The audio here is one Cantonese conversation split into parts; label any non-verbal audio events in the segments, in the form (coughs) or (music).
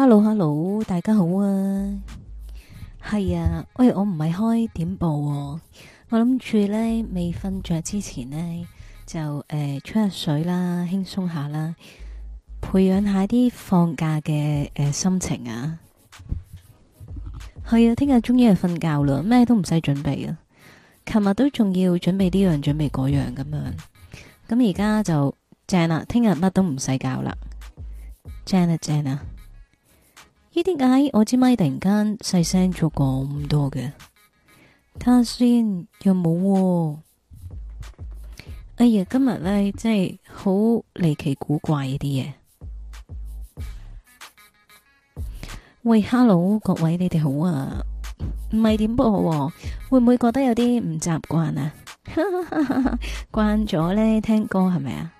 hello hello，大家好啊，係啊，喂，我唔係開點播，啊，我諗住呢，未瞓着之前呢，就誒、呃、吹下水啦，輕鬆下啦，培養下啲放假嘅誒、呃、心情啊，係啊，聽日終於係瞓覺啦，咩都唔使準備啊，琴日都仲要準備呢樣準備嗰樣咁樣，咁而家就正啦，聽日乜都唔使教啦，正啊正啊！正啊咦，點解我支咪突然間細聲咗咁多嘅？睇下先有冇。哎呀，今日咧真係好離奇古怪啲嘢。喂，hello，各位你哋好啊，唔係點播、啊、會唔會覺得有啲唔習慣啊？慣咗咧聽歌係咪啊？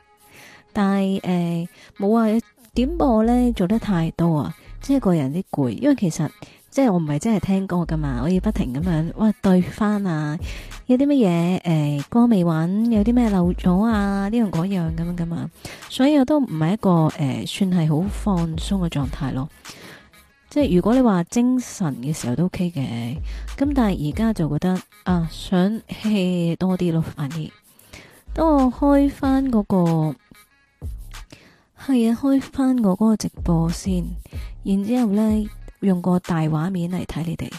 但係誒冇啊，點播咧做得太多啊！即係個人啲攰，因為其實即係我唔係真係聽歌噶嘛，我要不停咁樣，哇對翻啊，有啲乜嘢誒歌未揾，有啲咩漏咗啊，呢樣嗰樣咁樣噶嘛，所以我都唔係一個誒、哎、算係好放鬆嘅狀態咯。即係如果你話精神嘅時候都 OK 嘅，咁但係而家就覺得啊想 hea 多啲咯，反而 e 等我開翻嗰、嗰個係啊，開翻我嗰個直播先。然之後咧，用個大畫面嚟睇你哋，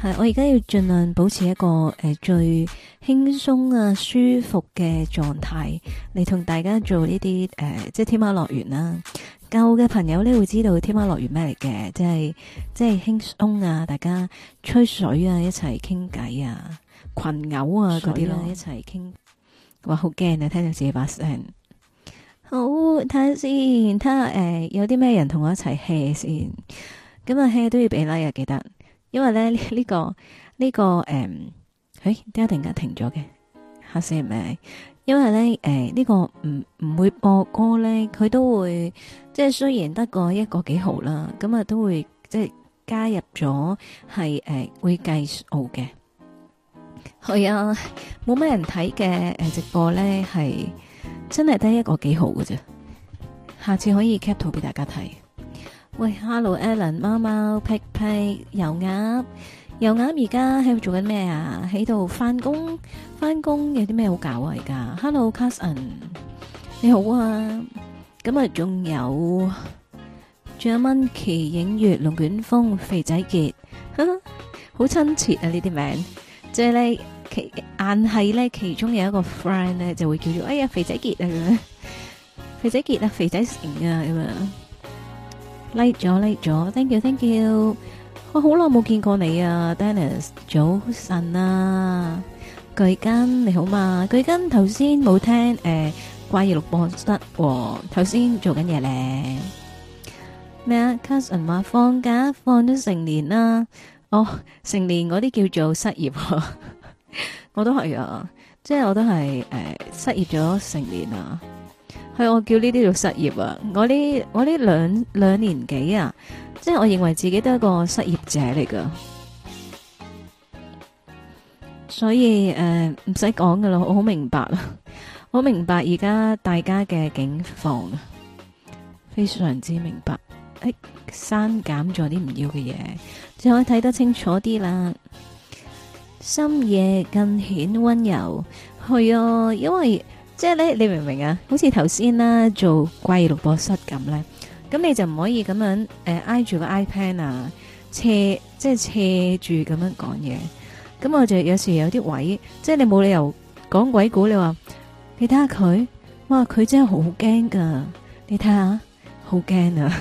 係我而家要盡量保持一個誒、呃、最輕鬆啊舒服嘅狀態嚟同大家做呢啲誒，即係天喵樂園啦、啊。舊嘅朋友咧會知道天喵樂園咩嚟嘅，即係即係輕鬆啊，大家吹水啊，一齊傾偈啊，群毆啊嗰啲、啊、咯，一齊傾。哇好驚啊！聽到自己把聲。好睇下先，睇下誒有啲咩人同我一齊 hea 先，咁啊 hea 都要俾 like、啊、記得，因為咧呢、這個呢、這個誒，誒點解突然間停咗嘅？嚇死人！因為咧誒呢、呃這個唔唔會播歌咧，佢都會即係雖然得個一個幾毫啦，咁啊都會即係加入咗係誒會計數嘅。係、嗯嗯嗯、啊冇咩人睇嘅誒直播咧係。真係得一個幾好嘅啫，下次可以 cap 圖俾大家睇。喂，Hello，Allen，貓貓，pick pick 油鴨，油鴨而家喺度做緊咩啊？喺度翻工，翻工有啲咩好搞啊？而家，Hello，Carson，你好啊。咁啊仲有仲有 monkey 影月，龍捲風，肥仔杰，好親切啊！呢啲名 Jerry 其硬係咧，其中有一個 friend 咧就會叫做，哎呀，肥仔杰啊咁，肥仔杰啊，肥仔成啊咁樣，like 咗 like 咗，thank you thank you，我好耐冇見過你啊，Dennis，早晨啊，巨根你好嘛？巨根頭先冇聽誒，關於錄播得，頭先做緊嘢咧，咩啊？Cousin 話放假放咗成年啦，哦，成年嗰啲叫做失業。 (laughs) 我都係啊，即係我都係誒、呃、失業咗成年啊，係我叫呢啲叫失業啊，我呢我呢兩兩年幾啊，即係我認為自己都係一個失業者嚟噶，所以誒唔使講噶啦，我好明白啊， (laughs) 我明白而家大家嘅境況，非常之明白，誒刪減咗啲唔要嘅嘢，就可以睇得清楚啲啦。深夜更顯溫柔，係啊，因為即係咧，你明唔明啊？好似頭先啦，做怪錄播室，咁咧，咁你就唔可以咁樣誒挨住個 iPad 啊，斜即係斜住咁樣講嘢。咁我就有時有啲位，即係你冇理由講鬼故。你話你睇下佢，哇，佢真係好驚㗎！你睇下，好驚啊！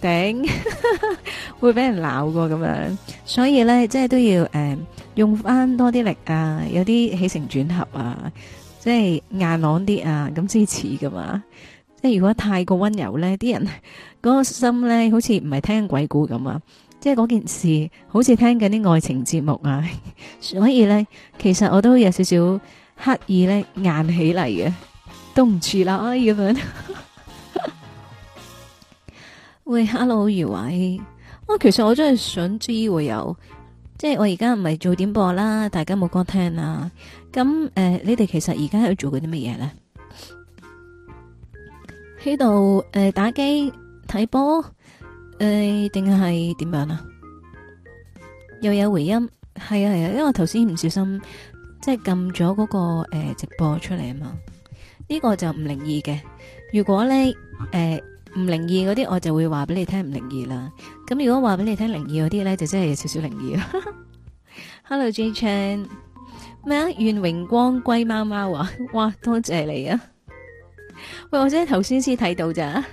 頂 (laughs) 會俾人鬧過咁樣，所以咧即係都要誒、呃、用翻多啲力啊，有啲起承轉合啊，即係硬朗啲啊，咁支持噶嘛。即係如果太過溫柔咧，啲人嗰個心咧好似唔係聽鬼故咁啊，即係嗰件事好似聽緊啲愛情節目啊。 (laughs) 所以咧，其實我都有少少刻意咧硬起嚟嘅，都唔住啦可以咁樣。 (laughs) 喂，Hello，余偉，我、哦、其實我真係想知會有，即係我而家唔係做點播啦，大家冇歌聽啦。咁誒、呃，你哋其實而家喺度做緊啲乜嘢咧？喺度誒打機睇波誒，定係點樣啊？又有回音，係啊係啊，因為我頭先唔小心即係撳咗嗰個誒、呃、直播出嚟，啊嘛，呢、這個就唔靈異嘅。如果咧誒。呃唔靈異嗰啲，我就會話俾你聽唔靈異啦。咁如果話俾你聽靈異嗰啲咧，就真係有少少靈異。 (laughs) Hello，J. Chan 咩啊？願榮光歸貓貓啊！哇，多謝你啊！ (laughs) 喂，我真係頭先先睇到咋？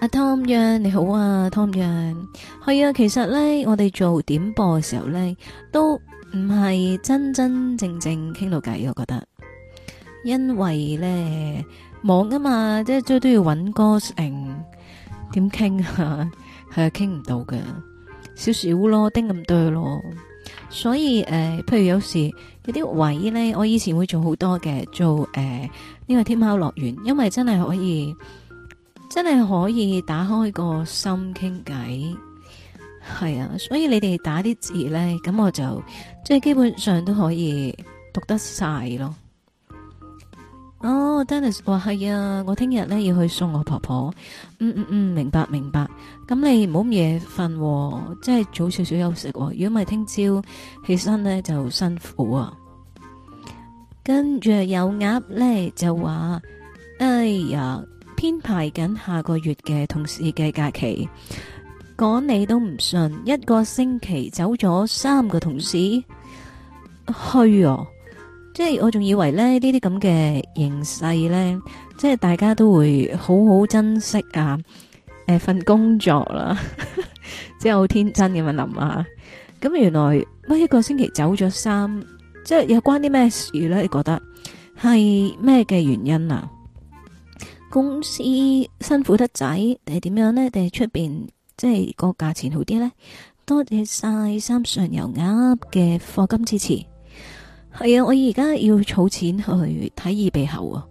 阿 (laughs) Tom Yang 你好啊，Tom Yang 係啊。其實咧，我哋做點播嘅時候咧，都唔係真真正正傾到偈，我覺得，因為咧。網啊嘛，即係都都要搵歌，誒，點傾啊？係傾唔到㗎，少少咯，叮咁多咯。所以誒、呃，譬如有時有啲位咧，我以前會做好多嘅，做誒呢、呃這個天貓樂園，因為真係可以，真係可以打開個心傾偈。係啊，所以你哋打啲字咧，咁我就即係基本上都可以讀得晒咯。哦、oh，Dennis 話係啊，我聽日咧要去送我婆婆。嗯嗯嗯，明白明白。咁你唔好咁夜瞓，即係早少少休息，哦。如果唔係聽朝起身咧就辛苦啊。跟住有鴨咧就話，哎呀，編排緊下個月嘅同事嘅假期，講你都唔信，一個星期走咗三個同事，虛哦，啊。即係我仲以為咧呢啲咁嘅形勢咧，即係大家都會好好珍惜啊！誒、呃，份工作啦、啊， (laughs) 即係好天真咁樣諗啊！咁原來乜一個星期走咗三，即係有關啲咩事咧？你覺得係咩嘅原因啊？公司辛苦得滯定係點樣咧？定係出邊即係個價錢好啲咧？多謝晒三上游鴨嘅課金支持。係啊，我而家要儲錢去睇耳鼻喉啊！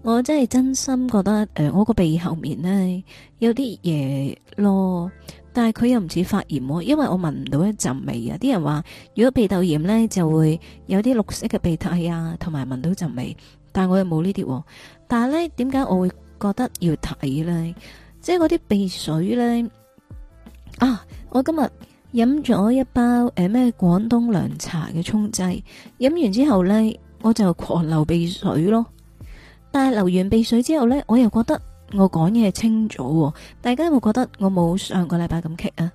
我真係真心覺得誒、呃，我個鼻後面呢有啲嘢咯，但係佢又唔似發炎，因為我聞唔到一陣味啊！啲人話如果鼻竇炎呢，就會有啲綠色嘅鼻涕啊，同埋聞到陣味，但係我又冇呢啲。但係呢，點解我會覺得要睇呢？即係嗰啲鼻水呢？啊！我今日。飲咗一包誒咩廣東涼茶嘅沖劑，飲完之後呢，我就狂流鼻水咯。但係流完鼻水之後呢，我又覺得我講嘢清咗喎，大家有冇覺得我冇上個禮拜咁棘啊？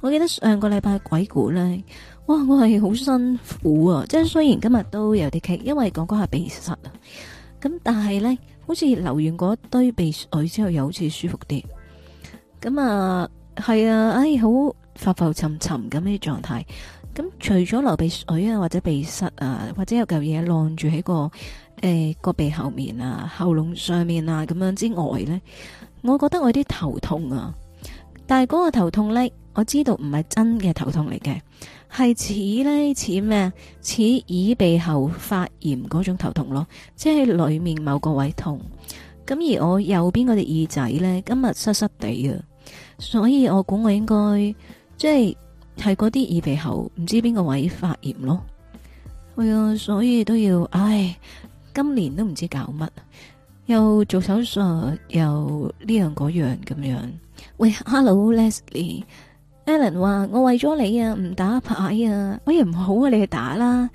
我記得上個禮拜鬼故呢，哇，我係好辛苦啊！即係雖然今日都有啲棘，因為講講下鼻塞啊，咁但係呢，好似流完嗰堆鼻水之後，又好似舒服啲。咁啊，係啊，哎，好。浮浮沉沉咁嘅狀態，咁除咗流鼻水啊，或者鼻塞啊，或者有嚿嘢晾住喺個誒、欸、個鼻後面啊、喉嚨上面啊咁樣之外呢，我覺得我有啲頭痛啊，但係嗰個頭痛呢，我知道唔係真嘅頭痛嚟嘅，係似呢似咩？似耳鼻喉發炎嗰種頭痛咯，即係裏面某個位痛。咁而我右邊嗰隻耳仔呢，今日濕濕地啊，所以我估我應該。即係係嗰啲耳鼻喉唔知邊個位發炎咯，哎呀，所以都要，唉，今年都唔知搞乜，又做手術，又呢樣嗰樣咁樣。喂，Hello，Leslie，Alan 話我為咗你啊，唔打牌啊，喂，唔好啊，你去打啦，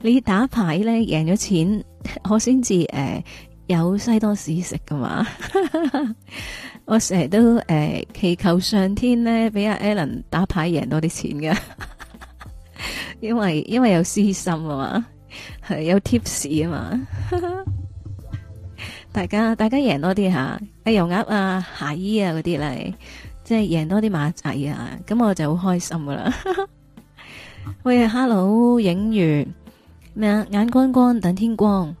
你打牌咧贏咗錢，我先至誒有西多士食噶嘛。 (laughs) 我成日都誒、欸、祈求上天咧，俾阿 Alan 打牌贏多啲錢嘅， (laughs) 因為因為有私心啊嘛，係有 tips 啊嘛， (laughs) 大家大家贏多啲吓，阿、啊、油鴨啊、夏姨啊嗰啲嚟，即係贏多啲馬仔啊，咁我就好開心噶啦。 (laughs) 喂，Hello 影完咩？眼光光等天光，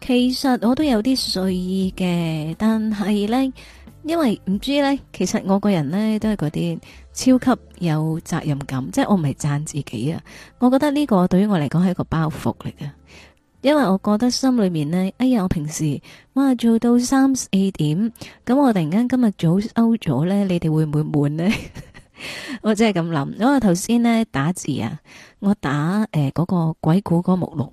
其實我都有啲睡意嘅，但係咧。因為唔知呢，其實我個人呢都係嗰啲超級有責任感，即係我唔係讚自己啊！我覺得呢個對於我嚟講係一個包袱嚟嘅，因為我覺得心裏面呢，哎呀，我平時哇做到三四點，咁我突然間今日早收咗呢，你哋會唔會悶呢？ (laughs) 我真係咁諗，我頭先呢，打字啊，我打誒嗰、呃那個鬼故嗰個目錄。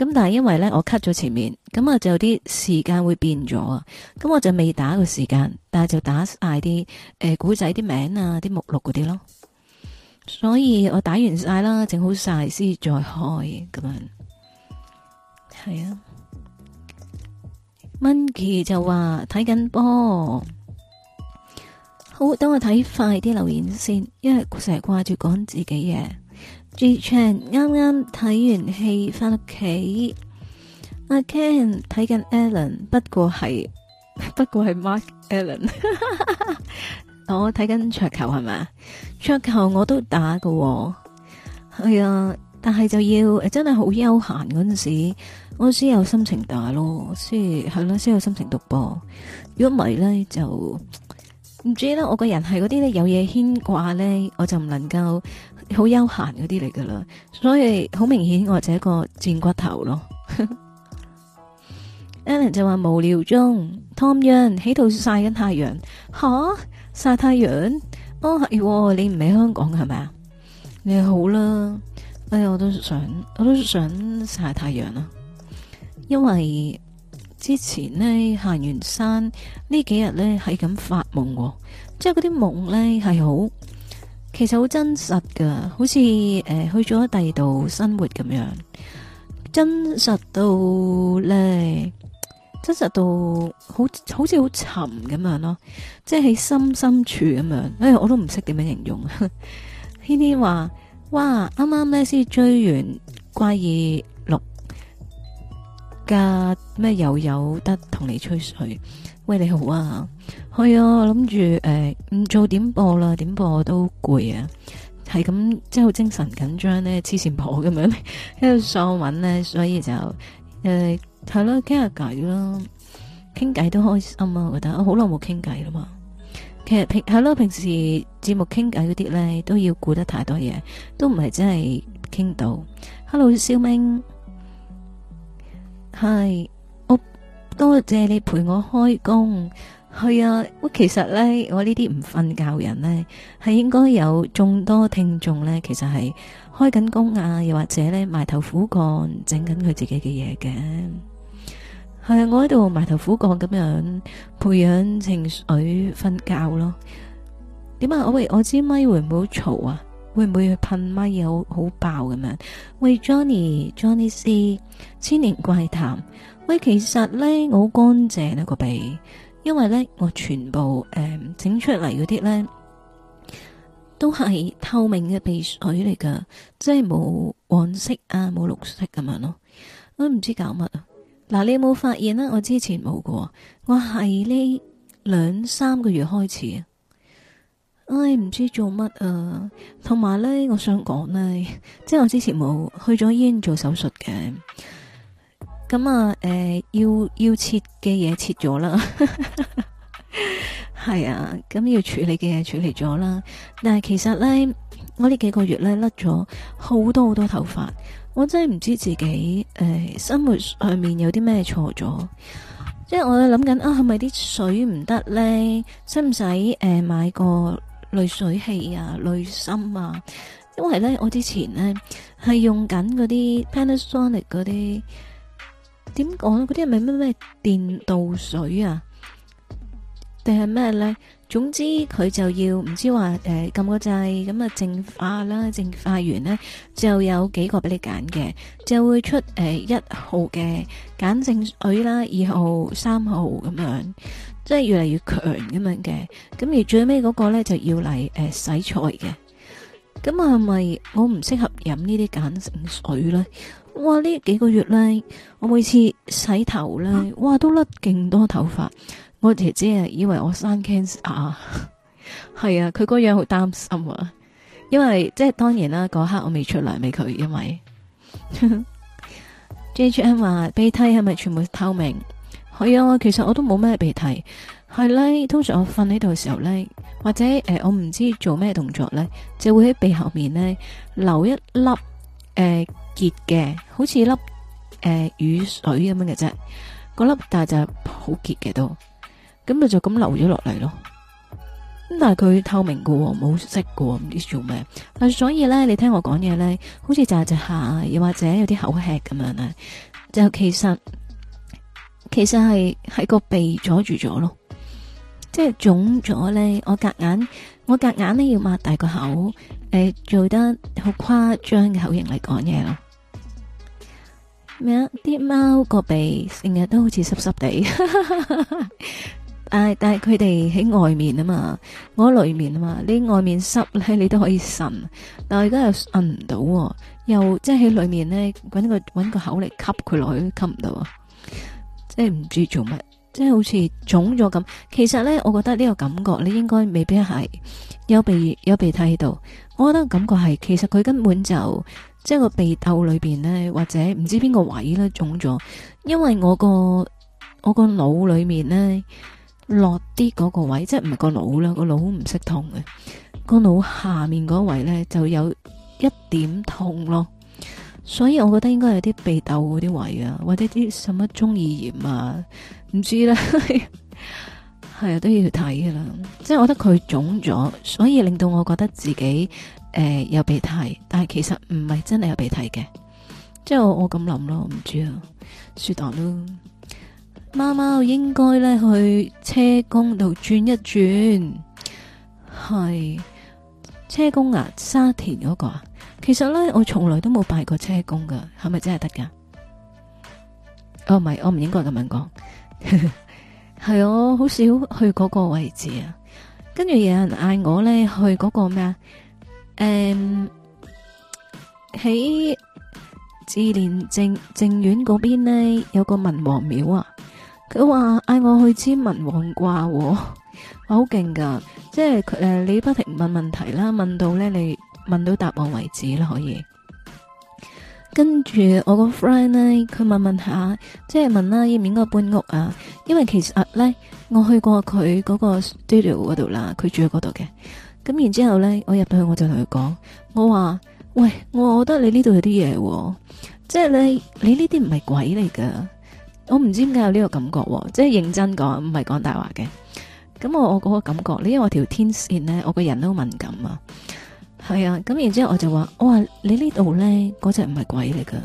咁但係因為咧我 cut 咗前面，咁啊就啲時間會變咗啊，咁我就未打個時間，但係就打晒啲誒古仔啲名啊，啲目錄嗰啲咯，所以我打完晒啦，整好晒先再開咁樣，係啊 Monkey 就話睇緊波，好等我睇快啲留言先，因為成日掛住講自己嘢。J Chan 啱啱睇完戲翻屋企，阿 Ken 睇緊 Allen 不過係不過係 Mark Allen (laughs) 我睇緊桌球係咪桌球我都打噶，哦，係啊，但係就要誒，真係好休閒嗰陣時，我先有心情打咯，先係啦，先、啊、有心情讀噃。如果唔係咧，就唔知咧。我個人係嗰啲咧有嘢牽掛咧，我就唔能夠。好休閒嗰啲嚟噶啦，所以好明顯我係一個賤骨頭咯。 (laughs) Alan 就話無聊中，Tommy 喺度曬緊太陽，吓曬太陽，哦係，你唔喺香港係咪啊？你好啦，哎呀我都想，我都想曬太陽啊。因為之前呢，行完山，幾呢幾日咧係咁發夢、哦，即係嗰啲夢咧係好。其實好真實噶，好似誒、呃、去咗第二度生活咁樣，真實到咧，真實到好好似好沉咁樣咯，即係喺深，深處咁樣，哎我都唔識點樣形容。天天話哇，啱啱咧先追完怪異錄，加咩又有，有得同你吹水。喂，你好啊，係啊，我諗住誒，欸、唔做點播啦，點播都攰啊，係咁即係好精神緊張咧，黐線婆咁樣，喺度上文咧，所以就誒係咯，傾下偈咯，傾偈都開心啊，我覺得我好耐冇傾偈啦嘛，其實平係咯，平時節目傾偈嗰啲咧都要顧得太多嘢，都唔係真係傾到。Hello，小明，Hi。多謝你陪我開工，係啊！我其實咧，我呢啲唔瞓覺人咧，係應該有眾多聽眾咧，其實係開緊工啊，又或者咧埋頭苦幹整緊佢自己嘅嘢嘅。係啊，我喺度埋頭苦幹咁樣培養情緒瞓覺咯。點啊？我喂，我知咪會唔會好嘈啊？會唔會去噴咪好好爆咁樣？喂，Johnny，Johnny C，千年怪談。喂，其實咧，我好乾淨一個鼻，因為咧我全部誒整、呃、出嚟嗰啲咧都係透明嘅鼻水嚟噶，即係冇黃色啊，冇綠色咁樣咯。我都唔知搞乜啊！嗱，你有冇發現咧、啊？我之前冇過，我係呢兩三個月開始啊，唉，唔知做乜啊。同埋咧，我想講咧，即係我之前冇去咗醫院做手術嘅。咁啊，誒、呃，要要切嘅嘢切咗啦，係 (laughs) 啊，咁要處理嘅嘢處理咗啦。但係其實咧，我呢幾個月咧甩咗好多好多頭髮，我真係唔知自己誒、呃、生活上面有啲咩錯咗。即、就、係、是、我諗緊啊，係咪啲水唔得咧？使唔使誒買個濾水器啊、濾芯啊？因為咧，我之前咧係用緊嗰啲 Panasonic 嗰啲。點講嗰啲係咪咩咩電導水啊？定係咩咧？總之佢就要唔知話誒撳嗰掣咁啊淨化啦，淨化完咧就有幾個俾你揀嘅，就會出誒一、呃、號嘅鹼淨水啦，二號、三號咁樣，即係越嚟越強咁樣嘅。咁而最尾嗰個咧就要嚟誒、呃、洗菜嘅。咁係咪我唔適合飲呢啲鹼性水咧？哇！呢幾個月咧，我每次洗頭咧，啊、哇都甩勁多頭髮，我姐姐啊以為我生 cancer 啊，係 (laughs) 啊，佢嗰樣好擔心啊，因為即係當然啦，嗰刻我未出嚟俾佢，因為 (laughs) JHM 話鼻涕係咪全部透明？係 (laughs) 啊，其實我都冇咩鼻涕。係咧，通常我瞓喺度嘅時候咧，或者誒、呃、我唔知做咩動作咧，就會喺鼻後面咧流一粒誒結嘅，好似粒誒、呃、雨水咁樣嘅啫，嗰、那個、粒大隻好結嘅都，咁咪就咁流咗落嚟咯。咁但係佢透明嘅，冇色嘅，唔知做咩。但係所以咧，你聽我講嘢咧，好似就係隻蝦，又或者有啲口吃咁樣咧，就其實其實係喺個鼻阻住咗咯。即係腫咗咧，我隔硬，我隔硬咧要擘大個口，誒做得好誇張嘅口型嚟講嘢咯。咩啊？啲貓個鼻成日都好似濕濕地，但係但係佢哋喺外面啊嘛，我喺裏面啊嘛，你外面濕咧，你都可以滲，但係而家又滲唔到，又即係喺裏面咧搵個搵個口嚟吸佢落去，吸唔到，即係唔知做乜。即係好似腫咗咁，其實呢，我覺得呢個感覺你應該未必係有鼻有鼻涕喺度。我覺得感覺係其實佢根本就即係個鼻竇裏邊呢，或者唔知邊個位咧腫咗。因為我個我個腦裏面呢，落啲嗰個位，即係唔係個腦啦，個腦唔識痛嘅，個腦下面嗰位呢，就有一點痛咯。所以我覺得應該有啲鼻竇嗰啲位啊，或者啲什麼中耳炎啊，唔知咧， (laughs) 係啊都要去睇噶啦。即係我覺得佢腫咗，所以令到我覺得自己誒、呃、有鼻涕，但係其實唔係真係有鼻涕嘅。即係我我咁諗咯，唔知貓貓轉轉啊？說答咯。貓貓應該咧去車公度轉一轉，係車公牙沙田嗰個啊。其實咧，我從來都冇拜過車公噶，係咪真係得噶？哦，唔係，我唔應該咁樣講。係我好少去嗰個位置啊，跟住有人嗌我咧去嗰個咩啊？誒，喺志蓮淨淨苑嗰邊咧有個文王廟啊，佢話嗌我去簽文王卦喎，我好勁噶，即係誒，你不停問問題啦，問到咧你。問到答案為止啦，可以。跟住我個 friend 咧，佢問問下，即係問啦，應唔應該搬屋啊，因為其實咧，我去過佢嗰個 studio 嗰度啦，佢住喺嗰度嘅。咁然之後咧，我入去我就同佢講，我話喂，我覺得你呢度有啲嘢，啊，即係你你呢啲唔係鬼嚟噶，我唔知點解有呢個感覺，啊，即係認真講，唔係講大話嘅。咁我我嗰個感覺，因為我條天綫咧，我個人都敏感啊。係啊，咁然之後我就話，我話你呢度咧，嗰隻唔係鬼嚟噶，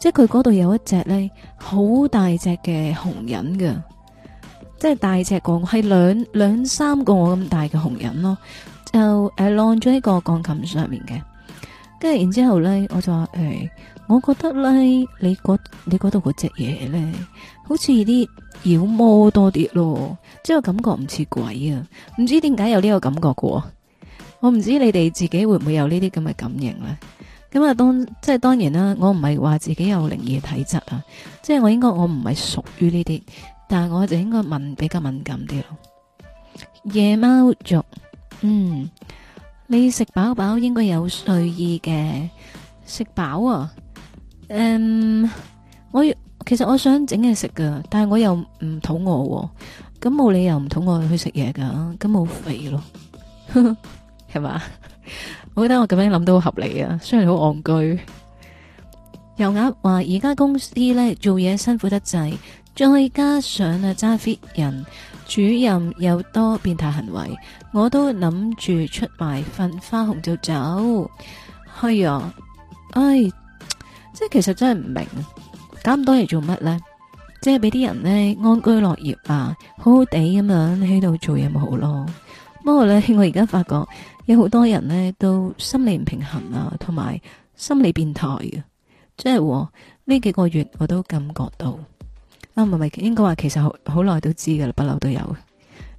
即係佢嗰度有一隻咧，好大隻嘅熊人噶，即係大隻過我，係兩兩三個我咁大嘅熊人咯，就誒晾咗喺個鋼琴上面嘅，跟住然之後咧，我就話誒、哎，我覺得咧，你嗰你度嗰隻嘢咧，好似啲妖魔多啲咯，即係感覺唔似鬼啊，唔知點解有呢個感覺嘅。我唔知你哋自己會唔會有呢啲咁嘅感應呢？咁啊，當即係當然啦。我唔係話自己有靈異體質啊，即係我應該我唔係屬於呢啲，但係我就應該敏比較敏感啲咯。夜貓族，嗯，你食飽飽應該有睡意嘅。食飽啊，嗯，我其實我想整嘢食噶，但係我又唔肚餓喎，咁冇理由唔肚餓去食嘢噶，咁冇肥咯。 (laughs) 係嘛？ (laughs) 我覺得我咁樣諗都好合理啊，雖然好戇居。又啱話：而家公司咧做嘢辛苦得滯，再加上啊揸 fit 人主任有多變態行為，我都諗住出埋份花紅就走。係啊，唉、哎，即係其實真係唔明，搞咁多嘢做乜咧？即係俾啲人咧安居樂業啊，好好地咁樣喺度做嘢咪好咯？不過咧，我而家發覺有好多人呢都心理唔平衡啊，同埋心理變態嘅、啊，即係呢幾個月我都感覺到。啊唔係唔係，應該話其實好好耐都知噶啦，不嬲都有嘅，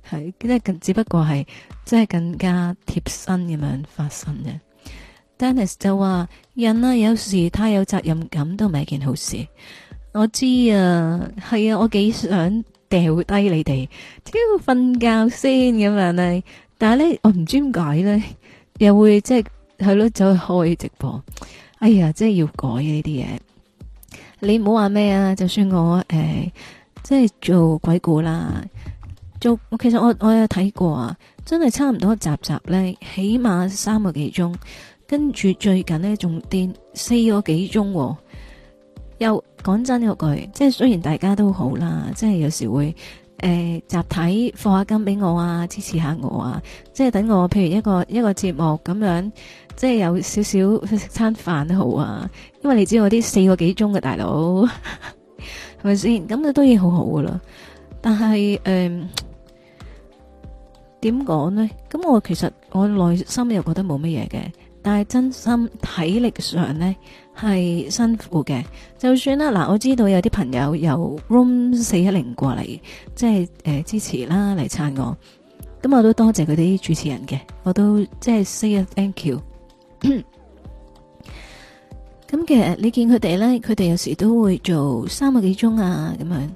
係即係只不過係即係更加貼身咁樣發生嘅。Dennis 就話人啊，有時太有責任感都唔係一件好事。我知啊，係啊，我幾想。掉低你哋，屌瞓覺先咁樣嚟，但係呢，我唔知點解呢，又會即係係咯，走去開直播。哎呀，真係要改呢啲嘢。你唔好話咩啊？就算我誒、欸，即係做鬼故啦，做其實我我有睇過啊，真係差唔多一集一集呢，起碼三個幾鐘，跟住最近呢，仲跌四個幾鐘。又講真嗰句，即係雖然大家都好啦，即係有時會誒、呃、集體放下金俾我啊，支持下我啊，即係等我譬如一個一個節目咁樣，即係有少少食餐飯都好啊，因為你知道我啲四個幾鐘嘅大佬，係咪先？咁你都已經好好噶啦，但係誒點講呢？咁我其實我內心又覺得冇乜嘢嘅，但係真心體力上呢，係辛苦嘅，就算啦嗱，我知道有啲朋友由 room 四一零過嚟，即係誒、呃、支持啦，嚟撐我，咁我都多謝佢哋啲主持人嘅，我都即係 say 啊 thank you。咁 (coughs) 其實你見佢哋咧，佢哋有時都會做三個幾鐘啊，咁樣。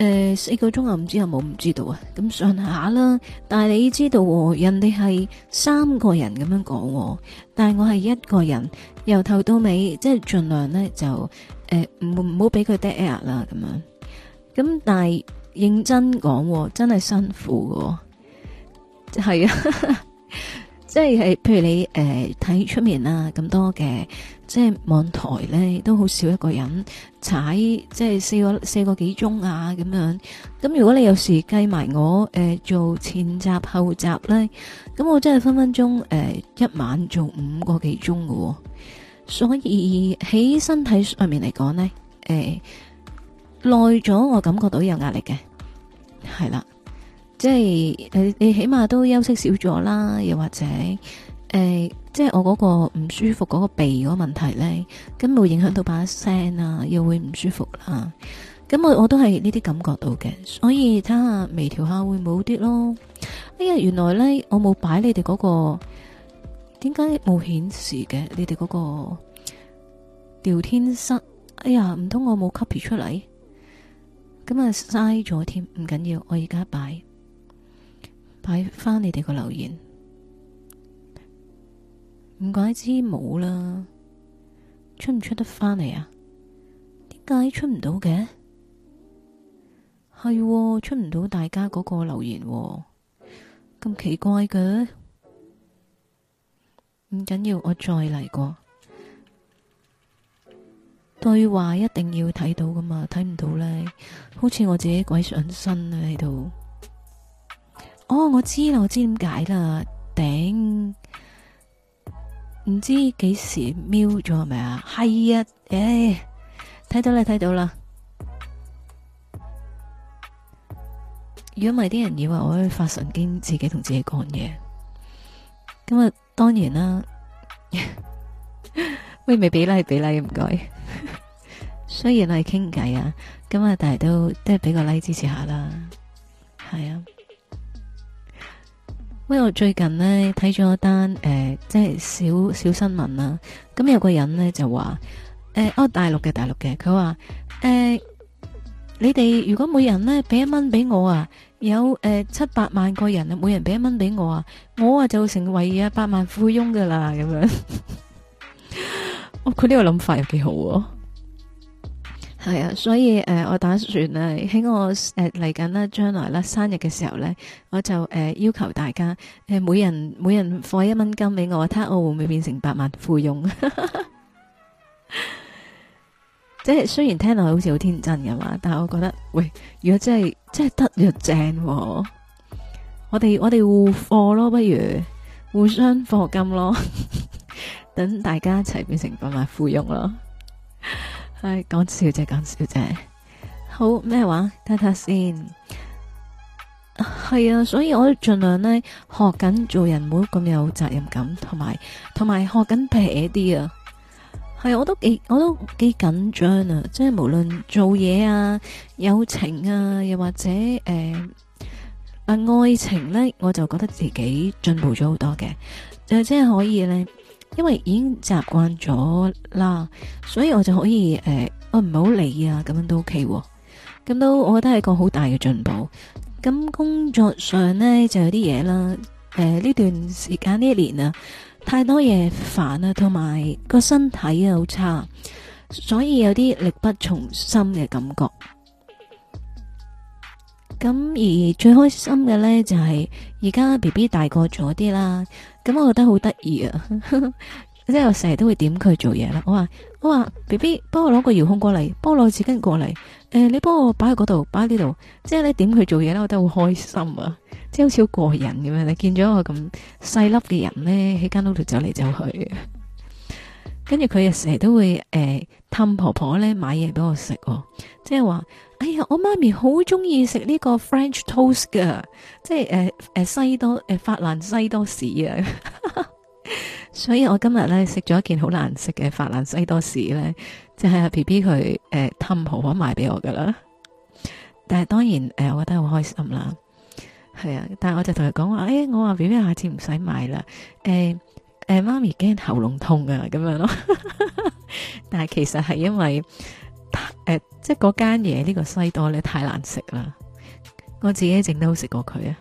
誒、呃，四個鐘啊，唔知有冇唔知道啊？咁、嗯、上下啦，但係你知道、哦，人哋係三個人咁樣講，但係我係一個人，由頭到尾，即係盡量咧就誒，唔唔好俾佢 dead air 啦咁樣。咁、嗯、但係認真講，真係辛苦個，係啊。 (laughs) 即係，譬如你誒睇出面啊，咁多嘅，即係網台呢，都好少一個人踩，即係四個四個幾鐘啊咁樣。咁如果你有時計埋我誒、呃、做前集後集呢，咁我真係分分鐘誒、呃、一晚做五個幾鐘嘅、哦，所以喺身體上面嚟講呢，誒耐咗我感覺到有壓力嘅，係啦。即係你、呃、你起碼都休息少咗啦，又或者誒、呃，即係我嗰個唔舒服嗰個鼻嗰個問題咧，咁冇影響到把聲啊，又會唔舒服啦、啊。咁我我都係呢啲感覺到嘅，所以睇下微調下會唔會好啲咯。哎呀，原來咧我冇擺你哋嗰個，點解冇顯示嘅？你哋嗰個調天室，哎呀，唔通我冇 copy 出嚟？咁啊，嘥咗添，唔緊要，我而家擺。擺翻你哋個留言，唔怪之冇啦，出唔出得翻嚟啊？點解出唔到嘅？係 (noise) 出唔到大家嗰個留言，咁奇怪嘅。唔緊要，我再嚟過。 (noise) 對話一定要睇到噶嘛，睇唔到呢，好似我自己鬼上身啊喺度。哦，我知啦，我知點解啦，頂，唔知幾時瞄咗係咪啊？係、哎、啊，誒，睇到啦，睇到啦。如果唔係啲人以為我會發神經，自己同自己講嘢。咁啊，當然啦。咪咪俾 like，俾 like 唔該。給 like，給 like， (laughs) 雖然我係傾偈啊，咁啊，但係都都係俾個 like 支持下啦。係啊。我最近咧睇咗一單誒，即係小小新聞啦。咁有個人咧就話誒，我、呃哦、大陸嘅大陸嘅，佢話誒，你哋如果每人咧俾一蚊俾我啊，有誒、呃、七八萬個人啊，每人俾一蚊俾我啊，我啊就成為一百萬富翁噶啦，咁樣。我佢呢個諗法又幾好。係啊，所以誒、呃，我打算咧喺我誒嚟緊咧將來咧生日嘅時候咧，我就誒、呃、要求大家誒、呃，每人每人放一蚊金俾我，睇下我會唔會變成百萬富翁？ (laughs) 即係雖然聽落去好似好天真咁嘛，但係我覺得喂，如果真係真係得又正、哦，我哋我哋互貨咯，不如互相放金咯， (laughs) 等大家一齊變成百萬富翁咯。係講笑啫，講笑啫。好咩話？睇睇先。係啊，啊，所以我都盡量呢，學緊做人，唔好咁有責任感，同埋同埋學緊平啲啊。係、啊，我都幾，我都幾緊張啊！即係無論做嘢啊、友情啊，又或者誒啊、呃呃、愛情呢，我就覺得自己進步咗好多嘅。就即係可以呢。因為已經習慣咗啦，所以我就可以誒、呃，我唔好理啊，咁樣都 OK。咁都我覺得係個好大嘅進步。咁工作上呢就有啲嘢啦，誒、呃、呢段時間呢一年啊，太多嘢煩啦，同埋個身體啊好差，所以有啲力不從心嘅感覺。咁而最開心嘅呢，就係、是、而家 B B 大個咗啲啦。咁、嗯、我覺得好得意啊，呵呵即係我成日都會點佢做嘢啦、啊。我話我話 B B 幫我攞個遙控過嚟，幫我攞紙巾過嚟。誒、呃，你幫我擺喺嗰度，擺喺呢度。即係你點佢做嘢咧、啊，我覺得好開心啊。即係好似好過癮咁樣。你見咗個咁細粒嘅人咧，喺間屋度走嚟走去，跟住佢又成日都會誒氹、呃、婆婆咧買嘢俾我食、啊，即係話。哎呀，我媽咪好中意食呢個 French toast 嘅，即係誒誒西多誒、啊、法蘭西多士啊， (laughs) 所以我今日咧食咗一件好難食嘅法蘭西多士咧，就係阿 P P 佢誒氹婆婆買俾我噶啦。但係當然誒、啊，我覺得好開心啦，係啊。但係我就同佢講話，哎我話 P P 下次唔使買啦，誒、啊、誒，媽、啊、咪驚喉嚨痛啊，咁樣咯。 (laughs) 但係其實係因為。誒、呃，即係嗰間嘢，呢個西多咧太難食啦！我自己整都好食過佢啊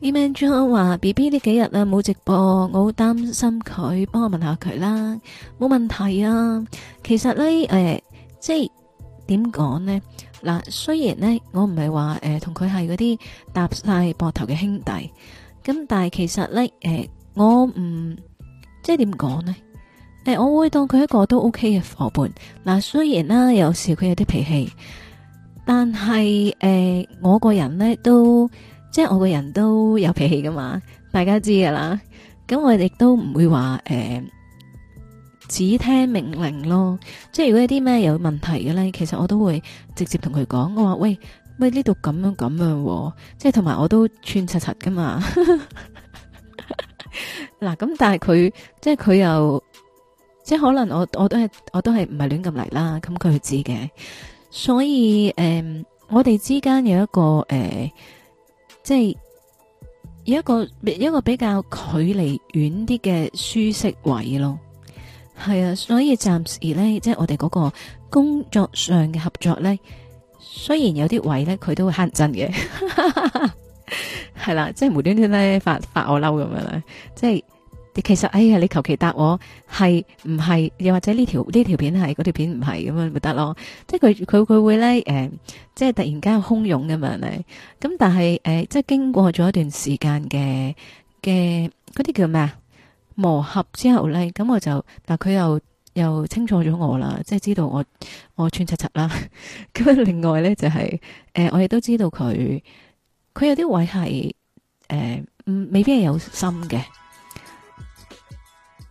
！Yman 主號話 BB 呢幾日啊冇直播，我好擔心佢，幫我問下佢啦。冇問題啊！其實咧，誒、呃，即係點講咧？嗱，雖然呢，我唔係話誒同佢係嗰啲搭晒膊頭嘅兄弟，咁但係其實咧，誒、呃，我唔即係點講咧？誒、欸，我會當佢一個都 OK 嘅伙伴。嗱、啊，雖然啦、啊，有時佢有啲脾氣，但係誒、呃，我個人咧都即係我個人都有脾氣噶嘛，大家知噶啦。咁我亦都唔會話誒、呃，只聽命令咯。即係如果有啲咩有問題嘅咧，其實我都會直接同佢講。我話喂，喂呢度咁樣咁樣，樣哦、即係同埋我都串柒柒噶嘛。嗱、 (laughs) 啊，咁但係佢即係佢又。即係可能我我都係我都係唔係亂咁嚟，啦，咁佢知嘅。所以誒、呃，我哋之間有一個誒、呃，即係有一個一個比較距離遠啲嘅舒適位咯。係啊，所以暫時咧，即係我哋嗰個工作上嘅合作咧，雖然有啲位咧佢都會乞人憎嘅，係 (laughs) 啦、 (laughs) 啊，即係無端端咧發發我嬲咁樣咧，即係。其實，哎呀，你求其答我係唔係，又或者呢條呢條片係，嗰條片唔係咁樣，咪得咯？即係佢佢佢會咧，誒、呃，即係突然間洶湧咁樣嚟。咁但係，誒、呃，即係經過咗一段時間嘅嘅嗰啲叫咩啊？磨合之後咧，咁我就，但佢又又清楚咗我啦，即係知道我我串柒柒啦。咁 (laughs) 另外咧就係、是，誒、呃，我亦都知道佢，佢有啲位係，誒、呃，未必係有心嘅。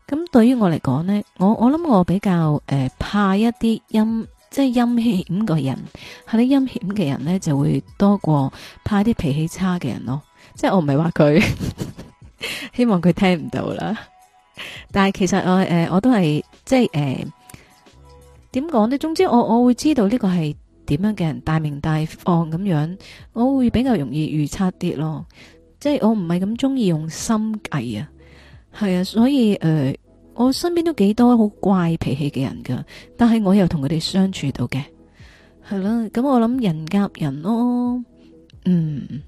咁對於我嚟講呢，我我諗我比較誒、呃、怕一啲陰，即係陰險嘅人，係啲陰險嘅人呢就會多過怕啲脾氣差嘅人咯。即係我唔係話佢， (laughs) 希望佢聽唔到啦。但係其實我誒、呃、我都係即係誒點講咧？總之我我會知道呢個係點樣嘅人，大鳴大放，咁樣我會比較容易預測啲咯。即係我唔係咁中意用心計啊。係啊，所以誒、呃，我身邊都幾多好怪脾氣嘅人㗎，但係我又同佢哋相處到嘅，係啦，咁我諗人夾人咯，嗯，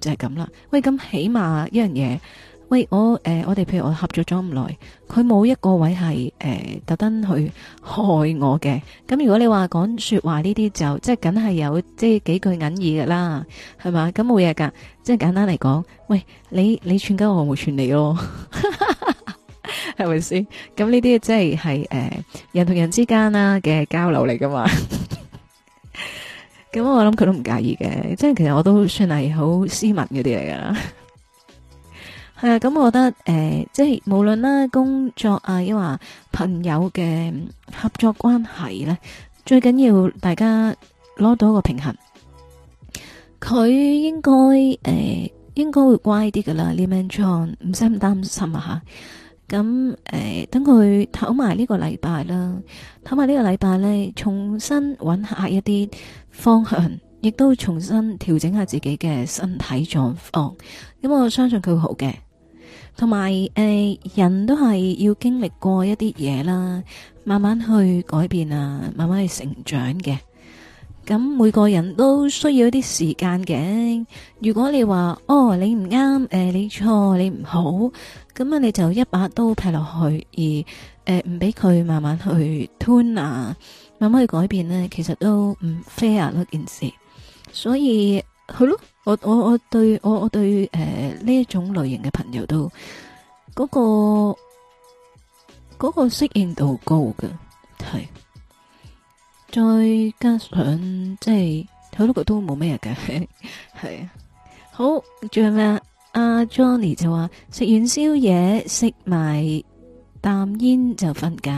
就係咁啦。喂，咁起碼一樣嘢。喂，我誒、呃，我哋譬如我合作咗咁耐，佢冇一個位係誒、呃、特登去害我嘅。咁如果你話講說話呢啲就即係梗係有即係幾句引語嘅啦，係嘛？咁冇嘢噶，即係簡單嚟講，喂，你你串鳩我，我串你咯，係咪先？咁呢啲即係係誒人同人之間啦嘅交流嚟噶嘛。咁 (laughs) 我諗佢都唔介意嘅，即係其實我都算係好斯文嗰啲嚟噶啦。係啊，咁我覺得誒，即係無論啦工作啊，抑或朋友嘅合作關係咧，最緊要大家攞到一個平衡。佢應該誒，應該會乖啲噶啦，Lemon John 唔使咁擔心啊吓。咁誒，等佢唞埋呢個禮拜啦，唞埋呢個禮拜咧，重新揾下一啲方向。亦都重新調整下自己嘅身體狀況，咁我相信佢會好嘅。同埋誒，人都係要經歷過一啲嘢啦，慢慢去改變啊，慢慢去成長嘅。咁每個人都需要一啲時間嘅。如果你話哦，你唔啱，誒、呃，你錯，你唔好，咁啊，你就一把刀劈落去，而誒唔俾佢慢慢去吞啊，慢慢去改變呢，其實都唔 fair 嗰件事。所以係咯，我我我對我我對誒呢一種類型嘅朋友都嗰、那個嗰、那個適應度高嘅係，再加上即係好多嘅都冇咩嘅係。好仲 (laughs) 有咩阿、啊、Johnny 就話食完宵夜食埋啖煙就瞓覺，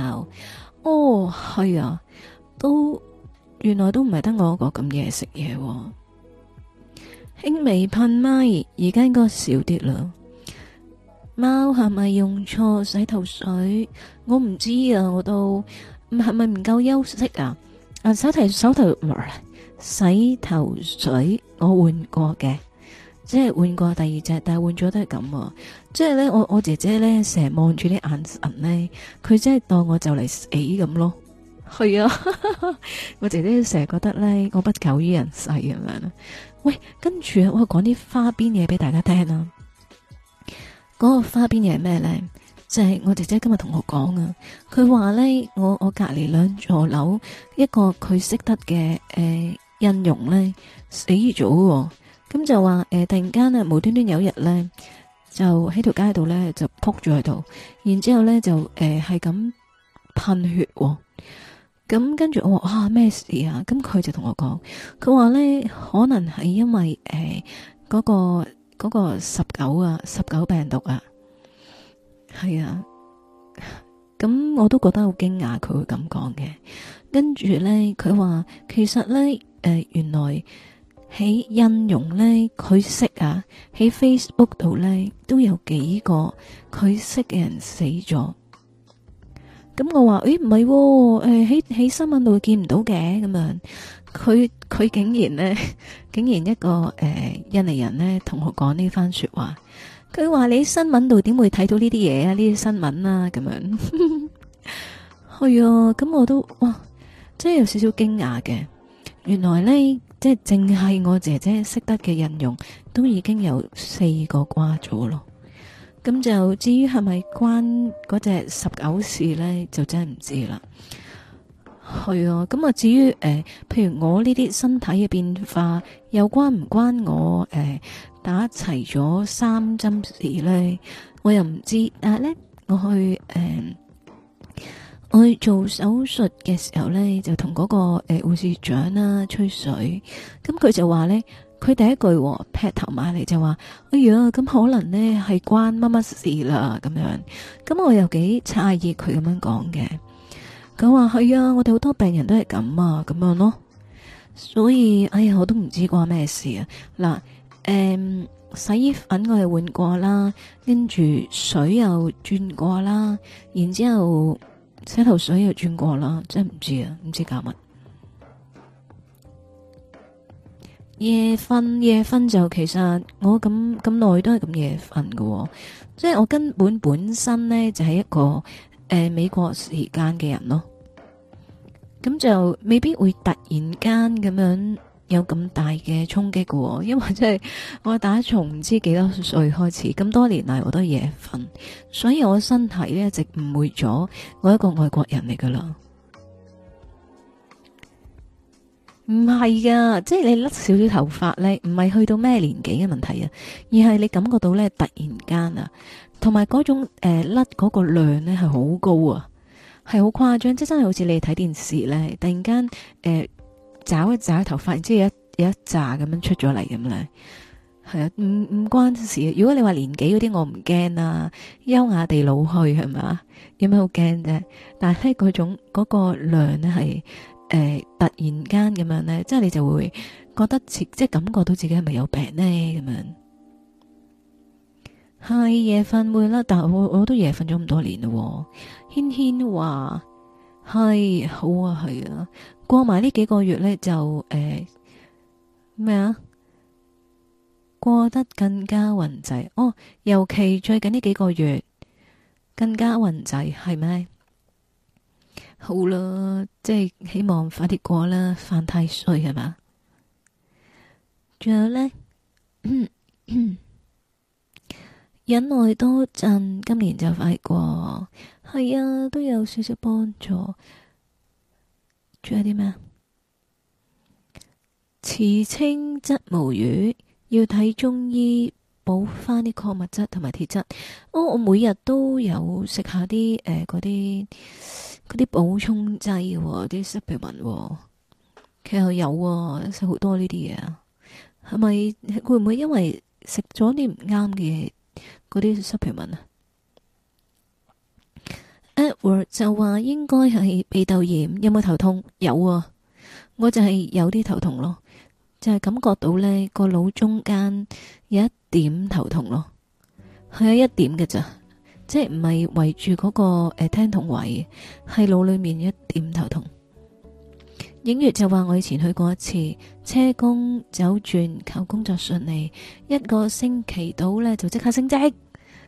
哦係啊都。原來都唔係得我個咁夜食嘢、啊，輕微噴咪，而家應該少啲啦。貓係咪用錯洗頭水？我唔知啊，我都係咪唔夠休息啊？啊手提手提、呃、洗頭水我換過嘅，即係換過第二隻，但係換咗都係咁。即係呢，我我姐姐呢，成日望住啲眼神呢，佢即係當我就嚟死咁咯。係啊， (laughs) 我姐姐成日覺得咧，我不久於人世咁樣啦。喂，跟住我講啲花邊嘢俾大家聽啊。嗰、那個花邊嘢係咩咧？就係、是、我姐姐今日同我講啊，佢話咧，我我隔籬兩座樓，一個佢識得嘅誒，印、呃、傭咧死咗，哦，咁就話誒、呃，突然間咧，無端端有一日咧，就喺條街度咧就撲咗喺度，然之後咧就誒係咁噴血、哦。咁跟住我話啊，咩事啊？咁佢就同我講，佢話呢，可能係因為誒嗰、呃嗰個、嗰個十九啊十九病毒啊，係啊，咁我都覺得好驚訝佢會咁講嘅。跟住呢，佢話其實呢，誒、呃、原來喺印傭呢，佢識啊喺 Facebook 度呢，都有幾個佢識嘅人死咗。咁我話，誒唔係，誒喺喺新聞度見唔到嘅，咁樣，佢佢竟然呢，竟然一個誒、呃、印尼人呢，同學講呢番說話，佢話你喺新聞度點會睇到呢啲嘢啊？呢啲新聞啊，咁樣，係啊，咁我都，哇，真係有少少驚訝嘅，原來呢，即係淨係我姐姐識得嘅印傭，都已經有四個瓜咗咯。咁就至於係咪關嗰隻十九事呢，就真係唔知啦。係啊，咁啊至於誒、呃，譬如我呢啲身體嘅變化，又關唔關我誒、呃、打齊咗三針事呢？我又唔知。但係呢，我去誒、呃、去做手術嘅時候呢，就同嗰、那個誒、呃、護士長啦、啊、吹水，咁佢就話呢。佢第一句劈頭埋嚟就話：哎呀，咁可能呢係關乜乜事啦咁樣。咁我又幾詫異佢咁樣講嘅。佢話係啊，我哋好多病人都係咁啊，咁樣咯。所以，哎呀，我都唔知關咩事啊。嗱，誒，洗衣粉我哋換過啦，跟住水又轉過啦，然之後洗頭水又轉過啦，真係唔知啊，唔知搞乜。夜瞓，夜瞓就其實我咁咁耐都係咁夜瞓嘅、哦，即係我根本本身呢，就係、是、一個誒、呃、美國時間嘅人咯，咁就未必會突然間咁樣有咁大嘅衝擊嘅、哦，因為即係我打從唔知幾多歲開始咁多年嚟我都夜瞓，所以我身體呢，一直誤會咗我一個外國人嚟噶啦。唔係噶，即係你甩少少頭髮咧，唔係去到咩年紀嘅問題啊，而係你感覺到咧突然間啊，同埋嗰種誒、呃、甩嗰個量咧係好高啊，係好誇張，即真係好似你睇電視咧，突然間誒抓一抓頭髮，然之後有一有一紮咁樣出咗嚟咁咧，係啊，唔唔關事。如果你話年紀嗰啲，我唔驚啦，優雅地老去係咪？有咩好驚啫？但係咧嗰種嗰、嗰個量咧係。誒、欸，突然間咁樣呢，即係你就會覺得似，即係感覺到自己係咪有病呢？咁樣？係夜瞓會啦，但我我都夜瞓咗咁多年咯。軒軒話係好啊，係啊，過埋呢幾個月呢，就誒咩、欸、啊？過得更加混滯哦，尤其最近呢幾個月更加混滯，係咪？好啦，即係希望快啲過啦。犯太歲係嘛？仲有呢， (laughs) 忍耐多陣，今年就快過係啊，都有少少幫助。仲有啲咩啊？氣清則無魚，要睇中醫補翻啲礦物質同埋鐵質。我我每日都有食下啲誒，嗰、呃、啲。嗰啲補充劑嘅，啲 supplement，其實有啊，食好多呢啲嘢啊，係咪會唔會因為食咗啲唔啱嘅嗰啲 supplement 啊？Edward 就話應該係鼻竇炎，有冇頭痛？有啊，我就係有啲頭痛咯，就係、是、感覺到呢個腦中間有一點頭痛咯，係有一點嘅咋。即係唔係圍住嗰、嗰個誒、呃、聽筒位，係腦裏面一點頭痛。影月就話我以前去過一次，車工走轉，求工作順利，一個星期到呢就即刻升職，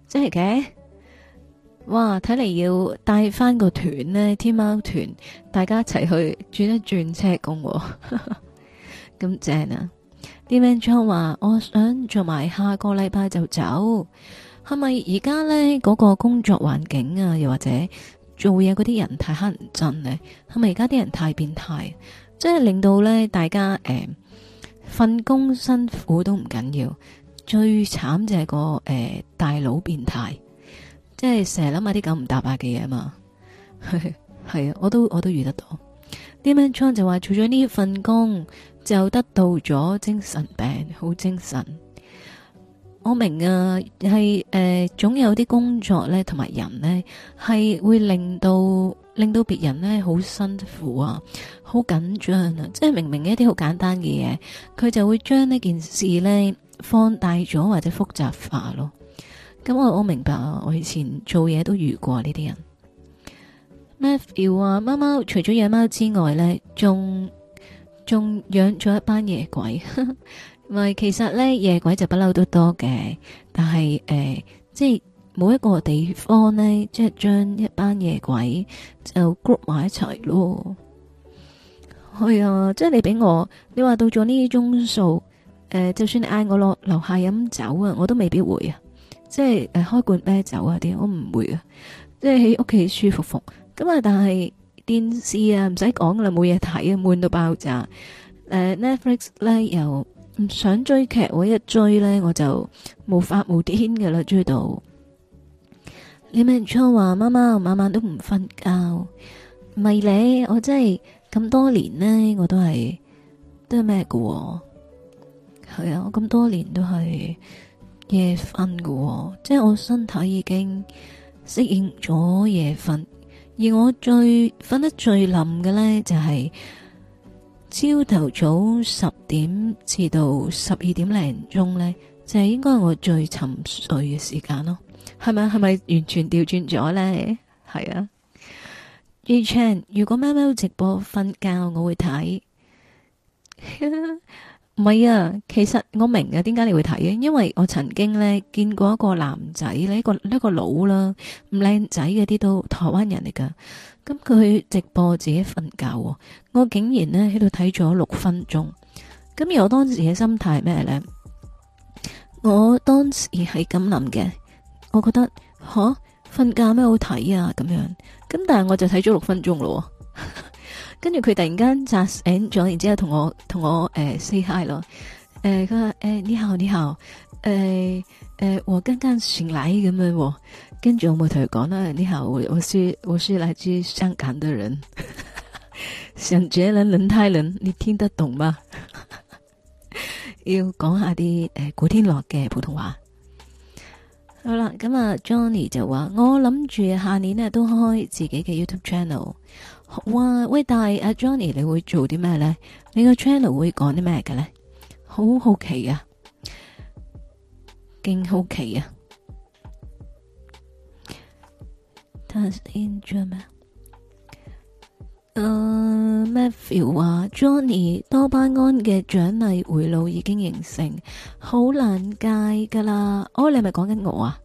真係嘅。哇，睇嚟要帶翻個團呢，天喵團，大家一齊去轉一轉車工、哦，咁 (laughs) 正啊！啲文章話我想做埋下個禮拜就走。係咪而家呢嗰、嗰個工作環境啊，又或者做嘢嗰啲人太黑人憎呢？係咪而家啲人太變態，即係令到呢大家誒、呃，份工辛苦都唔緊要，最慘就係、嗰個誒、呃、大佬變態，即係成日諗下啲咁唔搭八嘅嘢啊嘛。係 (laughs) 啊，我都我都遇得到。 (laughs) d e m 就話做咗呢份工就得到咗精神病，好精神。我明啊，係誒、呃，總有啲工作咧，同埋人呢，係會令到令到別人呢好辛苦啊，好緊張啊，即係明明一啲好簡單嘅嘢，佢就會將呢件事呢放大咗或者複雜化咯。咁我我明白啊，我以前做嘢都遇過呢、啊、啲人。Matthew 話：貓貓除咗養貓之外呢，仲仲養咗一班夜鬼。 (laughs) 咪其實咧，夜鬼就不嬲都多嘅，但係誒、呃，即係每一個地方咧，即係將一班夜鬼就 group 埋一齊咯。係、哎、啊，即係你俾我，你話到咗呢啲鐘數，誒、呃，就算你嗌我落樓下飲酒啊，我都未必會啊。即係誒、呃、開罐啤酒啊啲，我唔會啊。即係喺屋企舒服服咁啊，但係電視啊唔使講啦，冇嘢睇啊，悶到爆炸。誒、呃、Netflix 咧又～由唔想追劇，我一追呢，我就無法無天嘅啦，追到你明昌話：媽媽我晚晚都唔瞓覺，唔係你，我真係咁多年呢，我都係都係咩嘅？係啊，我咁多年都係夜瞓嘅，即係我身體已經適應咗夜瞓，而我最瞓得最冧嘅呢，就係、是。朝頭早十點至到十二點零鐘呢，就係、是、應該我最沉睡嘅時間咯，係咪？係咪完全調轉咗呢？係啊，E Chan 如果喵喵直播瞓覺，我會睇。 (music) 唔係啊，其實我明嘅、啊，點解你會睇嘅？因為我曾經呢，見過一個男仔，呢個一個佬啦，唔靚仔嗰啲都台灣人嚟噶。咁、嗯、佢直播自己瞓覺、哦，我竟然呢喺度睇咗六分鐘。咁、嗯、而我當時嘅心態係咩呢？我當時係咁諗嘅，我覺得吓瞓覺咩好睇啊？咁、啊、樣，咁、嗯、但係我就睇咗六分鐘咯。 (laughs) 跟住佢突然間扎醒咗，然之後同我同我誒 say hi 咯，誒佢話，誒你好你好，誒誒、欸呃、我剛剛醒來咁樣，跟我跟住我同佢講啦，你、欸、好，我我是我是來自香港嘅人，上節輪輪胎輪，你聽得懂嗎？ (laughs) 要講下啲誒古天樂嘅普通話。好啦，咁啊，Johnny 就話我諗住下年呢都開自己嘅 YouTube channel。哇喂！大阿、啊、Johnny 你會做啲咩咧？你個 channel 會講啲咩嘅咧？好好奇啊，勁好奇啊！睇下先做咩？嗯、 (noise) (noise) uh,，Matthew 話 Johnny 多巴胺嘅獎勵回路已經形成，好難戒噶啦！哦，你係咪講緊我啊？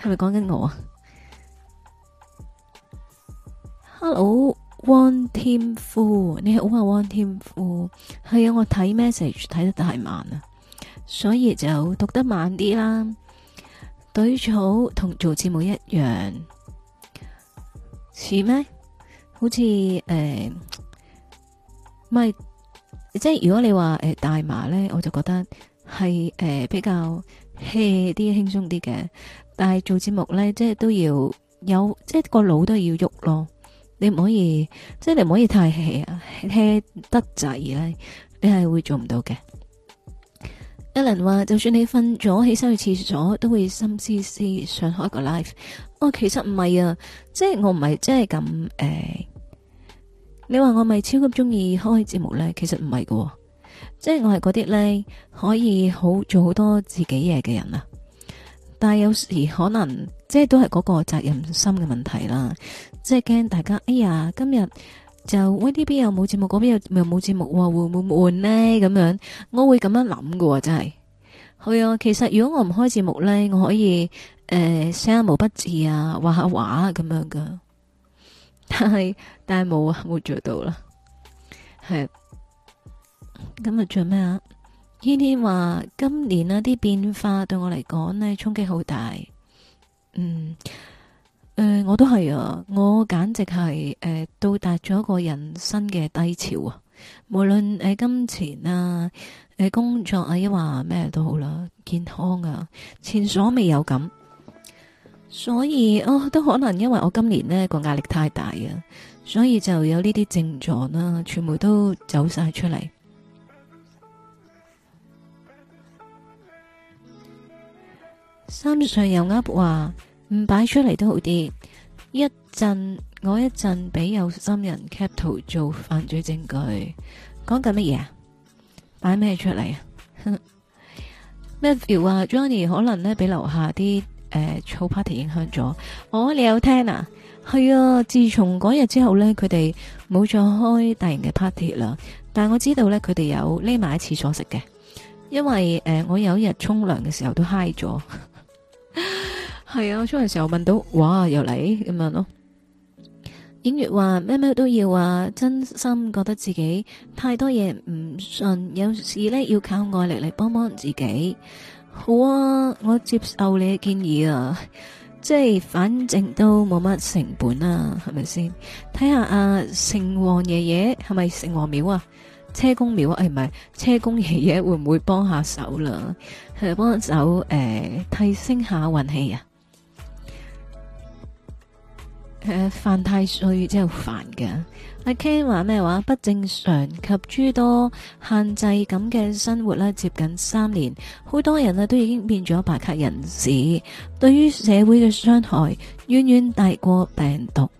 係咪講緊我啊？Hello，One Team f u 你好，我 One Team f u r 係啊。我睇 message 睇得太慢啦，所以就讀得慢啲啦。對草同做節目一樣，似咩？好似誒咪即係，如果你話誒、呃、大麻咧，我就覺得係誒、呃、比較輕啲、輕鬆啲嘅。但係做節目咧，即係都要有，即係個腦都要喐咯。你唔可以，即係你唔可以太 hea，hea 得滯咧，你係會做唔到嘅。Alan 話：就算你瞓咗，起身去廁所都會心思思想開個 live。哦，其實唔係啊，即係我唔係即係咁誒。你話我咪超級中意開節目咧？其實唔係嘅，即係我係嗰啲咧可以好做好多自己嘢嘅人啊。但係有時可能，即係都係嗰個責任心嘅問題啦。即係驚大家，哎呀，今日就 v t b 又冇節目，嗰邊又又冇節目，會唔會悶呢？咁樣我會咁樣諗嘅，真係。係啊，其實如果我唔開節目呢，我可以誒寫下毛筆字啊，畫下畫啊，咁樣噶。但係但係冇啊，冇做到啦。係今日做咩啊？天天話今年啊啲變化對我嚟講呢，衝擊好大。嗯。誒、呃，我都係啊！我簡直係誒、呃、到達咗一個人生嘅低潮啊！無論誒、呃、金錢啊、誒、呃、工作啊，抑或咩都好啦，健康啊，前所未有咁。所以我、哦、都可能因為我今年呢個壓力太大啊，所以就有呢啲症狀啦、啊，全部都走晒出嚟。三歲又噏話。唔擺出嚟都好啲，一陣我一陣俾有心人 capture 做犯罪證據，講緊乜嘢啊？擺咩出嚟啊？ (laughs) Matthew 啊 Johnny 可能咧俾樓下啲誒草 party 影響咗，哦，你有聽啊？係啊，自從嗰日之後呢，佢哋冇再開大型嘅 party 啦。但係我知道呢，佢哋有匿埋喺廁所食嘅，因為誒、呃、我有一日沖涼嘅時候都嗨咗。 (laughs) 係啊，我出嚟時候問到，哇，又嚟咁樣咯。影月話咩咩都要啊，真心覺得自己太多嘢唔順，有時呢，要靠外力嚟幫幫自己。好啊，我接受你嘅建議啊，即係反正都冇乜成本啊，係咪先？睇下阿、啊、城隍爺爺係咪城隍廟啊，車公廟啊，係、哎、咪？車公爺爺會唔會幫下手啦？幫下手誒、呃，提升下運氣啊！誒，犯、呃、太歲真係煩㗎。阿 Ken 話咩話？ (music) 不正常及諸多限制咁嘅生活啦。接近三年，好多人啊都已經變咗白卡人士，對於社會嘅傷害遠遠大過病毒。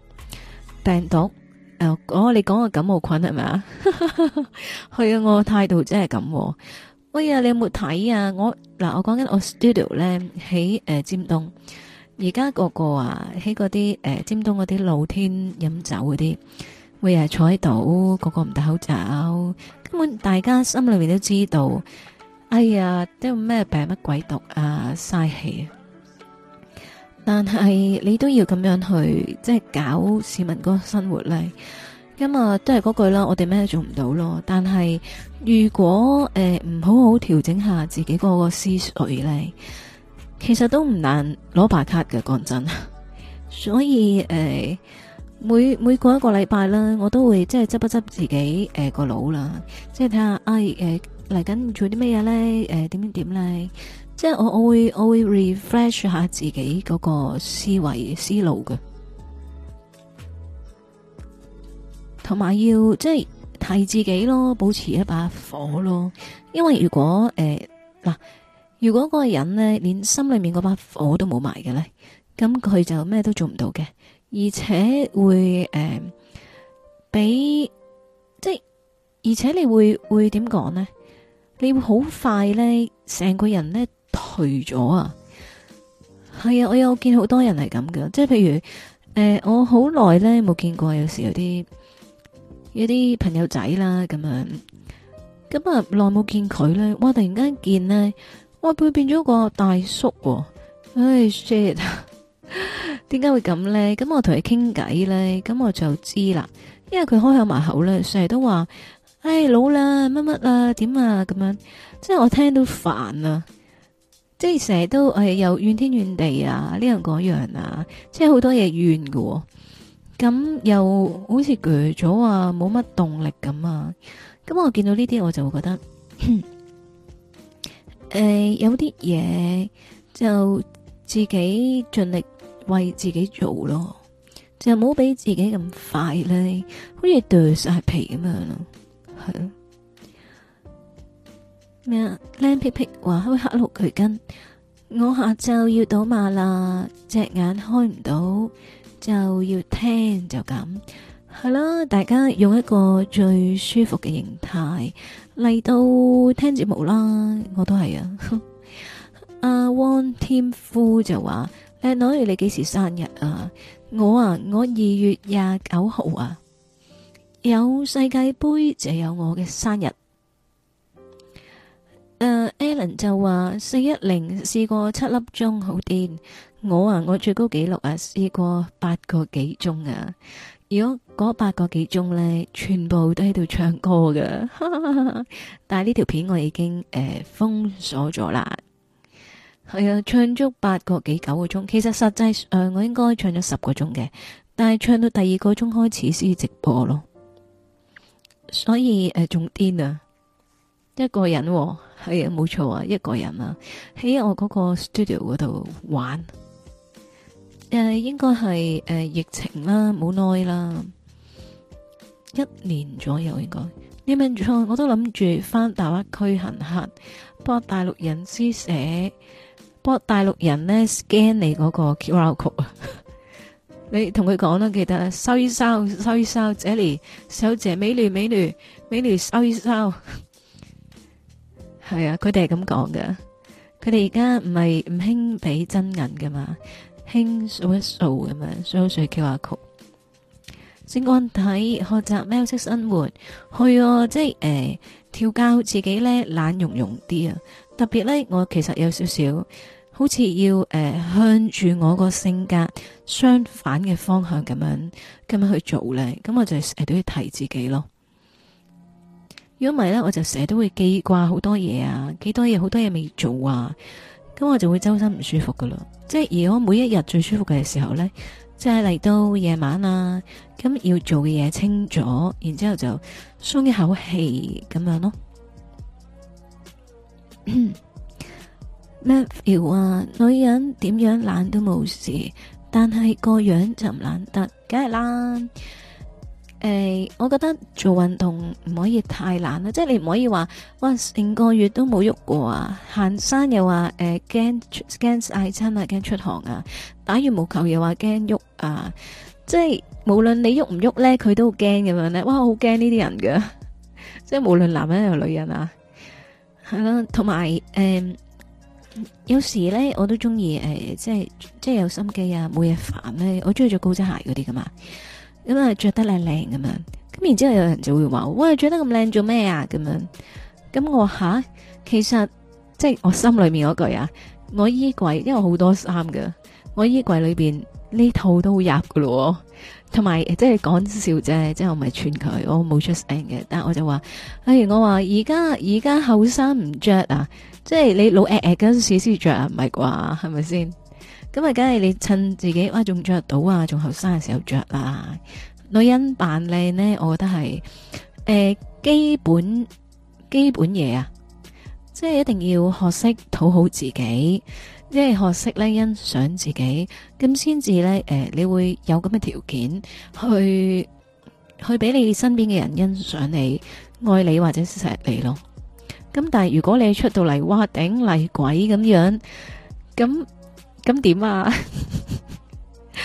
病毒誒，我、呃哦、你講個感冒菌係咪啊？ (laughs) 去啊！我態度真係咁。喂呀，你有冇睇啊？我嗱，我講緊我 studio 呢，喺誒、呃、尖東。而家個個啊，喺嗰啲誒尖東嗰啲露天飲酒嗰啲，每日坐喺度，個個唔戴口罩，根本大家心裏面都知道，哎呀都冇咩病乜鬼毒啊，嘥氣、啊！但係你都要咁樣去，即係搞市民嗰個生活咧。咁、嗯、啊，都係嗰句啦，我哋咩都做唔到咯。但係如果誒唔、呃、好好調整下自己嗰個思緒咧。其實都唔難攞白卡嘅，講真。 (laughs) 所以誒、呃，每每過一個禮拜咧，我都會即係執一執自己誒、呃、個腦啦，即係睇下誒嚟緊做啲咩嘢咧，誒點點點咧，即係我我會我會 refresh 下自己嗰個思維思路嘅，同埋要即係提自己咯，保持一把火咯，因為如果誒嗱。呃如果嗰個人呢，連心裏面嗰把火都冇埋嘅咧，咁佢就咩都做唔到嘅，而且會誒、呃，比即係而且你會會點講咧？你會好快咧，成個人咧退咗啊！係啊，我有見好多人係咁嘅，即係譬如誒、呃，我好耐咧冇見過，有時有啲有啲朋友仔啦咁樣，咁啊耐冇見佢咧，哇！突然間見呢。我會變咗個大叔、哦，唉 shit，點解會咁咧？咁我同佢傾偈咧，咁我就知啦。因為佢開口埋口咧，成日都話，唉、哎、老啦，乜乜啊，點啊咁樣，即係我聽到煩啊，即係成日都誒又怨天怨地啊，呢樣嗰樣啊，即係好多嘢怨嘅、哦，咁又好似攰咗啊，冇乜動力咁啊，咁我見到呢啲我就會覺得。 (laughs) 誒、呃，有啲嘢就自己盡力為自己做咯，就唔好俾自己咁快咧，好似剁晒皮咁樣咯，係咩啊？靚皮皮話開黑屋佢跟。我下晝要倒馬啦，隻眼開唔到就要聽就咁，係啦、啊。大家用一個最舒服嘅形態。嚟到聽節目啦，我都係啊。阿、 (laughs) 啊、汪添夫就話：靚女，你幾時生日啊？我啊，我二月廿九號啊。有世界杯，就有我嘅生日。誒、啊、，Alan 就話：四一零試過七粒鐘好癲。我啊，我最高紀錄啊，試過八個幾鐘啊。如果……嗰八個幾鐘呢，全部都喺度唱歌噶，但係呢條片我已經誒、呃、封鎖咗啦。係啊，唱足八個幾九個鐘，其實實際上我應該唱咗十個鐘嘅，但係唱到第二個鐘開始先直播咯。所以誒，仲癲啊！一個人係、哦、啊，冇錯啊，一個人啊，喺我嗰個 studio 嗰度玩。誒、呃，應該係誒疫情啦，冇耐啦。一年左右應該，呢邊我都諗住返大灣區行客，幫大陸人支寫，幫大陸人咧 scan 你嗰個 QR code 啊！ (laughs) 你同佢講啦，記得收一收，收一收，Jenny 小姐，美女，美女，美女，收一收。係 (laughs) 啊，佢哋係咁講嘅，佢哋而家唔係唔興俾真銀嘅嘛，興數一數咁樣數一數 QR code。說先安睇學習喵式生活，去哦，即係誒、呃、調教自己咧懶融融啲啊！特別咧，我其實有少少好似要誒、呃、向住我個性格相反嘅方向咁樣，咁樣去做咧。咁我就誒成日都要提自己咯。如果唔係咧，我就成日都會記掛好多嘢啊，幾多嘢，好多嘢未做啊，咁我就會周身唔舒服噶啦。即係而我每一日最舒服嘅時候咧。即係嚟到夜晚啊，咁要做嘅嘢清咗，然之後就鬆一口氣咁樣咯。 (coughs) Matthew 啊，女人點樣懶都冇事，但係個樣就唔懶得梗係啦。誒、呃，我覺得做運動唔可以太懶啦，即係你唔可以話哇成個月都冇喐過啊！行山又話誒驚嗌親啊，驚、呃、出汗啊！打羽毛球又話驚喐啊！即係無論你喐唔喐咧，佢都好驚咁樣咧。哇，好驚呢啲人噶， (laughs) 即係無論男人又女人啊，係、啊、咯。同埋誒，有時咧我都中意誒，即係即係有心機啊，冇嘢煩咧，我中意着高踭鞋嗰啲噶嘛。因為啊，着、嗯、得靚靚咁樣，咁然之後有人就會話，哇，着得咁靚做咩啊？咁樣，咁我話吓、啊，其實即係我心裏面嗰句啊，我衣櫃因為好多衫嘅，我衣櫃裏邊呢套都入噶咯，同埋即係講笑啫，即係我唔係串佢，我冇出聲嘅，但係我就話，例、哎、如我話而家而家後生唔着啊，即係你老誒誒嗰陣時先着啊，唔係啩？係咪先？咁啊，梗係你趁自己哇，仲着到啊，仲後生嘅時候着啦、啊。女人扮靚呢，我覺得係誒、呃、基本基本嘢啊，即係一定要學識討好自己，即係學識咧欣賞自己，咁先至咧誒你會有咁嘅條件去去俾你身邊嘅人欣賞你、愛你或者錫你咯。咁但係如果你出到嚟哇，頂厲鬼咁樣咁。咁點啊？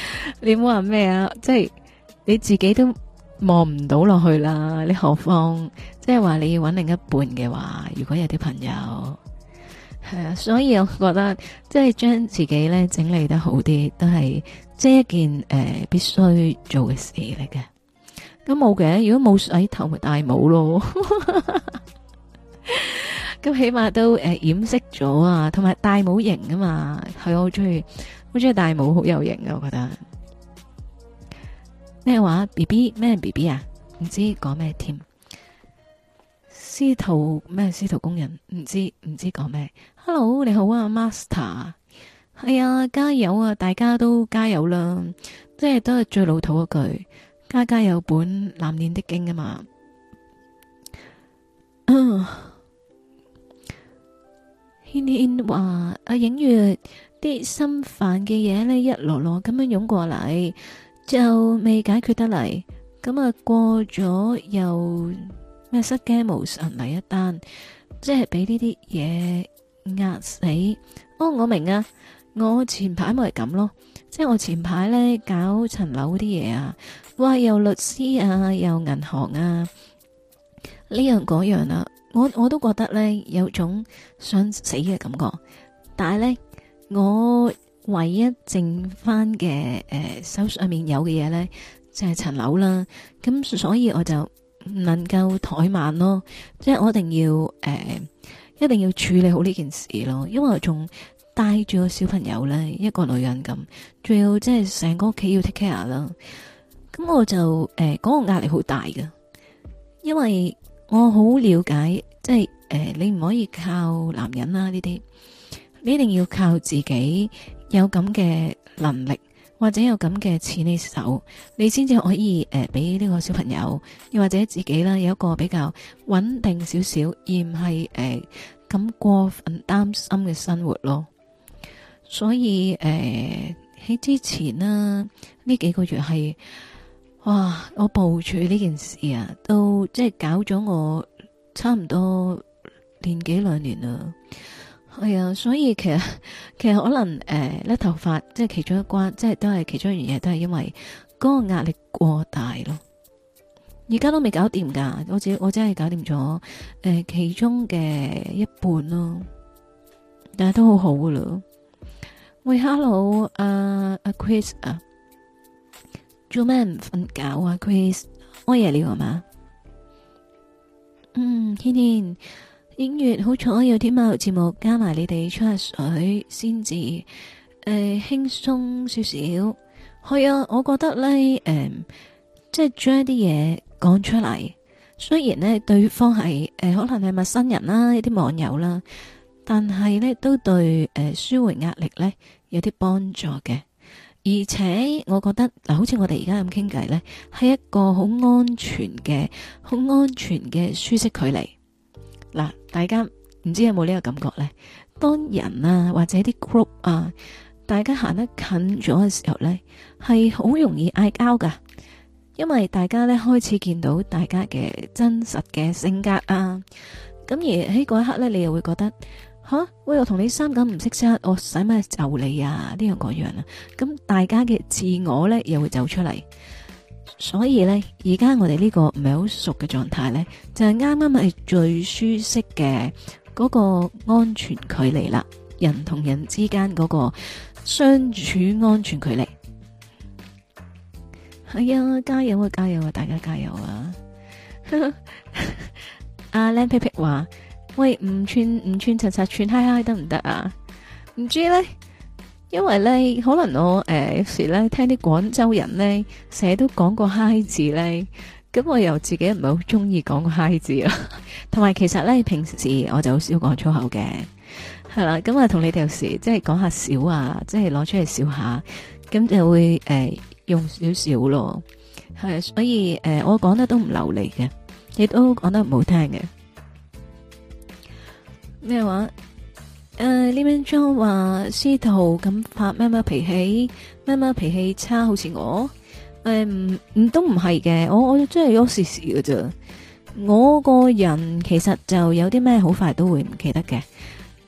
(laughs) 你冇話咩啊？即係你自己都望唔到落去啦，你何況？即係話你要搵另一半嘅話，如果有啲朋友係啊，所以我覺得即係將自己咧整理得好啲，都係即係一件誒、呃、必須做嘅事嚟嘅。咁冇嘅，如果冇洗頭咪戴帽咯。 (laughs) 咁起碼都誒、呃、掩飾咗啊，同埋戴帽型啊嘛，係我好中意，我中意戴帽好有型啊，我覺得咩話 B B 咩 B B 啊，唔知講咩添？司徒咩司徒工人唔知唔知講咩？Hello 你好啊，Master 係啊，加油啊，大家都加油啦，即係都係最老土嗰句，家家有本難念的經啊嘛。呃天天話阿影月啲心煩嘅嘢呢，一籮籮咁樣湧過嚟，就未解決得嚟。咁啊過咗又咩失驚無神嚟一單，即係俾呢啲嘢壓死。哦，我明啊，我前排咪係咁咯，即係我前排呢搞層樓啲嘢啊，哇又律師啊又銀行啊呢樣嗰樣啊！我我都覺得咧有種想死嘅感覺，但係咧我唯一剩翻嘅誒手上面有嘅嘢咧，就係、是、層樓啦，咁所以我就唔能夠怠慢咯，即係我一定要誒、呃，一定要處理好呢件事咯，因為我仲帶住個小朋友咧，一個女人咁，仲要即係成個屋企要 take care 啦，咁我就誒嗰、呃那個壓力好大㗎，因為我好了解。即係誒、呃，你唔可以靠男人啦，呢啲，你一定要靠自己有咁嘅能力，或者有咁嘅錢喺手，你先至可以誒，俾、呃、呢個小朋友，又或者自己啦，有一個比較穩定少少，而唔係誒咁過分擔心嘅生活咯。所以誒喺、呃、之前啦，呢幾個月係哇，我部署呢件事啊，都即係搞咗我。差唔多年幾兩年啦，係啊，所以其實其實可能誒甩、呃、頭髮即係其中一關，即係都係其中一樣嘢，都係因為嗰個壓力過大咯。而家都未搞掂噶，我只我真係搞掂咗誒，其中嘅一半咯，但係都好好噶咯。喂，Hello，阿、uh, 阿、uh, Chris uh, 啊，做咩唔瞓覺啊？Chris，開夜了係嘛？嗯，天天，影月，好彩有天喵節目，加埋你哋出下水，先至誒輕鬆少少。係、呃、啊、嗯，我覺得咧誒、呃，即係將一啲嘢講出嚟，雖然呢，對方係誒、呃、可能係陌生人啦，一啲網友啦，但係呢，都對誒、呃、舒緩壓力呢，有啲幫助嘅。而且，我覺得嗱，好似我哋而家咁傾偈呢，係一個好安全嘅、好安全嘅舒適距離。嗱，大家唔知有冇呢個感覺呢？當人啊或者啲 group 啊，大家行得近咗嘅時候呢，係好容易嗌交㗎，因為大家呢，開始見到大家嘅真實嘅性格啊，咁而喺嗰一刻呢，你又會覺得。吓、啊、喂！我同你三咁唔識殺，我使乜就你啊？呢樣嗰樣啦，咁大家嘅自我咧又會走出嚟，所以咧而家我哋呢個唔係好熟嘅狀態咧，就係啱啱係最舒適嘅嗰、那個安全距離啦，人同人之間嗰個相處安全距離。係、哎、啊，加油啊，加油啊，大家加油啊！阿靚皮皮話。喂，五寸五寸七七寸嗨嗨得唔得啊？唔知咧，因為咧可能我誒有、呃、時咧聽啲廣州人咧成日都講個嗨字咧，咁我又自己唔係好中意講個嗨字咯。同 (laughs) 埋其實咧平時我就好少講粗口嘅，係啦，咁啊同你哋有時即係講下笑啊，即係攞出嚟笑下，咁就會誒、呃、用少少咯。係，所以誒、呃、我講得都唔流利嘅，亦都講得唔好聽嘅。咩話？誒、呃，呢篇文話司徒咁發咩咩脾氣，咩咩脾氣差，好似我誒，唔、呃、唔都唔係嘅，我我真係有時時嘅啫。我個人其實就有啲咩好快都會唔記得嘅，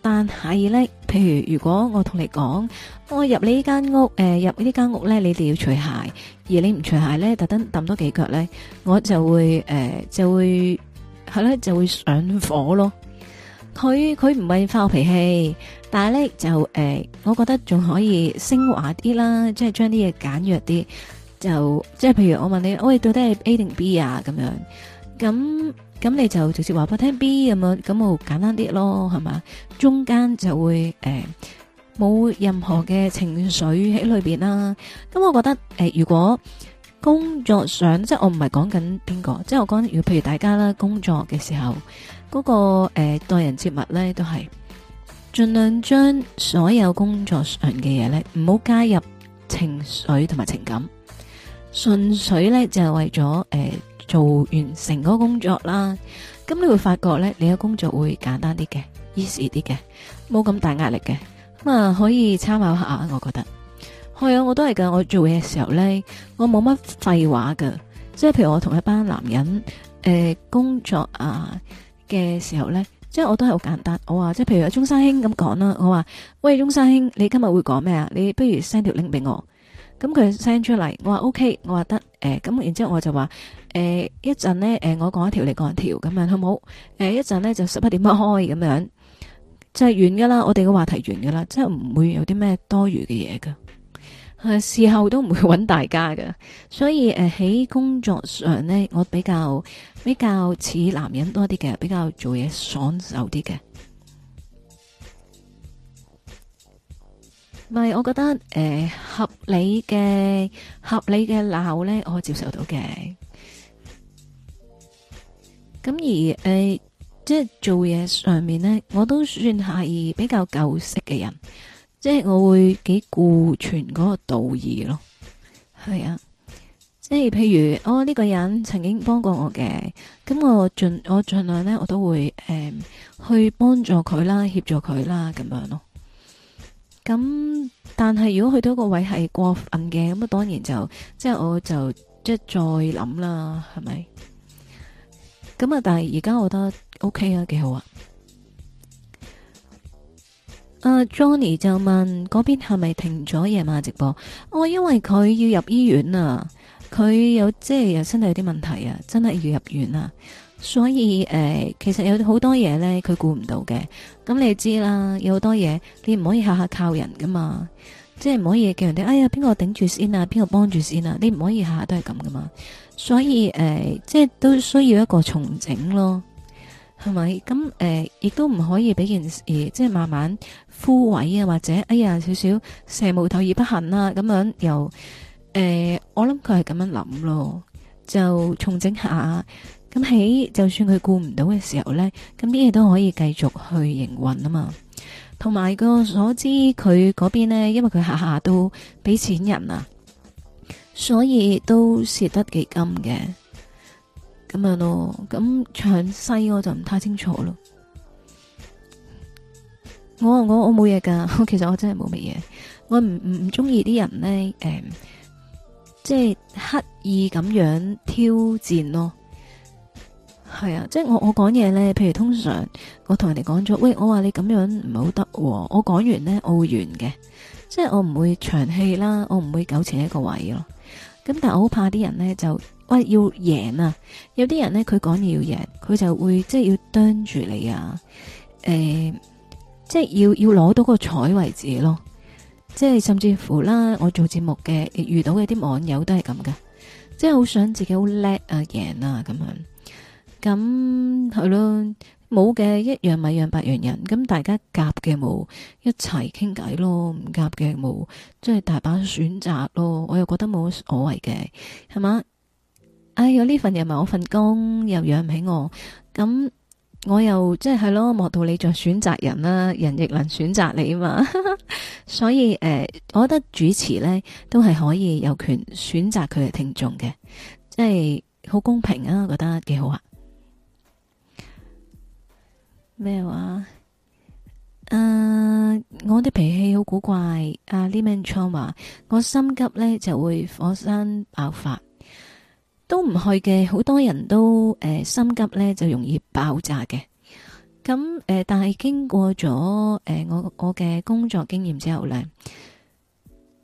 但係咧，譬如如果我同你講，我入你呢間屋，誒、呃、入呢間屋咧，你哋要除鞋，而你唔除鞋咧，特登揼多幾腳咧，我就會誒、呃、就會係咧就會上火咯。佢佢唔係發我脾氣，但係咧就誒，我覺得仲可以昇華啲啦，即係將啲嘢簡約啲，就即係譬如我問你，喂到底係 A 定 B 啊咁樣，咁咁你就直接話俾聽 B 咁樣，咁我簡單啲咯係嘛，中間就會誒冇任何嘅情緒喺裏邊啦。咁我覺得誒，如果工作上即係我唔係講緊邊個，即係我講如果譬如大家啦工作嘅時候。嗰、那個誒待、呃、人接物咧，都係盡量將所有工作上嘅嘢咧，唔好加入情緒同埋情感，純粹咧就係、是、為咗誒、呃、做完成嗰個工作啦。咁、嗯、你會發覺咧，你嘅工作會簡單啲嘅，easy 啲嘅，冇咁大壓力嘅咁啊，可以參考下。我覺得係啊，我都係噶。我做嘢嘅時候咧，我冇乜廢話噶，即係譬如我同一班男人誒、呃、工作啊。嘅時候呢，即係我都係好簡單，我話即係譬如阿中山兄咁講啦，我話喂，中山兄，你今日會講咩啊？你不如 send 條 link 俾我，咁佢 send 出嚟，我話 OK，我話得，誒、呃，咁然之後我就話，誒、呃，一陣呢，誒，我講一條你講一條咁樣，好唔好？誒、呃，一陣呢就十一點開咁樣，就是、完噶啦，我哋嘅話題完噶啦，即係唔會有啲咩多餘嘅嘢噶。事後都唔會搵大家嘅，所以誒喺、呃、工作上呢，我比較比較似男人多啲嘅，比較做嘢爽手啲嘅。唔係， (music) 我覺得誒、呃、合理嘅合理嘅鬧咧，我接受到嘅。咁而誒、呃，即係做嘢上面呢，我都算係比較舊式嘅人。即係我會幾顧全嗰個道義咯，係啊，即係譬如我呢、哦這個人曾經幫過我嘅，咁、嗯、我盡我盡量咧，我都會誒、嗯、去幫助佢啦，協助佢啦，咁樣咯。咁、嗯、但係如果去到個位係過分嘅，咁、嗯、啊當然就即係我就即係再諗啦，係咪？咁、嗯、啊，但係而家我覺得 OK 啊，幾好啊。阿、uh, Johnny 就問嗰邊係咪停咗夜晚直播？我、哦、因為佢要入醫院啊，佢有即係又身體有啲問題啊，真係要入院啊，所以誒、呃，其實有好多嘢咧，佢估唔到嘅。咁你知啦，有好多嘢你唔可以下下靠人噶嘛，即係唔可以叫人哋哎呀，邊個頂住先啊，邊個幫住先啊，你唔可以下下都係咁噶嘛。所以誒、呃，即係都需要一個重整咯。係咪？咁誒，亦、呃、都唔可以俾件事，即係慢慢枯萎啊，或者哎呀少少蛇無頭而不行啦，咁樣又誒、呃，我諗佢係咁樣諗咯，就重整下。咁喺就算佢顧唔到嘅時候呢，咁啲嘢都可以繼續去營運啊嘛。同埋據我所知，佢嗰邊呢，因為佢下下都俾錢人啊，所以都蝕得幾金嘅。咁樣咯，咁詳細我就唔太清楚咯。我我我冇嘢噶， (laughs) 其實我真係冇乜嘢。我唔唔唔中意啲人呢，誒、嗯，即係刻意咁樣挑戰咯。係啊，即係我我講嘢呢，譬如通常我同人哋講咗，喂，我話你咁樣唔係好得。我講完呢，我會完嘅，即係我唔會長氣啦，我唔會糾纏一個位咯。咁但係我好怕啲人呢就。喂、哎，要贏啊！有啲人咧，佢講嘢要贏，佢就會即係要盯住你啊！誒、哎，即係要要攞到個彩為止咯！即係甚至乎啦，我做節目嘅遇到嘅啲網友都係咁㗎，即係好想自己好叻啊，贏啊咁樣。咁係咯，冇嘅一樣米養百樣人，咁大家夾嘅冇一齊傾偈咯，唔夾嘅冇，即係大把選擇咯。我又覺得冇所謂嘅，係嘛？哎呀！呢份嘢唔係我份工，又養唔起我。咁我又即係係咯，莫道你在選擇人啦，人亦能選擇你啊嘛。 (laughs) 所以誒、呃，我覺得主持呢，都係可以有權選擇佢嘅聽眾嘅，即係好公平啊。我覺得幾好啊。咩話、啊？誒、uh，我啲脾氣好古怪。阿、uh, Lemon 話，我心急呢，就會火山爆發。都唔去嘅，好多人都誒、呃、心急呢，就容易爆炸嘅。咁誒、呃，但係經過咗誒、呃、我我嘅工作經驗之後呢，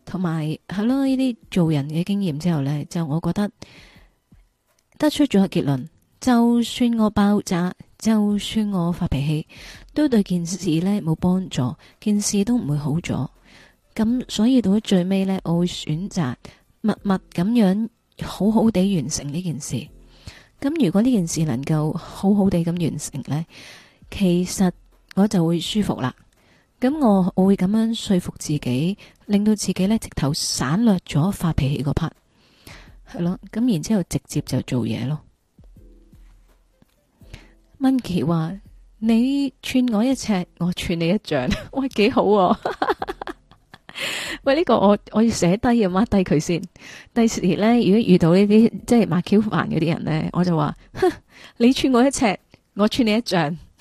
同埋係咯呢啲做人嘅經驗之後呢，就我覺得得出咗個結論，就算我爆炸，就算我發脾氣，都對件事呢冇幫助，件事都唔會好咗。咁所以到最尾呢，我會選擇默默咁樣。好好地完成呢件事，咁如果呢件事能夠好好地咁完成呢，其實我就會舒服啦。咁我我會咁樣說服自己，令到自己呢直頭省略咗發脾氣嗰 part，係咯。咁然之後直接就做嘢咯。Monkey 話：你串我一尺，我串你一丈，喂， (laughs) 幾好喎、啊。 (laughs) (laughs) 喂，呢、這個我我要寫低要抹低佢先。第時咧，如果遇到呢啲即係麻鳩煩嗰啲人咧，我就話：你串我一尺，我串你一丈， (laughs)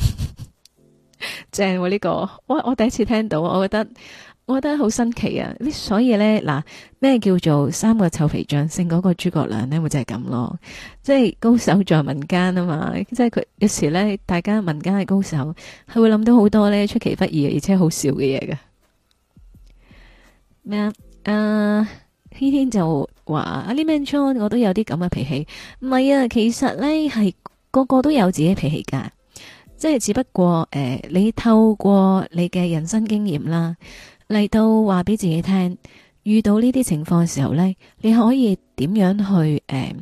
正喎、啊、呢、這個。我我第一次聽到，我覺得我覺得好新奇啊！所以咧，嗱咩叫做三個臭皮匠勝嗰個諸葛亮咧，咪就係咁咯？即係高手在民間啊嘛！即係佢有時咧，大家民間嘅高手係會諗到好多咧出其不意而且好笑嘅嘢嘅。咩啊？誒，呢、uh, 天就話阿李 man 衝，我都有啲咁嘅脾氣。唔係啊，其實呢係個個都有自己脾氣噶，即係只不過誒、呃，你透過你嘅人生經驗啦，嚟到話俾自己聽，遇到呢啲情況嘅時候呢，你可以點樣去誒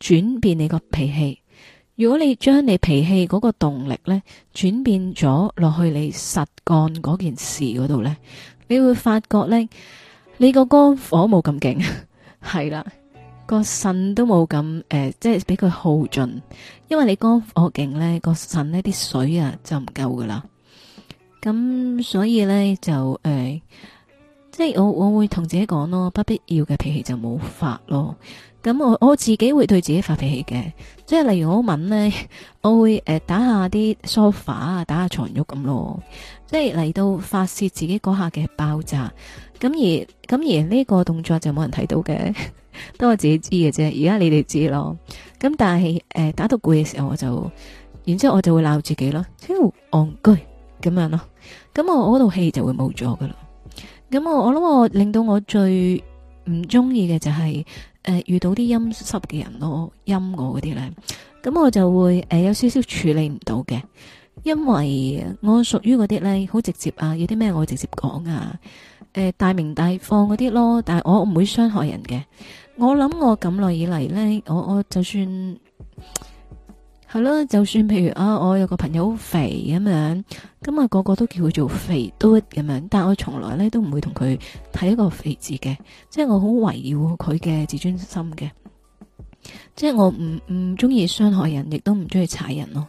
轉、呃、變你個脾氣？如果你將你脾氣嗰個動力呢，轉變咗落去你實幹嗰件事嗰度呢。你會發覺呢，你個肝火冇咁勁，係 (laughs) 啦，個腎都冇咁誒，即係俾佢耗盡。因為你肝火勁呢，個腎呢啲水啊就唔夠噶啦。咁所以呢，就誒、呃，即係我我會同自己講咯，不必要嘅脾氣就冇發咯。咁我我自己會對自己發脾氣嘅，即係例如我搵呢，我會誒打下啲 sofa 啊，打，一下，一打下床褥咁咯，即係嚟到發洩自己嗰下嘅爆炸。咁而咁而呢個動作就冇人睇到嘅， (laughs) 都我自己知嘅啫。而家你哋知咯。咁但係誒、呃、打到攰嘅時候，我就然之後我就會鬧自己咯，超戇居咁樣咯。咁我我嗰度氣就會冇咗噶啦。咁我我諗我令到我最唔中意嘅就係、是。誒，遇到啲陰濕嘅人咯，陰我嗰啲咧，咁我就會誒、呃、有少少處理唔到嘅，因為我屬於嗰啲咧好直接啊，有啲咩我會直接講啊，誒、呃、大鳴大放嗰啲咯，但係我唔會傷害人嘅，我諗我咁耐以嚟咧，我我就算。係咯，就算譬如啊，我有個朋友好肥咁樣，咁啊個個都叫佢做肥嘟咁樣，但我從來咧都唔會同佢睇一個肥字嘅，即係我好圍繞佢嘅自尊心嘅，即係我唔唔中意傷害人，亦都唔中意踩人咯。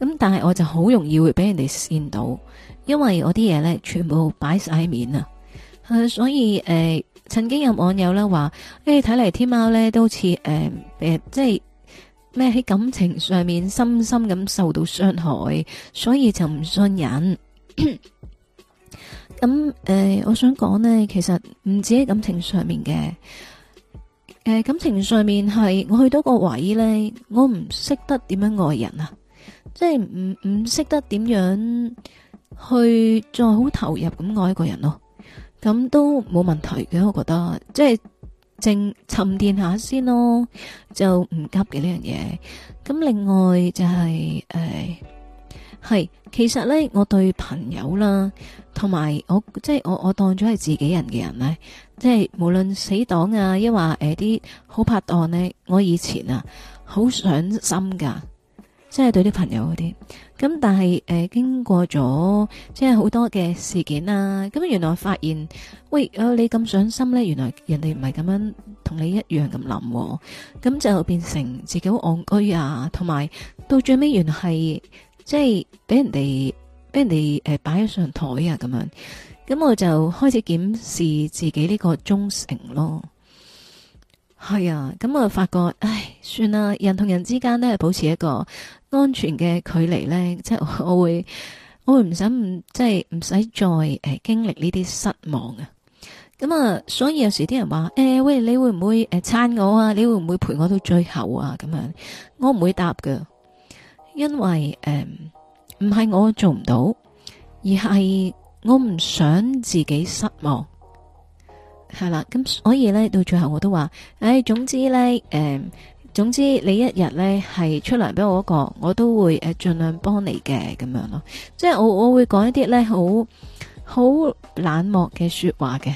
咁但係我就好容易會俾人哋跣到，因為我啲嘢咧全部擺晒喺面啊，誒，所以誒，曾經有網友咧話，誒，睇嚟天貓咧都似誒誒，即係。咩喺感情上面深深咁受到傷害，所以就唔信人。咁誒、 (coughs) 呃，我想講呢，其實唔止喺感情上面嘅。誒、呃，感情上面係我去到個位呢，我唔識得點樣愛人啊，即係唔唔識得點樣去再好投入咁愛一個人咯。咁都冇問題嘅，我覺得即係。就是靜沉澱下先咯，就唔急嘅呢樣嘢。咁另外就係、是、誒、係、呃、其實呢，我對朋友啦，同埋我即係我我當咗係自己人嘅人呢，即係無論死黨啊，抑或誒啲、呃、好拍檔呢，我以前啊好上心噶。即係對啲朋友嗰啲，咁但係誒、呃、經過咗即係好多嘅事件啊，咁原來發現喂，啊、呃、你咁上心咧，原來人哋唔係咁樣同你一樣咁諗、哦，咁就變成自己好戇居啊，同埋到最尾原來係即係俾人哋俾人哋誒、呃、擺咗上台啊咁樣，咁我就開始檢視自己呢個忠誠咯。係啊，咁我發覺，唉，算啦，人同人之間都係，保持一個安全嘅距離呢。即係我，我會，我會唔想，即係唔使再誒、呃、經歷呢啲失望啊！咁啊，所以有時啲人話，誒、哎、喂，你會唔會誒撐、呃、我啊？你會唔會陪我到最後啊？咁樣，我唔會答噶，因為誒唔係我做唔到，而係我唔想自己失望。係啦，咁所以咧，到最後我都話，誒，總之咧，誒，總之你一日咧係出糧俾我嗰個，我都會誒盡量幫你嘅咁樣咯。即係我我會講一啲咧好好冷漠嘅說話嘅，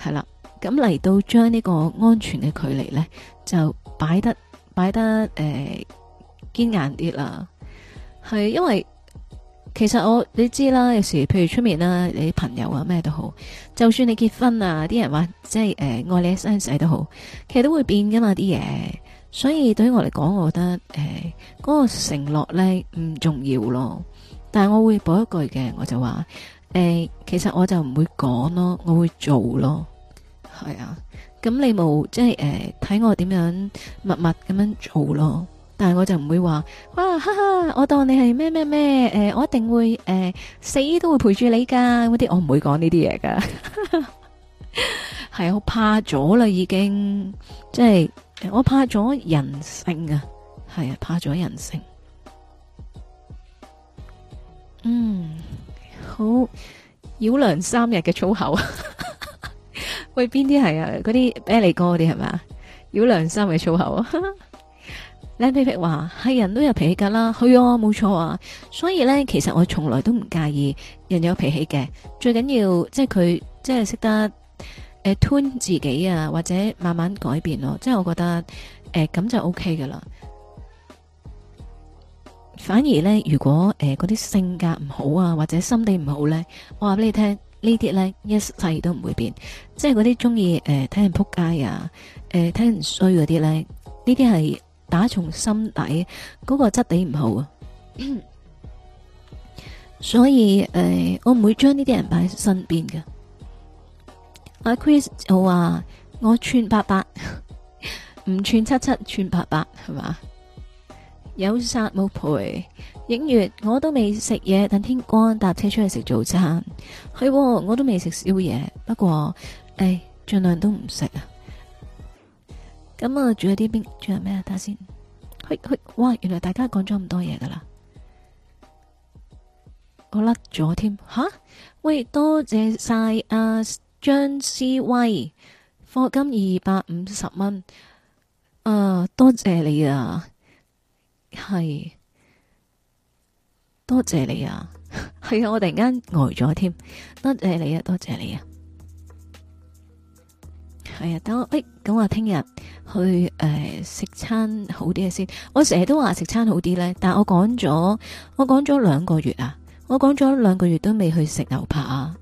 係啦，咁嚟到將呢個安全嘅距離咧，就擺得擺得誒堅硬啲啦，係因為。其實我你知啦，有時譬如出面啦，你朋友啊咩都好，就算你結婚啊，啲人話即係誒、呃、愛你一世一世都好，其實都會變噶嘛啲嘢。所以對於我嚟講，我覺得誒嗰、呃嗰個承諾咧唔重要咯。但係我會補一句嘅，我就話誒、呃，其實我就唔會講咯，我會做咯。係啊，咁你冇即係誒睇我點樣默默咁樣做咯。但係我就唔會話，哇哈哈！我當你係咩咩咩，誒、呃，我一定會，誒、呃，死都會陪住你噶，嗰啲我唔會講呢啲嘢噶，係我怕咗啦，已經，即係我怕咗人性啊，係啊，怕咗人性。嗯，好，繞梁三日嘅粗口， (laughs) 喂，邊啲係啊？嗰啲啤梨哥嗰啲係咪？繞梁三日粗口啊！ (laughs) 靚皮皮話係人都有脾氣噶啦，去啊，冇錯啊。所以呢，其實我從來都唔介意人有脾氣嘅，最緊要即係佢即係識得誒，吞、呃、自己啊，或者慢慢改變咯。即係我覺得誒咁、呃、就 O K 噶啦。反而呢，如果誒嗰啲性格唔好啊，或者心地唔好呢，我話俾你聽，呢啲呢一世都唔會變。即係嗰啲中意誒睇人仆街啊，誒、呃、睇人衰嗰啲呢，呢啲係。打從心底嗰、那個質地唔好啊， (coughs) 所以誒、呃，我唔會將呢啲人擺喺身邊嘅。阿、啊、Chris 就話：我串八八，唔 (laughs) 串七七，串八八係嘛？有殺冇賠，影月我都未食嘢，等天光搭車出去食早餐。係， (coughs) 我都未食宵夜，不過誒、呃，盡量都唔食啊。咁啊，煮下啲冰，仲有咩啊？睇下先。去去，哇！原來大家講咗咁多嘢噶啦，我甩咗添。吓？喂，多謝晒阿張思威，課金二百五十蚊。啊、呃，多謝你啊，係，多謝你啊，係 (laughs) 啊、哎！我突然間呆咗添，多謝你啊，多謝你啊。係啊，等我誒，咁、欸、我聽日去誒、呃、食餐好啲嘅先。我成日都話食餐好啲咧，但我講咗，我講咗兩個月啊，我講咗兩個月都未去食牛扒。啊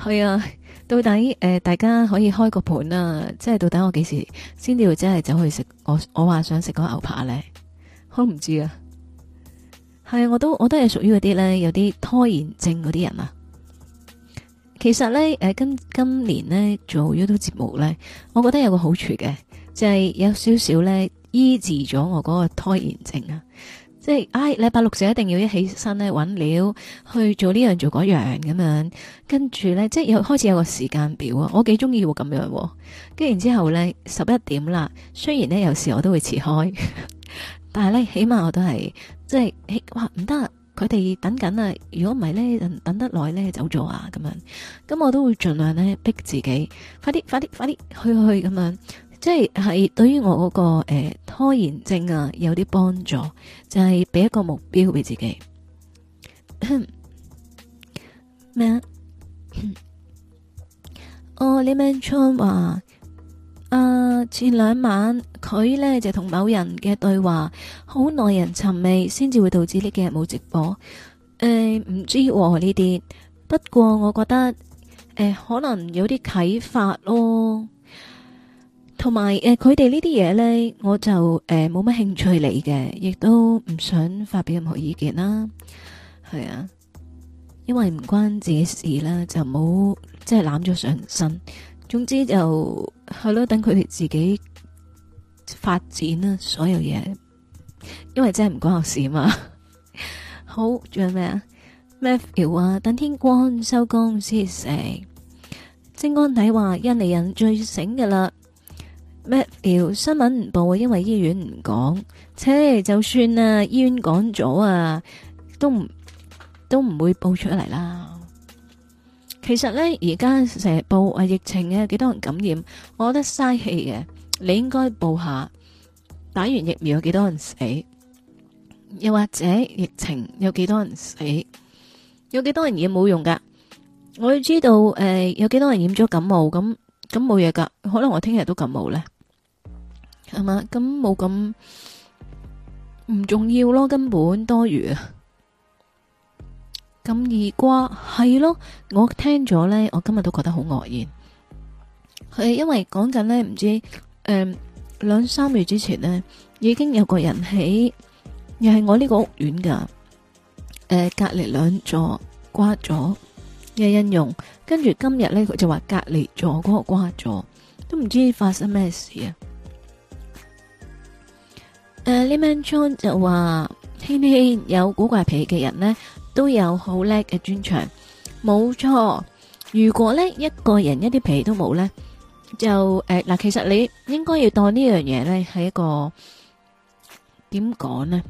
係 (laughs) 啊，到底誒、呃，大家可以開個盤啦、啊，即係到底我幾時先至真係走去食？我我話想食嗰牛扒咧，我唔知啊。係啊，我都我都係屬於嗰啲咧，有啲拖延症嗰啲人啊。其實咧，誒、啊，今今年咧做咗 YouTube 節目咧，我覺得有個好處嘅，就係、是、有少少咧醫治咗我嗰個拖延症啊！即係，唉、哎，禮拜六就一定要一起身咧，搵料去做呢樣做嗰樣咁樣，跟住咧，即係又開始有個時間表啊！我幾中意咁樣、啊，跟住之後咧，十一點啦，雖然咧有時我都會遲開， (laughs) 但係咧起碼我都係，即係，哇，唔得！佢哋等緊啊！如果唔係咧，等得耐咧走咗啊！咁樣，咁我都會盡量咧逼自己，快啲，快啲，快啲去去咁樣！即係係對於我嗰、那個誒、呃、拖延症啊有啲幫助，就係、是、俾一個目標俾自己。咩？哦，你咩話。 (coughs) 誒，uh, 前兩晚佢呢就同某人嘅對話，好耐人尋味，先至會導致呢幾日冇直播。誒、呃，唔知呢啲、啊，不過我覺得誒、呃，可能有啲啟發咯。同埋誒，佢哋呢啲嘢呢，我就誒冇乜興趣嚟嘅，亦都唔想發表任何意見啦。係啊，因為唔關自己事啦，就冇即係攬咗上身。總之就係咯，等佢哋自己發展啦，所有嘢，因為真係唔關我事嘛。 (laughs) 好，仲有咩啊？咩料啊？等天光收工先食。貞安仔話印尼人最醒嘅啦。咩料新聞唔報，因為醫院唔講。切就算啊，醫院講咗啊，都唔都唔會報出嚟啦。其實咧，而家成日報啊疫情有幾多人感染，我覺得嘥氣嘅。你應該報下打完疫苗有幾多人死，又或者疫情有幾多人死，有幾多人染冇用噶？我要知道誒、呃，有幾多人染咗感冒，咁咁冇嘢噶。可能我聽日都感冒咧，係嘛？咁冇咁唔重要咯，根本多餘。咁易瓜係咯，我聽咗咧，我今日都覺得好愕然。佢因為講緊咧，唔知誒兩三個月之前咧，已經有個人喺又係我呢個屋苑噶，誒隔籬兩座瓜咗嘅應用，跟住今日咧佢就話隔籬座嗰個瓜咗，都唔知發生咩事啊！誒呢 man John 就話天天有古怪脾氣嘅人咧。都有好叻嘅專長，冇錯。如果呢一個人一啲脾氣都冇呢，就誒嗱、呃，其實你應該要當呢樣嘢呢係一個點講呢？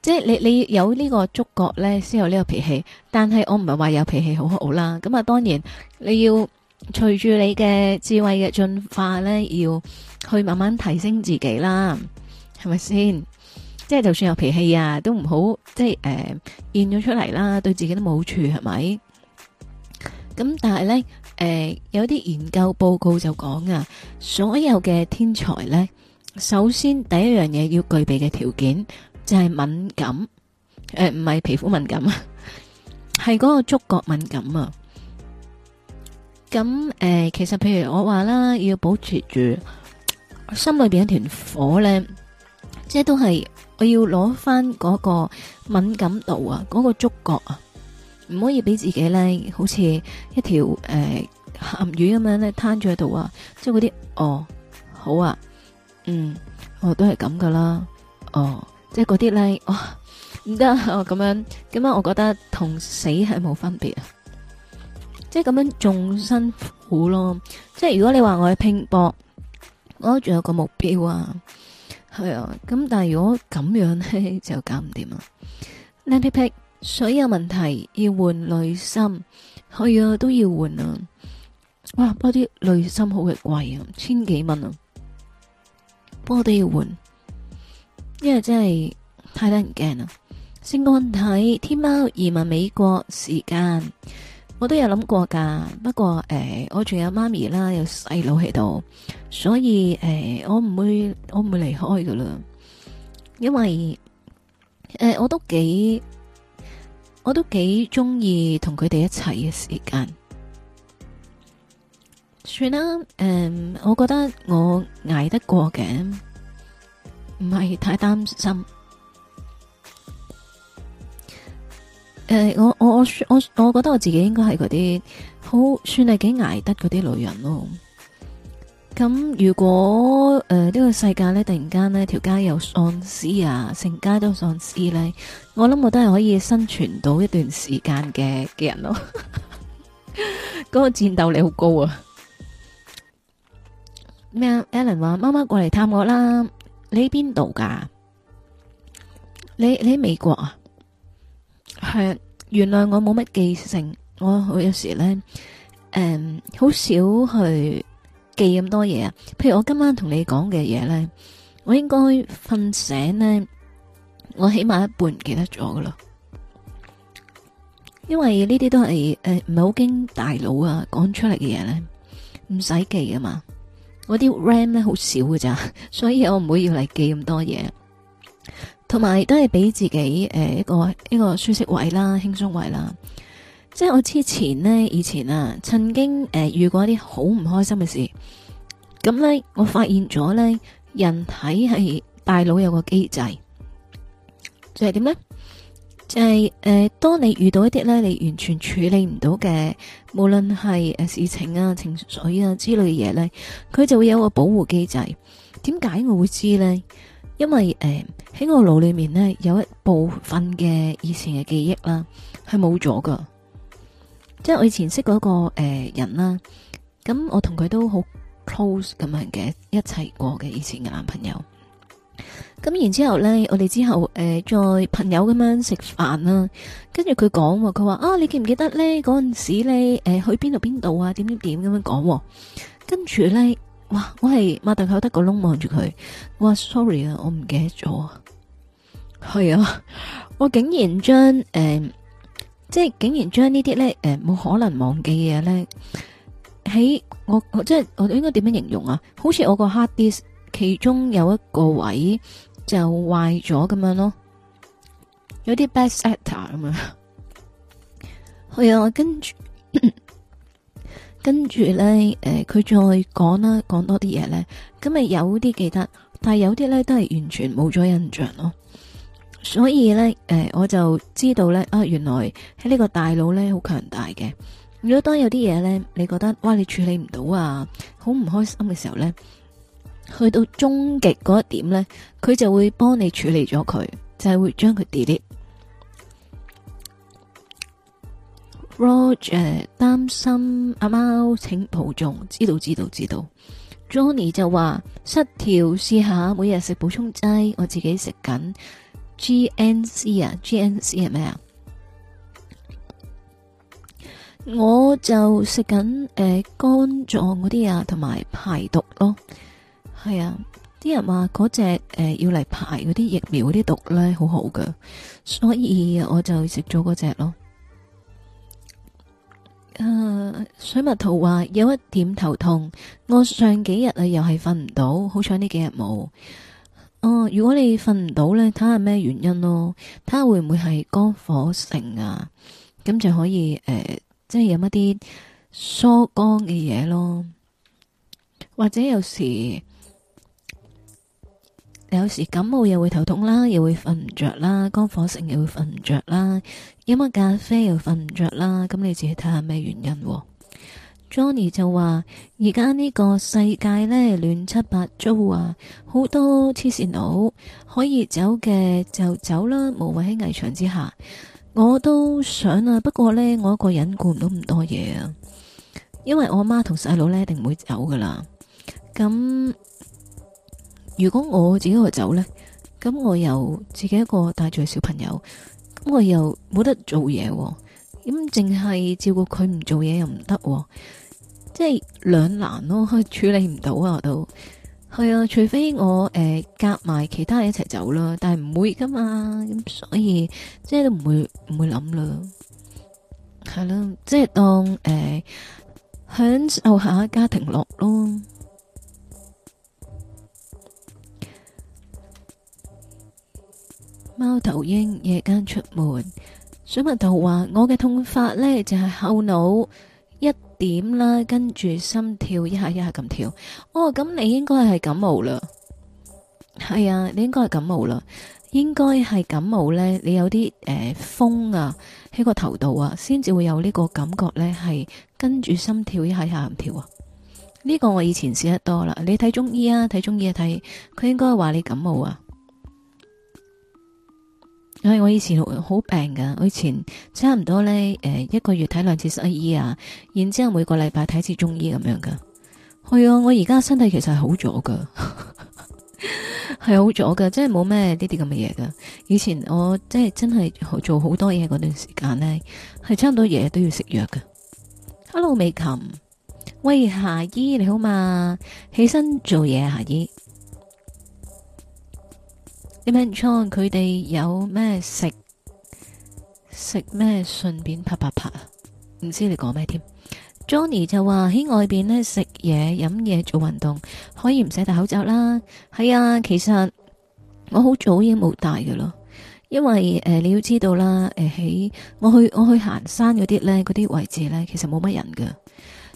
即係你你有呢個觸覺呢，先有呢個脾氣。但係我唔係話有脾氣好好啦。咁啊，當然你要隨住你嘅智慧嘅進化呢，要去慢慢提升自己啦，係咪先？即係就算有脾氣啊，都唔好即係誒，現咗出嚟啦，對自己都冇好處，係咪？咁但係咧，誒，有啲研究報告就講啊，所有嘅天才咧，首先第一樣嘢要具備嘅條件就係敏感，誒，唔係皮膚敏感啊，係嗰個觸覺敏感啊。咁誒，其實譬如我話啦，要保持住心裏邊一團火咧，即係都係。我要攞翻嗰個敏感度啊，嗰、嗰個觸覺啊，唔可以俾自己咧，好似一條誒鹹魚咁樣咧攤住喺度啊，即係嗰啲哦好啊，嗯，我、哦、都係咁噶啦，哦，即係嗰啲咧，唔得哦咁、啊啊、樣，咁樣我覺得同死係冇分別啊，即係咁樣仲辛苦咯，即係如果你話我去拼搏，我、哦、仲有個目標啊。係啊，咁但係如果咁樣咧，就搞唔掂啦。靚皮皮，所有問題要換濾芯，係啊都要換啊。哇，不過啲濾芯好鬼貴啊，千幾蚊啊，不過都要換，因為真係太得人驚啊。先個問題，天貓移民美國時間。我都有諗過㗎，不過誒，我仲有媽咪啦，有細佬喺度，所以誒，我唔會我唔會離開㗎啦，因為誒，我都幾，我都幾中意同佢哋一齊嘅時間，算啦，誒，我覺得我捱得過嘅，唔係太擔心。誒、uh,，我我我我我覺得我自己應該係嗰啲好算係幾捱得嗰啲女人咯。咁如果誒呢、呃這個世界咧突然間咧條街有喪屍啊，成街都喪屍咧，我諗我都係可以生存到一段時間嘅嘅人咯。嗰 (laughs) 個戰鬥力好高啊！咩啊？Ellen 話：媽媽過嚟探我啦，你喺邊度㗎？你你喺美國啊？係，原來我冇乜記性，我好有時咧，誒、嗯，好少去記咁多嘢啊。譬如我今晚同你講嘅嘢咧，我應該瞓醒咧，我起碼一半唔記得咗噶啦。因為、呃啊、呢啲都係誒唔係好經大腦啊講出嚟嘅嘢咧，唔使記噶嘛。我啲 RAM 咧好少噶咋，所以我唔會要嚟記咁多嘢。同埋都係俾自己誒、呃、一個一個舒適位啦，輕鬆位啦。即係我之前呢，以前啊，曾經誒、呃、遇過一啲好唔開心嘅事。咁呢，我發現咗呢，人體係大腦有個機制，就係、是、點呢？就係、是、誒、呃，當你遇到一啲呢，你完全處理唔到嘅，無論係誒事情啊、情緒啊之類嘅嘢呢，佢就會有個保護機制。點解我會知呢？因為誒喺、呃、我腦裏面咧有一部分嘅以前嘅記憶啦，係冇咗噶。即係我以前識嗰個誒、呃、人啦、啊，咁我同佢都好 close 咁樣嘅，一齊過嘅以前嘅男朋友。咁然之後呢之後咧，我哋之後誒再朋友咁樣食飯啦，跟住佢講，佢話啊，你記唔記得呢？嗰陣時咧誒、呃、去邊度邊度啊點點點咁樣講，跟住呢。哇！我係擘大口得個窿望住佢。我話 sorry 啊，我唔記得咗。啊。」係啊，我竟然將誒、呃，即係竟然將呢啲咧誒，冇、呃、可能忘記嘅嘢咧，喺我我即係我應該點樣形容啊？好似我個 hard disk 其中有一個位就壞咗咁樣咯，有啲 bad sector 咁樣、 (laughs) 啊。我要跟住。 (coughs) 跟住呢，誒、呃，佢再講啦，講多啲嘢呢。咁咪有啲記得，但係有啲呢都係完全冇咗印象咯。所以呢，誒、呃，我就知道呢，啊，原來喺呢個大腦呢好強大嘅。如果當有啲嘢呢，你覺得哇，你處理唔到啊，好唔開心嘅時候呢，去到終極嗰一點呢，佢就會幫你處理咗佢，就係、是、會將佢 delete。Roger，誒，擔心阿貓，請保重，知道知道知道。Johnny 就話失調，試下每日食補充劑，我自己食緊 GNC 啊，GNC 係咩啊？我就食緊誒肝臟嗰啲啊，同埋排毒咯。係啊，啲人話嗰隻誒要嚟排嗰啲疫苗嗰啲毒咧，好好㗎，所以我就食咗嗰隻咯。Uh, 水蜜桃話有一點頭痛，我上幾日啊又係瞓唔到，好彩呢幾日冇。哦、uh，如果你瞓唔到呢，睇下咩原因咯，睇下會唔會係肝火盛啊，咁就可以、uh, 即係飲一啲疏肝嘅嘢咯，或者有時。有時感冒又會頭痛啦，又會瞓唔着啦，肝火盛又會瞓唔着啦，飲咗咖啡又瞓唔着啦，咁你自己睇下咩原因。Johnny 就話：而家呢個世界呢，亂七八糟啊，好多黐線佬，可以走嘅就走啦，無謂喺危牆之下。我都想啊，不過呢，我一個人顧唔到咁多嘢啊，因為我阿媽同細佬呢，一定唔會走噶啦，咁。如果我自己去走呢，咁我又自己一個帶住小朋友，咁我又冇得做嘢，咁淨係照顧佢唔做嘢又唔得，即係兩難咯，處理唔到啊都。係啊，除非我誒夾埋其他人一齊走啦，但係唔會噶嘛，咁、嗯、所以即係都唔會唔會諗啦。係咯，即係、啊、當誒、呃、享受下家庭樂咯。貓頭鷹夜間出門，水蜜桃話：我嘅痛法呢，就係、是、後腦一點啦，跟住心跳一下一下咁跳。哦，咁你應該係感冒啦，係啊，你應該係感冒啦，應該係感冒呢，你有啲誒、呃、風啊喺個頭度啊，先至會有呢個感覺呢，係跟住心跳一下一下咁跳啊。呢、這個我以前試得多啦，你睇中醫啊，睇中醫啊睇，佢、啊、應該話你感冒啊。係、哎、我以前好,好病噶，我以前差唔多咧，誒、呃、一個月睇兩次西醫啊，然之後每個禮拜睇次中醫咁樣噶。係、哎、啊，我而家身體其實係好咗噶，係好咗噶，即係冇咩呢啲咁嘅嘢噶。以前我即係真係做好多嘢嗰段時間咧，係差唔多日日都要食藥噶。Hello，美琴，喂，夏姨你好嘛？起身做嘢，夏姨。啲咩？John 佢哋有咩食食咩？順便啪啪啪啊！唔知你講咩添？Johnny 就話喺外邊呢食嘢、飲嘢、做運動可以唔使戴口罩啦。係啊，其實我好早已經冇戴噶囉，因為誒、呃、你要知道啦，誒、呃、喺我去我去行山嗰啲呢，嗰啲位置呢，其實冇乜人噶，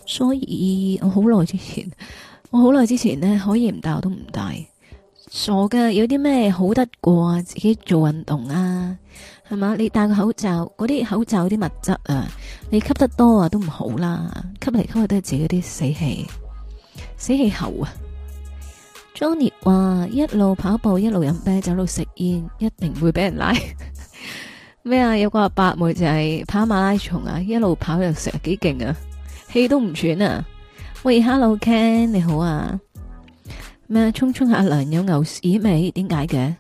所以我好耐之前，我好耐之前呢，可以唔戴我都唔戴。傻噶，有啲咩好得過啊？自己做運動啊，係嘛？你戴個口罩，嗰啲口罩啲物質啊，你吸得多啊都唔好啦，吸嚟吸去都係自己啲死氣，死氣喉啊！Johnny 話一路跑步一路飲啤酒，一路食煙，一定會俾人拉。咩 (laughs) 啊？有個阿八妹就係跑馬拉松啊，一路跑又食，幾勁啊，氣都唔喘啊！喂，Hello Ken，你好啊！咩沖沖下涼有牛屎味，點解嘅？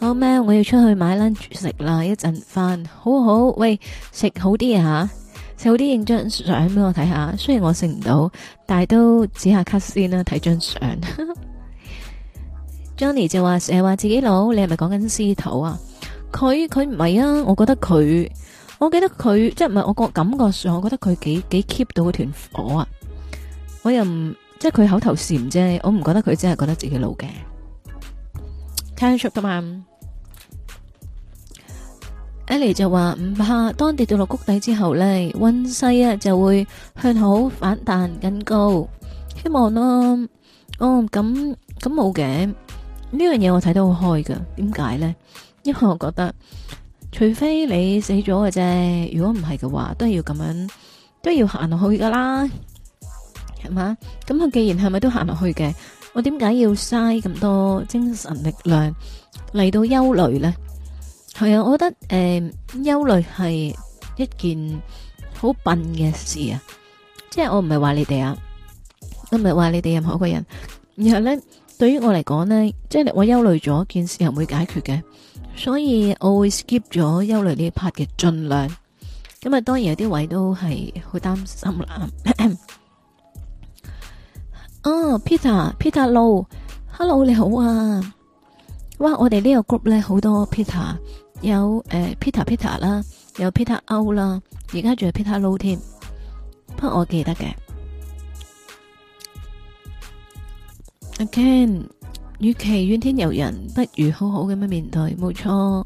好咩？我要出去買 lunch 食啦，一陣返，好好。喂，食好啲啊，食好啲影張相俾我睇下。雖然我食唔到，但係都指下卡先啦、啊，睇張相。 (laughs) Johnny 就話成日話自己老，你係咪講緊司徒啊？佢佢唔係啊，我覺得佢，我記得佢，即係唔係我個感覺上，我覺得佢幾幾 keep 到嗰團火啊，我又唔。即係佢口頭禪啫，我唔覺得佢真係覺得自己老嘅，聽得出㗎嘛。Ellie 就話唔怕，當跌到落谷底之後呢，運勢啊就會向好反彈更高，希望咯。哦咁咁冇嘅呢樣嘢，樣這個、我睇得好開噶。點解呢？因為我覺得，除非你死咗嘅啫，如果唔係嘅話，都係要咁樣都要行落去噶啦。係嘛？咁佢既然係咪都行落去嘅，我點解要嘥咁多精神力量嚟到憂慮咧？係啊，我覺得誒，憂慮係一件好笨嘅事啊。即係我唔係話你哋啊，我唔係話你哋任何一個人。然後咧，對於我嚟講咧，即係我憂慮咗件事又唔會解決嘅，所以我會 skip 咗憂慮呢一 part 嘅盡量。咁啊，當然有啲位都係好擔心啦。哦，Peter，Peter Lou，Hello，你好啊！哇，我哋呢個 group 咧，好多 Peter，有誒 Peter，Peter 啦，有 Peter 歐啦，而家仲有 Peter Lou 添，不過我記得嘅。Again，與其怨天尤人，不如好好咁樣面對，冇錯。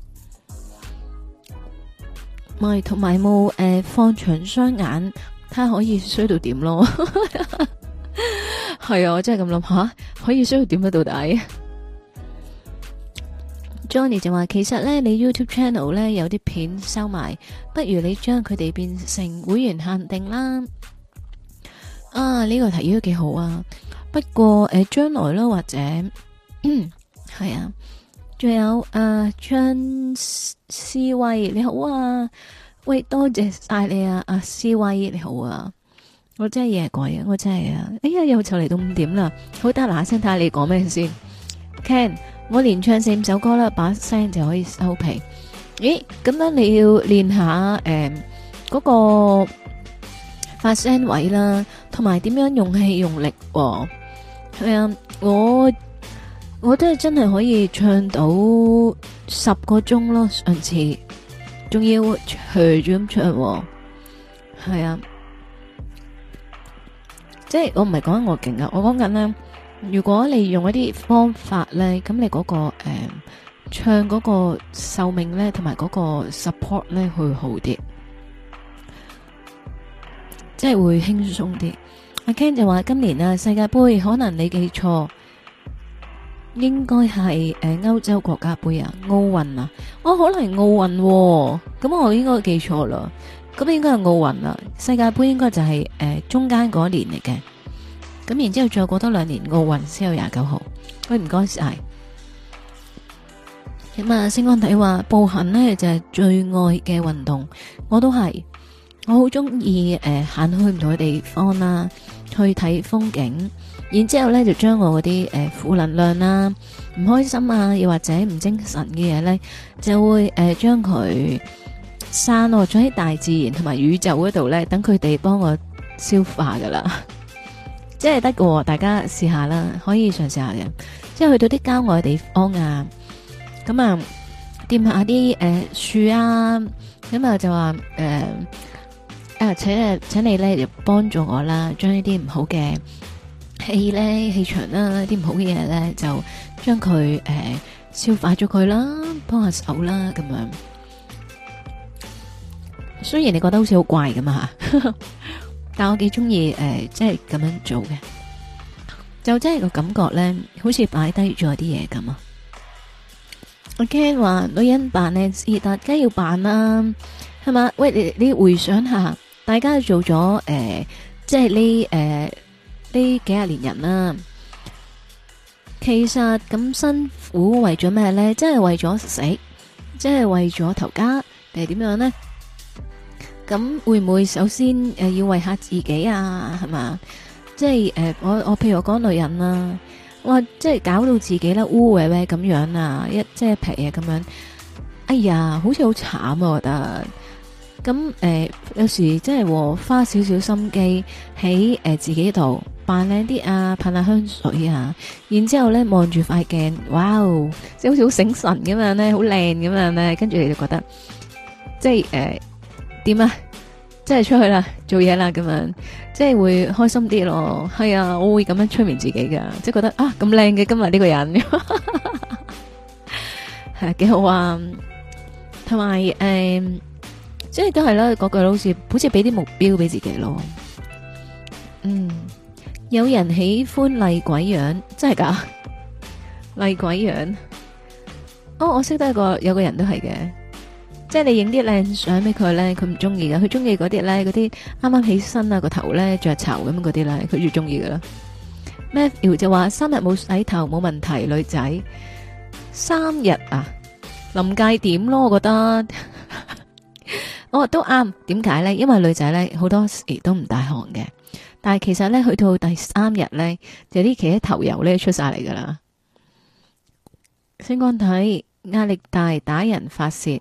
咪同埋冇誒，放長雙眼，睇下可以衰到點咯。係啊，我真係咁諗下，可以需要點樣？到底？Johnny 就話其實咧，你 YouTube Channel 咧有啲片收埋，不如你將佢哋變成會員限定啦。啊，呢、這個提議都幾好啊。不過誒，將、欸、來咧或者係 (coughs) 啊，仲有誒，張思威，你好啊，喂，多謝晒你啊，阿思威，你好啊。我真係夜鬼啊！我真係啊！哎呀，又就嚟到五點啦，好得嗱聲睇下你講咩先？Ken，我連唱四五首歌啦，把聲就可以收皮。咦，咁樣你要練下誒嗰個發聲位啦，同埋點樣用氣用力噃？係啊，我我都係真係可以唱到十個鐘咯，上次仲要長咁唱，係啊。即係我唔係講緊我勁啊，我講緊呢，如果你用一啲方法呢，咁你嗰、嗰個誒、嗯、唱嗰個壽命呢，同埋嗰個 support 呢，會好啲，即係會輕鬆啲。阿、啊、Ken 就話今年咧、啊、世界杯可能你記錯，應該係誒歐洲國家杯啊，奧運啊，我、哦、可能奧運、啊，咁我應該記錯喇。咁應該係奧運啦，世界杯應該就係、是、誒、呃、中間嗰年嚟嘅。咁然之後再過多兩年奧運先有廿九號。喂、哎，唔該晒。咁啊，星光體話步行呢就係、是、最愛嘅運動，我都係。我好中意誒行去唔同嘅地方啦、啊，去睇風景。然之後咧就將我嗰啲誒負能量啦、啊、唔開心啊，又或者唔精神嘅嘢呢，就會誒、呃、將佢。山咯，仲喺大自然同埋宇宙嗰度咧，等佢哋幫我消化噶啦，即係得嘅。大家試下啦，可以嘗試下嘅，即係去到啲郊外地方啊，咁啊，掂下啲誒樹啊，咁啊就話誒啊，請誒，請你咧就幫助我啦，將呢啲唔好嘅氣咧氣場啦，啲唔好嘅嘢咧就將佢誒消化咗佢啦，幫下手啦，咁樣。雖然你覺得好似好怪咁啊，但我幾中意誒，即係咁樣做嘅，就真係個感覺咧，好似擺低咗啲嘢咁啊。我驚話女人扮咧，但梗要扮啦，係嘛？喂，你你回想下，大家做咗誒，即係呢誒呢幾廿年人啦、啊，其實咁辛苦為咗咩咧？即係為咗死，即係為咗頭家，定係點樣咧？咁會唔會首先誒要為下自己啊？係嘛，即係誒、呃，我我譬如我講女人啦、啊，我即係搞到自己咧污歪歪咁樣啊，一即係皮啊咁樣，哎呀，好似好慘啊！我覺得，咁、嗯、誒、呃、有時真係花少少心機喺誒自己度扮靚啲啊，噴下香水啊，然之後咧，望住塊鏡，哇即係好似好醒神咁樣咧，好靚咁樣咧，跟住你就覺得即係誒。呃點啊！即係出去啦，做嘢啦，咁樣即係會開心啲咯。係啊，我會咁樣催眠自己噶，即係覺得啊咁靚嘅今日呢個人，係、 (laughs) 啊、幾好啊！同埋誒，即係都係啦，嗰句好似好似俾啲目標俾自己咯。嗯，有人喜歡厲鬼樣，真係噶厲鬼樣。哦，我識得一個有個人都係嘅。即係你影啲靚相俾佢咧，佢唔中意噶，佢中意嗰啲咧，嗰啲啱啱起身啊、個頭咧着巢咁嗰啲咧，佢最中意噶啦。咩？苗 (music) 就話三日冇洗頭冇問題，女仔三日啊臨界點咯，我覺得我、 (laughs) 哦、都啱。點解咧？因為女仔咧好多時都唔大汗嘅，但係其實咧去到第三日咧，就啲其他頭油咧出晒嚟噶啦。星光睇，壓力大打人發泄。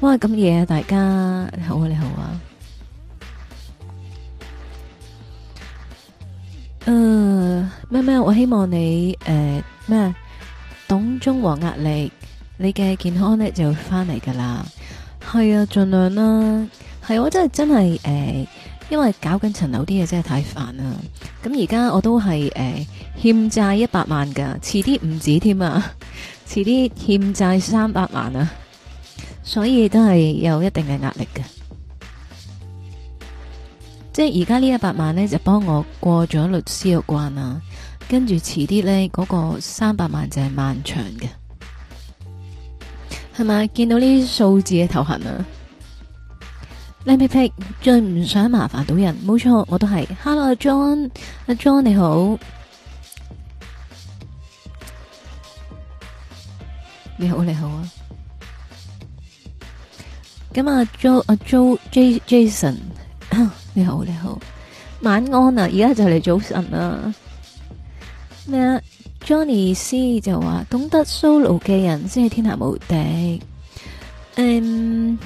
哇，咁夜啊！大家好啊，你好啊。誒、呃，咩咩？我希望你誒咩、呃，懂中和壓力，你嘅健康咧就翻嚟噶啦。係啊，盡量啦。係、啊、我真係真係誒、呃，因為搞緊層樓啲嘢真係太煩啦。咁而家我都係誒、呃、欠債一百萬噶，遲啲唔止添啊，遲啲欠債三百萬啊！所以都係有一定嘅壓力嘅，即係而家呢一百萬呢，就幫我過咗律師嘅關啦，跟住遲啲呢，嗰個三百萬就係漫長嘅，係咪？見到呢啲數字嘅頭痕啊！靚皮皮，最唔想麻煩到人，冇錯，我都係。Hello，John，John 你好，你好你好啊！咁阿、啊、Jo 阿、啊、Jo Jay Jason，、啊、你好你好，晚安啊！而家就嚟早晨啦。咩啊？Johnny C 就話懂得 solo 嘅人先係天下無敵。誒，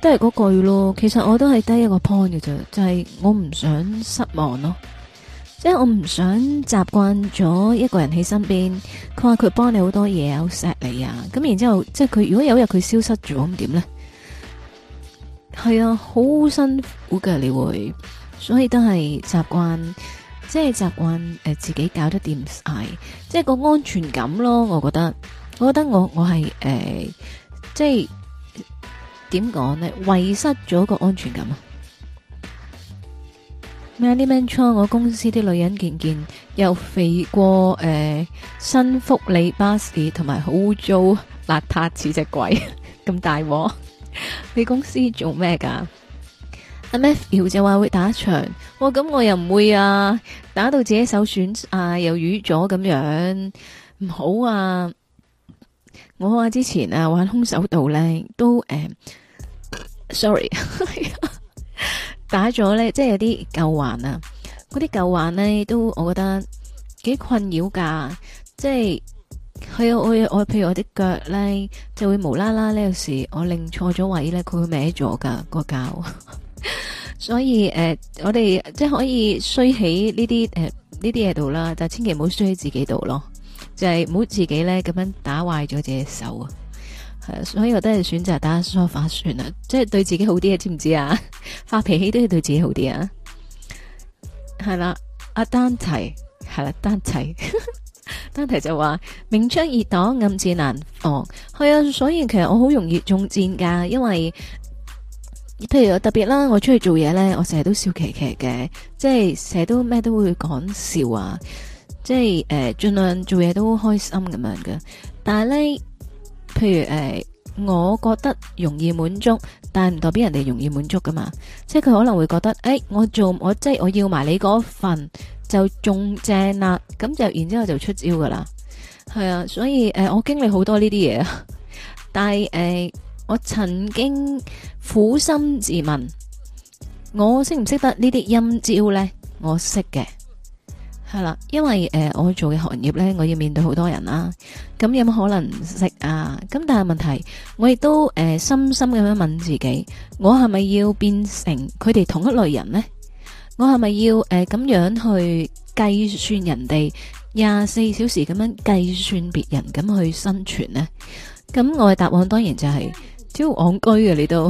都係嗰句咯。其實我都係得一個 point 嘅啫，就係、是、我唔想失望咯。即、就、係、是、我唔想習慣咗一個人喺身邊。佢話佢幫你好多嘢，好錫你啊。咁然之後，即係佢如果有一日佢消失咗，咁點咧？係啊，好辛苦噶，你會，所以都係習慣，即係習慣誒，自己搞得掂晒，即係個安全感咯。我覺得，我覺得我我係誒、呃，即係點講呢？遺失咗個安全感啊 man，我公司啲女人件件又肥過誒、呃、新福利巴士，同埋好污糟邋遢似隻鬼，咁大鑊。 (laughs) (laughs) 你公司做咩噶？阿 Matthew 就話會打場，我咁我又唔會啊，打到自己手損啊，又瘀咗咁樣，唔好啊！我啊之前啊玩空手道咧，都誒、uh，sorry， (laughs) 打咗咧，即係有啲舊患啊，嗰啲舊患咧都我覺得幾困擾噶，即係。佢我我譬如我啲腳咧，就會無啦啦呢個時，我擰錯咗位咧，佢會歪咗噶個腳。所以誒，我哋即係可以衰喺呢啲誒呢啲嘢度啦，就千祈唔好衰喺自己度咯。就係唔好自己咧咁樣打壞咗隻手啊。係啊，所以我都係選擇打梳化算啦，即係對自己好啲啊，知唔知啊？發脾氣都要對自己好啲啊。係啦，阿丹齊係啦，丹齊。單提就話明槍易擋暗箭難防，係、哦、啊，所以其實我好容易中箭噶因為譬如特別啦，我出去做嘢呢，我成日都笑騎騎嘅，即係成日都咩都會講笑啊，即係誒盡量做嘢都開心咁樣嘅。但係呢，譬如誒、呃，我覺得容易滿足，但係唔代表人哋容易滿足噶嘛即係佢可能會覺得誒、欸，我做我即係我要埋你嗰份。就仲正啦，咁就然之後就出招噶啦，係啊，所以誒、呃，我經歷好多呢啲嘢啊， (laughs) 但係誒、呃，我曾經苦心自問，我識唔識得呢啲陰招呢？我識嘅，係啦、啊，因為誒、呃，我做嘅行業呢，我要面對好多人啦、啊，咁有冇可能唔識啊？咁但係問題，我亦都誒、呃，深深咁樣問自己，我係咪要變成佢哋同一類人呢？我係咪要誒咁、呃、樣去計算人哋廿四小時咁樣計算別人咁去生存呢？咁我嘅答案當然就係、是、 (music) 超戇居嘅你都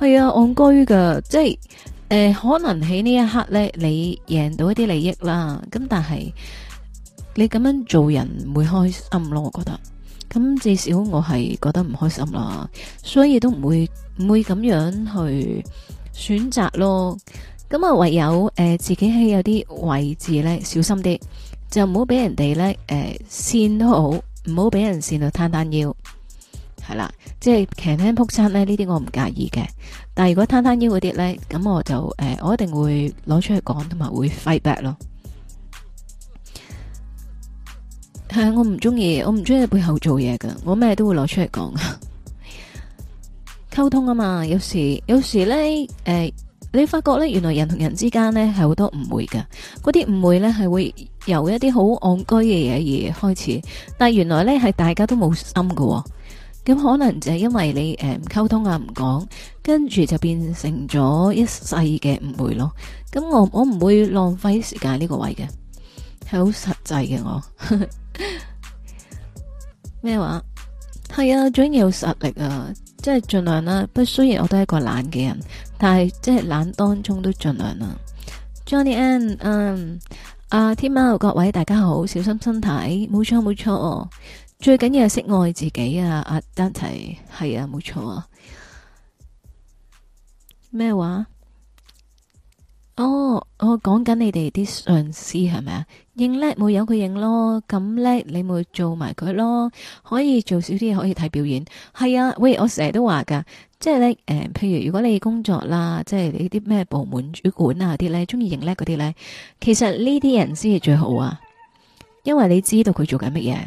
係 (laughs) 啊戇居噶，即係、呃、可能喺呢一刻呢，你贏到一啲利益啦。咁但係你咁樣做人唔會開心咯，我覺得。咁至少我係覺得唔開心啦，所以都唔會唔會咁樣去選擇咯。咁啊，我唯有誒、呃、自己喺有啲位置咧，小心啲，就唔好俾人哋咧誒，扇、呃、都好，唔好俾人扇到攤攤腰，係啦，即係輕輕撲親咧，ンンーー呢啲我唔介意嘅。但係如果攤攤腰嗰啲咧，咁我就誒、呃，我一定會攞出去講，同埋會 fight back 咯。係，我唔中意，我唔中意喺背後做嘢㗎，我咩都會攞出嚟講啊。 (laughs) 溝通啊嘛，有時有時咧誒。呃你發覺咧，原來人同人之間咧係好多誤會噶，嗰啲誤會咧係會由一啲好戇居嘅嘢而開始。但係原來咧係大家都冇心噶、哦，咁可能就係因為你誒唔溝通啊唔講，跟住就變成咗一世嘅誤會咯。咁我我唔會浪費時間呢個位嘅，係好實際嘅我。 (laughs) 咩話？係啊，最緊要有實力啊，即係盡量啦、啊。不雖然我都係一個懶嘅人。但係即係懶當中都盡量啦，Johnny N，嗯、um, uh,，啊，天喵各位大家好，小心身體，冇錯冇錯哦，最緊要係識愛自己啊，阿 Dante 係啊，冇錯啊，咩話？哦，oh, 我講緊你哋啲上司係咪啊？認叻冇有佢認咯，咁叻你咪做埋佢咯？可以做少啲嘢，可以睇表演。係啊，喂，我成日都話噶，即係你誒，譬如如果你工作啦，即係你啲咩部門主管啊啲咧，中意認叻嗰啲咧，其實呢啲人先係最好啊，因為你知道佢做緊乜嘢。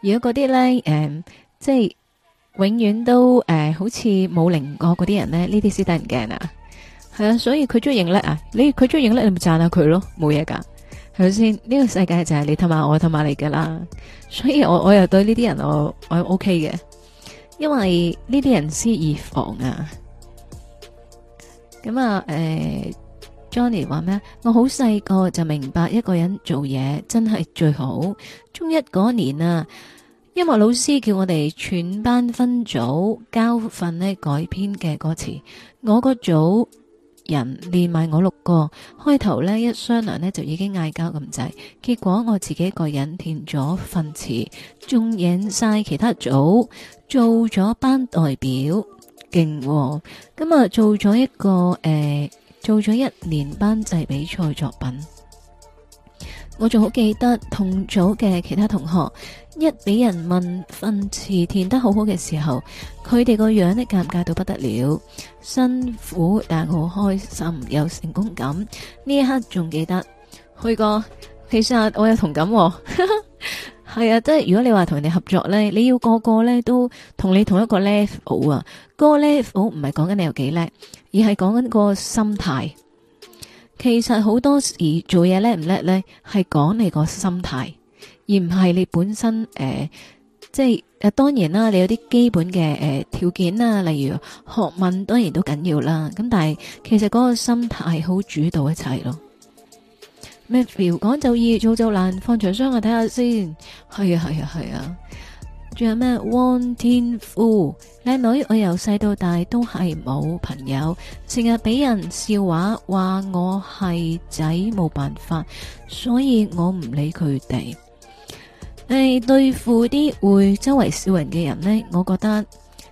如果嗰啲咧誒，即、嗯、係、就是、永遠都誒、嗯，好似冇靈過嗰啲人咧，呢啲先得人驚啊！係啊，所以佢中意認叻啊，你佢中意認叻，你咪讚下佢咯，冇嘢噶，係咪先？呢、這個世界就係你氹下我氹下你噶啦，所以我我又對呢啲人我我 O K 嘅，因為呢啲人思而防啊。咁、嗯、啊，誒、嗯、，Johnny 話咩？我好細個就明白一個人做嘢真係最好。中一嗰年啊，音樂老師叫我哋全班分組交份呢改編嘅歌詞，我個組。人連埋我六個，開頭呢一商量呢，就已經嗌交咁滯，結果我自己一個人填咗份詞，仲贏晒其他組，做咗班代表，勁、哦！今日做咗一個誒、呃，做咗一年班際比賽作品。我仲好記得同組嘅其他同學，一俾人問份詞填得好好嘅時候，佢哋個樣呢尷尬到不得了，辛苦，但我好開心，有成功感。呢一刻仲記得去過，其實我有同感喎、哦。係 (laughs) 啊，即係如果你話同人哋合作呢，你要個個呢都同你同一個 level 啊，個 level 唔係講緊你有幾叻，而係講緊個心態。其實好多時做嘢叻唔叻咧，係講你個心態，而唔係你本身誒、呃，即係誒。當然啦，你有啲基本嘅誒、呃、條件啦，例如學問當然都緊要啦。咁但係其實嗰個心態好主導一切咯。咩 feel 講就易做就難，放長雙眼睇下先。係啊，係啊，係啊。仲有咩？汪天富靚女，我由細到大都係冇朋友，成日俾人笑話，話我係仔冇辦法，所以我唔理佢哋。誒、欸，對付啲會周圍笑人嘅人呢，我覺得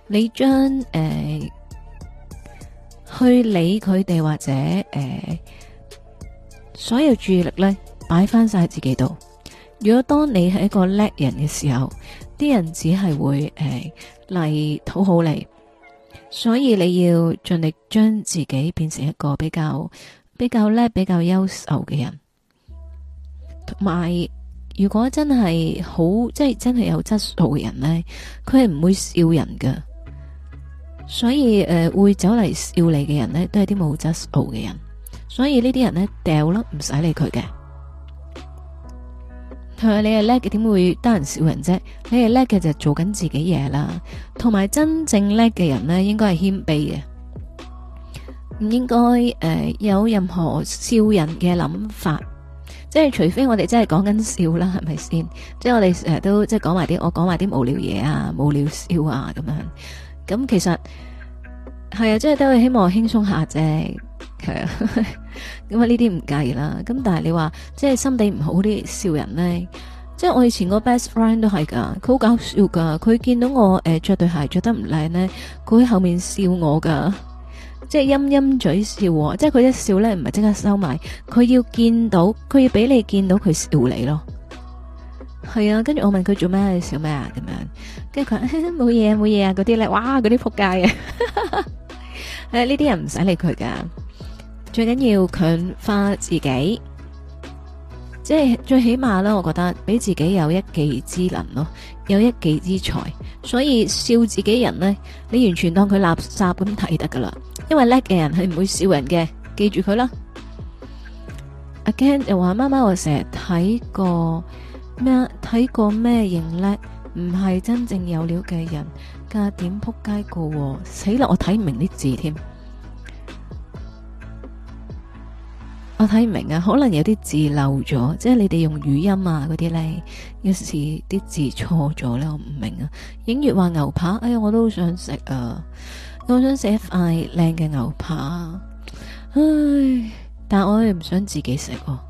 你將誒、呃、去理佢哋或者誒、呃、所有注意力呢，擺翻晒喺自己度。如果當你係一個叻人嘅時候，啲人只係會誒嚟討好你，所以你要盡力將自己變成一個比較比較叻、比較優秀嘅人。同埋，如果真係好，即係真係有質素嘅人呢，佢係唔會笑人㗎。所以誒、呃、會走嚟笑你嘅人呢，都係啲冇質素嘅人。所以呢啲人呢，掉啦，唔使理佢嘅。佢話、嗯、你係叻嘅，點會得人笑人啫？你係叻嘅就做緊自己嘢啦。同埋真正叻嘅人咧，應該係謙卑嘅，唔應該誒、呃、有任何笑人嘅諗法。即係除非我哋真係講緊笑啦，係咪先？即係我哋成日都即係講埋啲我講埋啲無聊嘢啊，無聊笑啊咁樣。咁其實。係啊， (laughs) 即係都係希望輕鬆下啫，係啊。咁啊呢啲唔計啦。咁但係你話，即係心地唔好啲笑人咧，即係我以前個 best friend 都係噶，佢好搞笑噶。佢見到我誒着、呃、對鞋着得唔靚咧，佢喺後面笑我噶，即係陰陰嘴笑我。即係佢一笑咧，唔係即刻收埋，佢要見到，佢要俾你見到佢笑你咯。係啊，跟住我問佢做咩笑咩啊？咁樣，跟住佢冇嘢冇嘢啊！嗰啲咧，哇，嗰啲仆街啊！ (laughs) 誒，呢啲、啊、人唔使理佢噶，最緊要強化自己，即係最起碼咧，我覺得俾自己有一技之能咯，有一技之才，所以笑自己人呢，你完全當佢垃圾咁睇得噶啦，因為叻嘅人係唔會笑人嘅，記住佢啦。阿 Ken 又話：媽媽話成日睇過咩，睇過咩型叻，唔係真正有料嘅人。家點撲街個、哦，死啦！我睇唔明啲字添，我睇唔明啊！可能有啲字漏咗，即係你哋用語音啊嗰啲呢。有時啲字錯咗咧，我唔明啊！影月話牛扒，哎呀，我都好想食啊！我想食 Fi 靚嘅牛扒，唉，但我又唔想自己食、啊。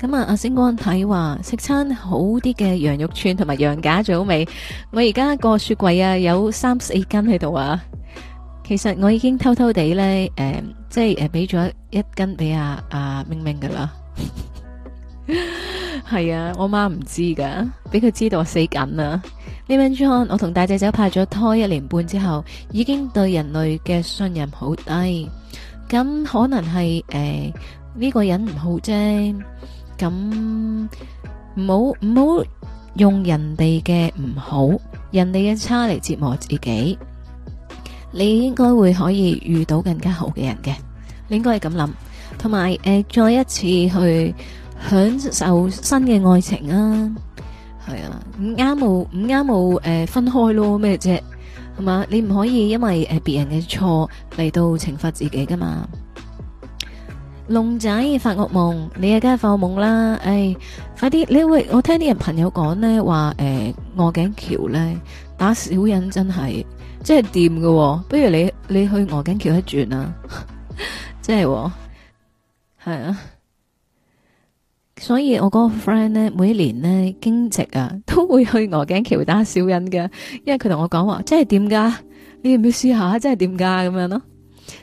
咁、嗯、啊！阿星哥睇話食餐好啲嘅羊肉串同埋羊架最好味。我而家個雪櫃啊有三四斤喺度啊。其實我已經偷偷地咧，誒、呃，即係誒、啊，俾咗一斤俾阿阿明明噶啦。係 (laughs) 啊，我媽唔知噶，俾佢知道我死緊啊。Levi John，我同大仔仔拍咗拖一年半之後，已經對人類嘅信任好低。咁、嗯、可能係誒呢個人唔好啫。咁唔好唔好用人哋嘅，唔好人哋嘅差嚟，折磨自己，你應該會可以遇到更加好嘅人嘅，你應該係咁諗，同埋誒再一次去享受新嘅愛情啊，係啊，唔啱冇，唔啱冇誒分開咯咩啫，係嘛，你唔可以因為誒別人嘅錯嚟到懲罰自己㗎嘛。龍仔發噩夢，你啊梗係發噩夢啦！哎，快啲！你會，我聽啲人朋友講咧，話誒，鵝頸橋咧打小人真係，即係掂㗎。不如你你去鵝頸橋一轉啊，即 (laughs) 係、哦，係啊。所以我嗰個 friend 咧，每一年咧，驚蟄啊，都會去鵝頸橋打小人嘅，因為佢同我講話，即係掂㗎，你要唔要試下？真係掂㗎，咁樣咯。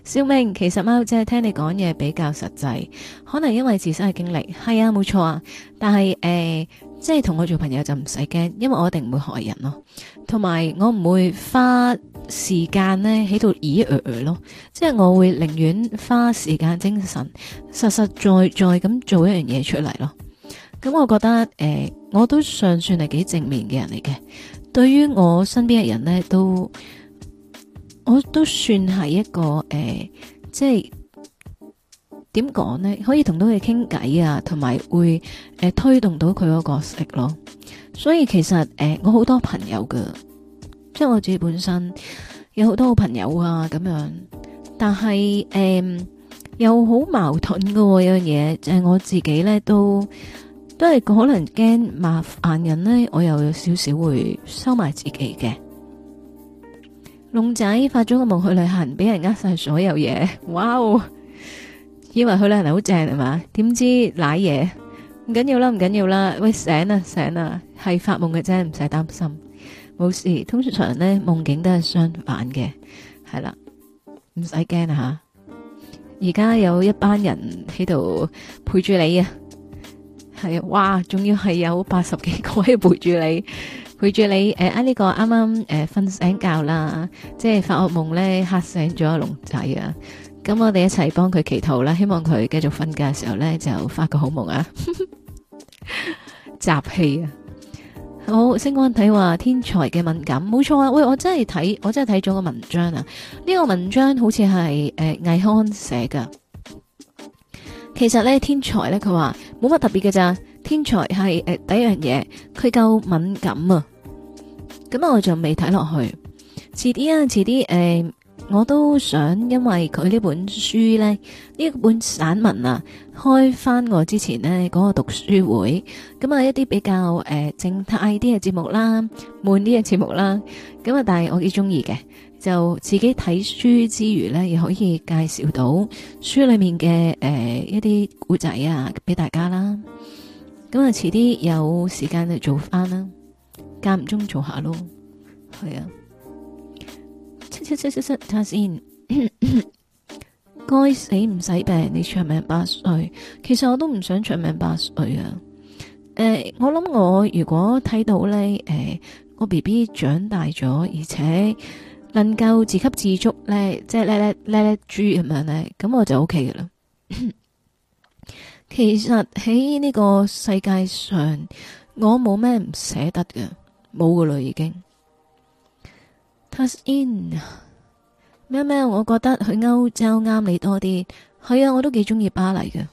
小明，其實貓姐係聽你講嘢比較實際，可能因為自身嘅經歷，係啊，冇錯啊。但係誒、呃，即係同我做朋友就唔使驚，因為我一定唔會害人咯，同埋我唔會花時間呢喺度咦咦咯，即係我會寧願花時間精神，實實在在咁做一樣嘢出嚟咯。咁我覺得誒、呃，我都尚算係幾正面嘅人嚟嘅，對於我身邊嘅人呢，都。我都算係一個誒、呃，即係點講呢？可以同到佢傾偈啊，同埋會誒、呃、推動到佢嗰個角色咯。所以其實誒、呃，我好多朋友噶，即係我自己本身有好多好朋友啊咁樣。但係誒、呃，又好矛盾噶、啊。有樣嘢就係我自己咧，都都係可能驚麻煩人咧，我又有少少會收埋自己嘅。龍仔發咗個夢去旅行，俾人呃晒所有嘢。哇、wow!！以為去旅行係好正係嘛？點知瀨嘢？唔緊要啦，唔緊要啦。喂，醒啦，醒啦，係發夢嘅啫，唔使擔心，冇事。通常咧夢境都係相反嘅，係啦，唔使驚吓。而家有一班人喺度陪住你啊！係啊，哇！仲要係有八十幾個喺陪住你，陪住你誒！喺、呃、呢、這個啱啱誒瞓醒覺啦，即係發噩夢咧吓醒咗龍仔啊！咁、嗯、我哋一齊幫佢祈禱啦，希望佢繼續瞓覺嘅時候咧就發個好夢啊！集 (laughs) 氣啊！好，星光睇話天才嘅敏感，冇錯啊！喂，我真係睇，我真係睇咗個文章啊！呢、這個文章好似係誒魏康寫噶。其實咧，天才咧，佢話冇乜特別嘅咋，天才係誒、呃、第一樣嘢，佢夠敏感啊。咁我就未睇落去，遲啲啊，遲啲誒，我都想因為佢呢本書咧，呢一本散文啊，開返我之前呢嗰、那個讀書會，咁啊一啲比較誒靜態啲嘅節目啦，悶啲嘅節目啦，咁啊，但係我幾中意嘅。就自己睇書之餘咧，亦可以介紹到書裏面嘅誒、呃、一啲古仔啊，俾大家啦。咁啊，遲啲有時間去做翻啦，間唔中做下咯。係啊，七七七七七睇下先看看。該 (coughs) 死唔使病，你長命百歲。其實我都唔想長命百歲啊。誒、呃，我諗我如果睇到咧，誒、呃，我 B B 長大咗，而且。能夠自給自足咧，即係叻叻叻叻豬咁樣咧，咁我就 OK 嘅啦。其實喺呢個世界上，我冇咩唔捨得嘅，冇噶啦已經。t o u s in，咩咩？咩咩我覺得去歐洲啱你多啲。係啊，我都幾中意巴黎嘅，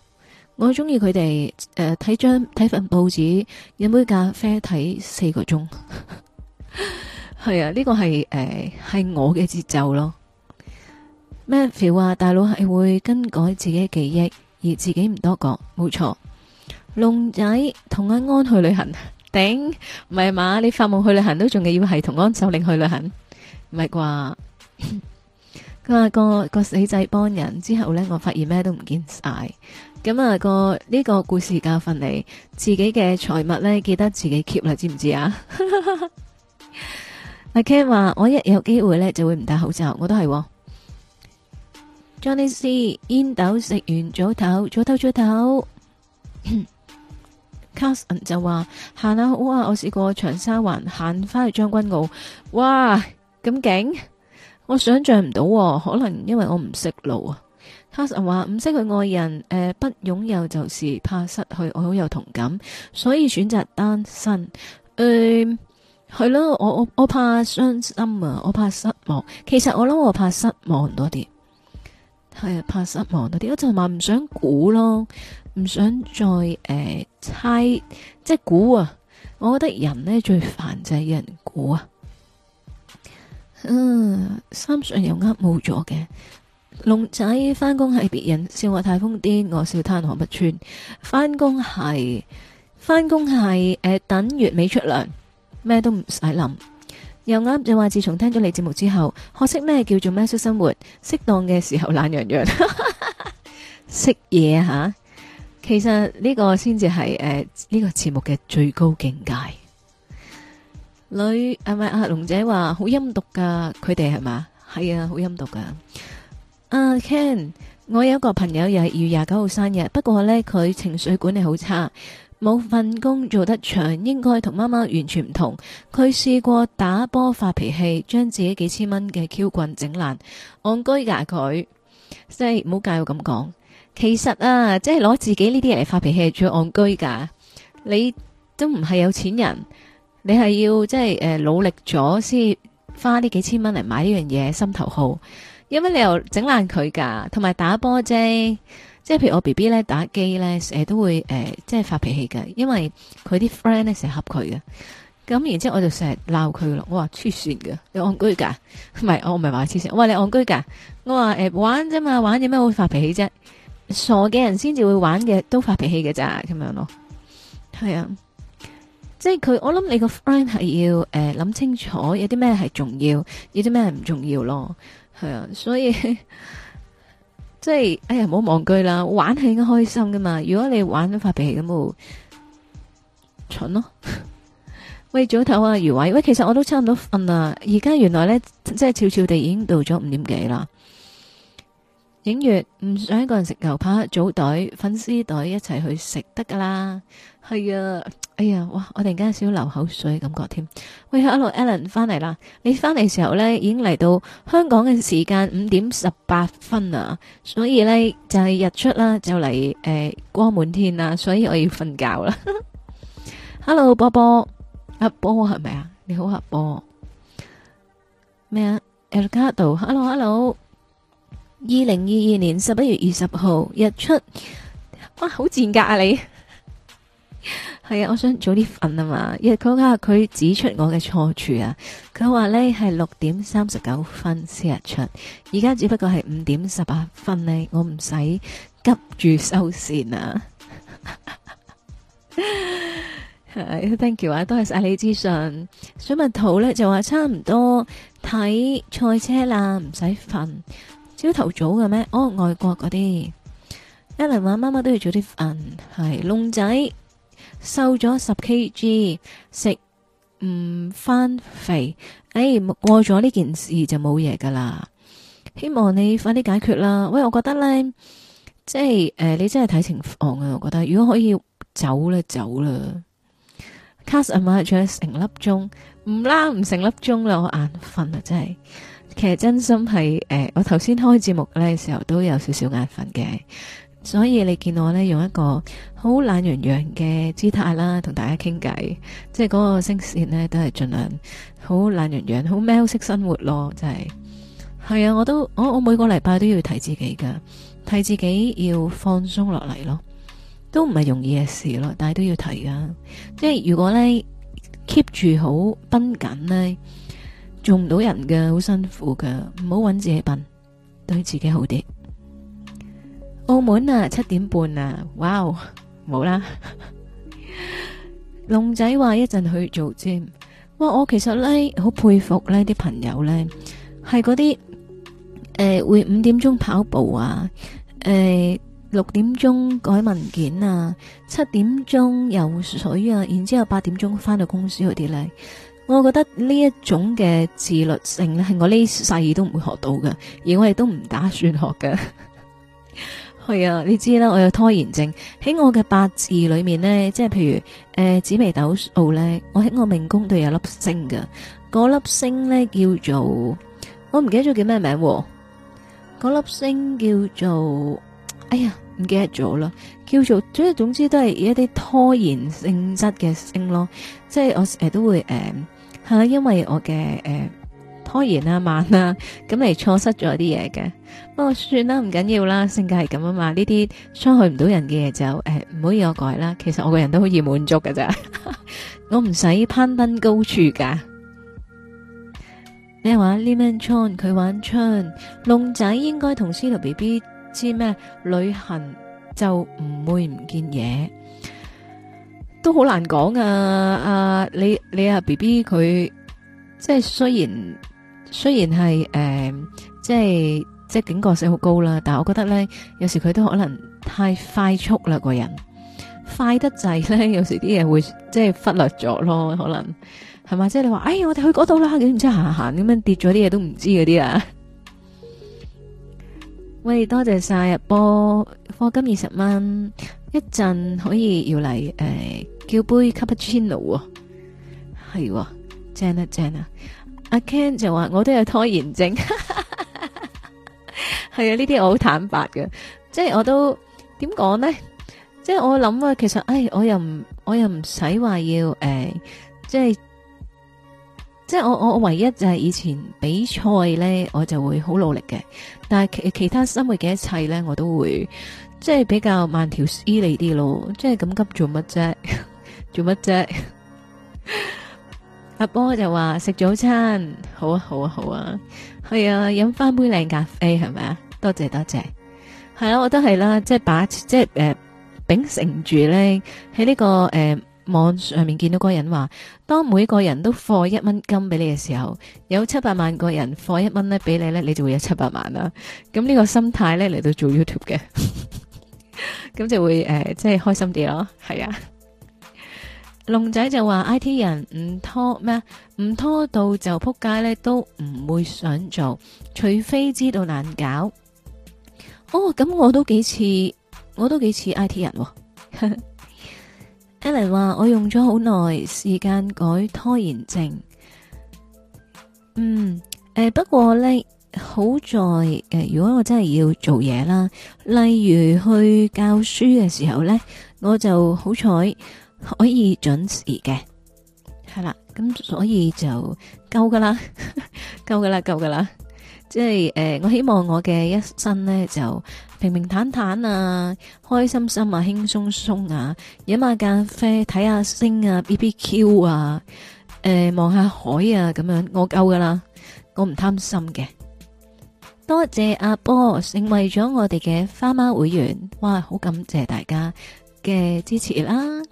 我中意佢哋誒睇張睇份報紙，飲杯咖啡睇四個鐘。 (laughs) 係啊，呢、這個係誒係我嘅節奏咯。咩話大佬係會更改自己嘅記憶，而自己唔多覺，冇錯。龍仔同阿安去旅行，頂唔係嘛？你發夢去旅行都仲要係同安首領去旅行，唔係啩？佢 (laughs) 話個個死仔幫人之後呢，我發現咩都唔見晒。咁、那、啊個呢、這個故事教訓你，自己嘅財物呢，記得自己 keep 啦，知唔知啊？ (laughs) 阿 Ken 話：我一有機會咧就會唔戴口罩，我都係、哦。Johnny C 煙斗食完早唞，早唞早唞。 (laughs) 卡神就話：行啊好啊，我試過長沙灣行翻去將軍澳，哇咁勁，我想象唔到、哦，可能因為我唔識路啊。卡神話：唔識佢愛人，誒、呃、不擁有就是怕失去，我好有同感，所以選擇單身。誒、呃。係咯，我我我怕傷心啊，我怕失望。其實我諗我怕失望多啲，係啊，怕失望多啲。我就話唔想估咯，唔想再誒、呃、猜，即係估啊。我覺得人呢最煩就係有人估啊。嗯，三上又呃冇咗嘅龍仔返工係別人笑我太瘋癲，我笑他何不穿返工係返工係誒，等月尾出糧。咩都唔使諗，又啱就話。自從聽咗你節目之後，學識咩叫做咩叫生活，適當嘅時候懶洋洋， (laughs) 識嘢吓。其實呢個先至係誒呢個節目嘅最高境界。女係咪阿龍仔話好陰毒噶，佢哋係嘛？係啊，好陰毒噶。阿、啊啊、Ken，我有一個朋友又係二月廿九號生日，不過呢，佢情緒管理好差。冇份工做得長，應該同媽媽完全唔同。佢試過打波發脾氣，將自己幾千蚊嘅 Q 棍整爛，戇居㗎佢。即係唔好介意咁講，其實啊，即係攞自己呢啲人嚟發脾氣最戇居㗎。你都唔係有錢人，你係要即係誒、呃、努力咗先花呢幾千蚊嚟買呢樣嘢心頭好，有乜理由整爛佢㗎，同埋打波啫。即係譬如我 B B 咧，打機咧，成日都會誒、呃，即係發脾氣嘅，因為佢啲 friend 咧成日恰佢嘅。咁然之後我就成日鬧佢咯，我話黐線嘅，你戇居噶？唔係，我唔係話黐線，我話你戇居噶。我話誒，玩啫嘛，玩有咩好發脾氣啫？傻嘅人先至會玩嘅，都發脾氣嘅咋咁樣咯。係啊，即係佢，我諗你個 friend 係要誒諗、呃、清楚，有啲咩係重要，有啲咩係唔重要咯。係啊，所以。 (laughs) 即係，哎呀，唔好忘記啦，玩係應該開心噶嘛。如果你玩都發脾氣咁，蠢咯。 (laughs) 喂，早唞啊，余偉，喂，其實我都差唔多瞓啦。而家原來咧，即係悄悄地已經到咗五點幾啦。影月唔想一個人食牛扒，組隊粉絲隊一齊去食得噶啦。係啊。哎呀，哇！我突然間少流口水感覺添。喂，hello，Alan 翻嚟啦。你翻嚟時候呢，已經嚟到香港嘅時間五點十八分啦。所以呢，就係、是、日出啦，就嚟誒、呃、光滿天啦。所以我要瞓覺啦。 (laughs) hello，波波，阿、啊、波係咪啊？你好，阿、啊、波。咩啊？Elgado，hello，hello。二零二二年十一月二十號日出。哇，好賤格啊你！ (laughs) 係啊，我想早啲瞓啊嘛。因為佢家佢指出我嘅錯處啊，佢話呢係六點三十九分先日出，而家只不過係五點十八分呢、啊。我唔使急住收線啊。 (laughs) Thank you 啊，多謝晒你資訊。水蜜桃呢，就話差唔多睇賽車啦，唔使瞓。朝頭早嘅咩？哦、oh，，外國嗰啲，一嚟話媽媽都要早啲瞓，係龍仔。瘦咗十 kg，食唔翻肥，誒、哎，過咗呢件事就冇嘢噶啦。希望你快啲解決啦。喂，我覺得呢，即係誒、呃，你真係睇情況啊。我覺得如果可以走咧，走啦。Cause 啊嘛，仲有成粒鐘，唔啦，唔成粒鐘啦，我眼瞓啊，真係。其實真心係誒、呃，我頭先開節目咧嘅時候都有少少眼瞓嘅。所以你見我咧用一個好懶洋洋嘅姿態啦，同大家傾偈，即係嗰個聲線呢，都係盡量好懶洋洋，好喵式生活咯，就係係啊！我都我我每個禮拜都要提自己噶，提自己要放鬆落嚟咯，都唔係容易嘅事咯，但係都要提噶，即係如果呢 keep 住好繃緊呢，做唔到人嘅，好辛苦嘅，唔好揾自己笨，對自己好啲。澳門啊，七點半啊，哇哦，冇啦。龍 (laughs) 仔話一陣去做 gym，哇，我其實咧好佩服呢啲朋友咧，係嗰啲誒會五點鐘跑步啊，誒、呃、六點鐘改文件啊，七點鐘游水啊，然之後八點鐘翻到公司嗰啲咧，我覺得呢一種嘅自律性咧，係我呢世都唔會學到噶，而我哋都唔打算學噶。 (laughs) 係啊，你知啦，我有拖延症。喺我嘅八字裏面咧，即係譬如誒、呃、紫微斗數咧，我喺我命宮度有粒星嘅，嗰、那、粒、個、星咧叫做，我唔記得咗叫咩名，嗰、那、粒、個、星叫做，哎呀唔記得咗啦，叫做即係總之都係一啲拖延性質嘅星咯，即係我誒、呃、都會誒係啦，因為我嘅誒。呃拖延啊慢啦、啊，咁你錯失咗啲嘢嘅。不、哦、過算啦，唔緊要啦，性格係咁啊嘛。呢啲傷害唔到人嘅嘢就誒唔好要我改啦。其實我個人都好易滿足嘅咋， (laughs) 我唔使攀登高處噶。咩話麼？呢名 Chon 佢玩 Chon，龍仔應該同 C 羅 B B 知咩？旅行就唔會唔見嘢，都好難講啊！阿、啊、你你阿 B B 佢即係雖然。雖然係誒、呃，即係即係警覺性好高啦，但係我覺得咧，有時佢都可能太快速啦，個人快得滯咧，有時啲嘢會即係忽略咗咯，可能係嘛？即係你話，哎，我哋去嗰度啦，點知行行咁樣跌咗啲嘢都唔知嗰啲啊！喂，多謝晒波，課金二十蚊，一陣可以要嚟誒、呃，叫杯 cappuccino 啊，係，正啊正啊！阿 Ken 就話：我都有拖延症，係 (laughs) 啊，呢啲我好坦白嘅，即係我都點講呢？即係我諗啊，其實誒、哎，我又唔，我又唔使話要誒、呃，即係即係我我唯一就係以前比賽呢，我就會好努力嘅，但係其其他生活嘅一切呢，我都會即係比較慢條斯理啲咯，即係咁急做乜啫？ (laughs) 做乜啫麼？ (laughs) 阿波就話食早餐好啊好啊好啊，係啊飲翻，啊啊、杯靚咖啡係咪啊？多謝多謝，係啦、啊、我都係啦，即係把即係誒秉承住咧喺呢、這個誒、呃、網上面見到個人話，當每個人都貨一蚊金俾你嘅時候，有七百萬個人貨一蚊咧俾你咧，你就會有七百萬啦。咁呢個心態咧嚟到做 YouTube 嘅，咁 (laughs) 就會誒、呃、即係開心啲咯，係啊。龍仔就話 I T 人唔拖咩？唔拖到就扑街咧，都唔會想做，除非知道難搞。哦，咁我都幾似，我都幾似 I T 人、哦。 (laughs) Ellen 話我用咗好耐時間改拖延症。嗯，誒、呃，不過咧好在誒、呃，如果我真係要做嘢啦，例如去教書嘅時候咧，我就好彩。可以準時嘅係啦，咁的所以就夠噶啦， (laughs) 夠噶啦，夠噶啦，即係誒、呃，我希望我嘅一生呢，就平平淡淡啊，開心心啊，輕鬆鬆啊，飲下咖啡，睇下星啊，B B Q 啊，誒、呃，望下海啊，咁樣我夠噶啦，我唔貪心嘅。多謝阿波成為咗我哋嘅花貓會員，哇，好感謝大家嘅支持啦！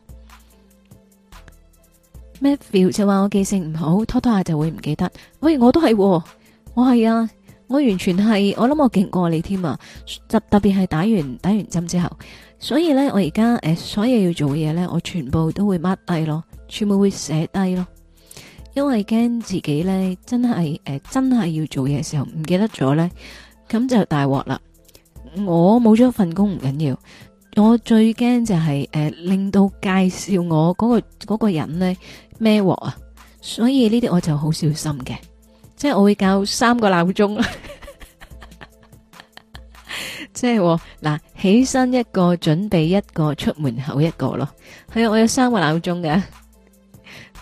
咩 feel 就話我記性唔好，拖拖下就會唔記得。喂，我都係、喎，我係啊，我完全係，我諗我勁過你添啊！特特別係打完打完針之後，所以呢，我而家誒，所有要做嘅嘢呢，我全部都會 mark 低咯，全部會寫低咯，因為驚自己呢，真係誒、呃、真係要做嘢嘅時候唔記得咗呢，咁就大鑊啦！我冇咗份工唔緊要，要，我最驚就係、是、誒、呃、令到介紹我嗰、嗰個、嗰個人呢。咩鑊啊！所以呢啲我就好小心嘅，即係我會校三個鬧鐘， (laughs) 即係嗱，起身一個，準備一個，出門口一個咯。係、嗯、啊，我有三個鬧鐘嘅，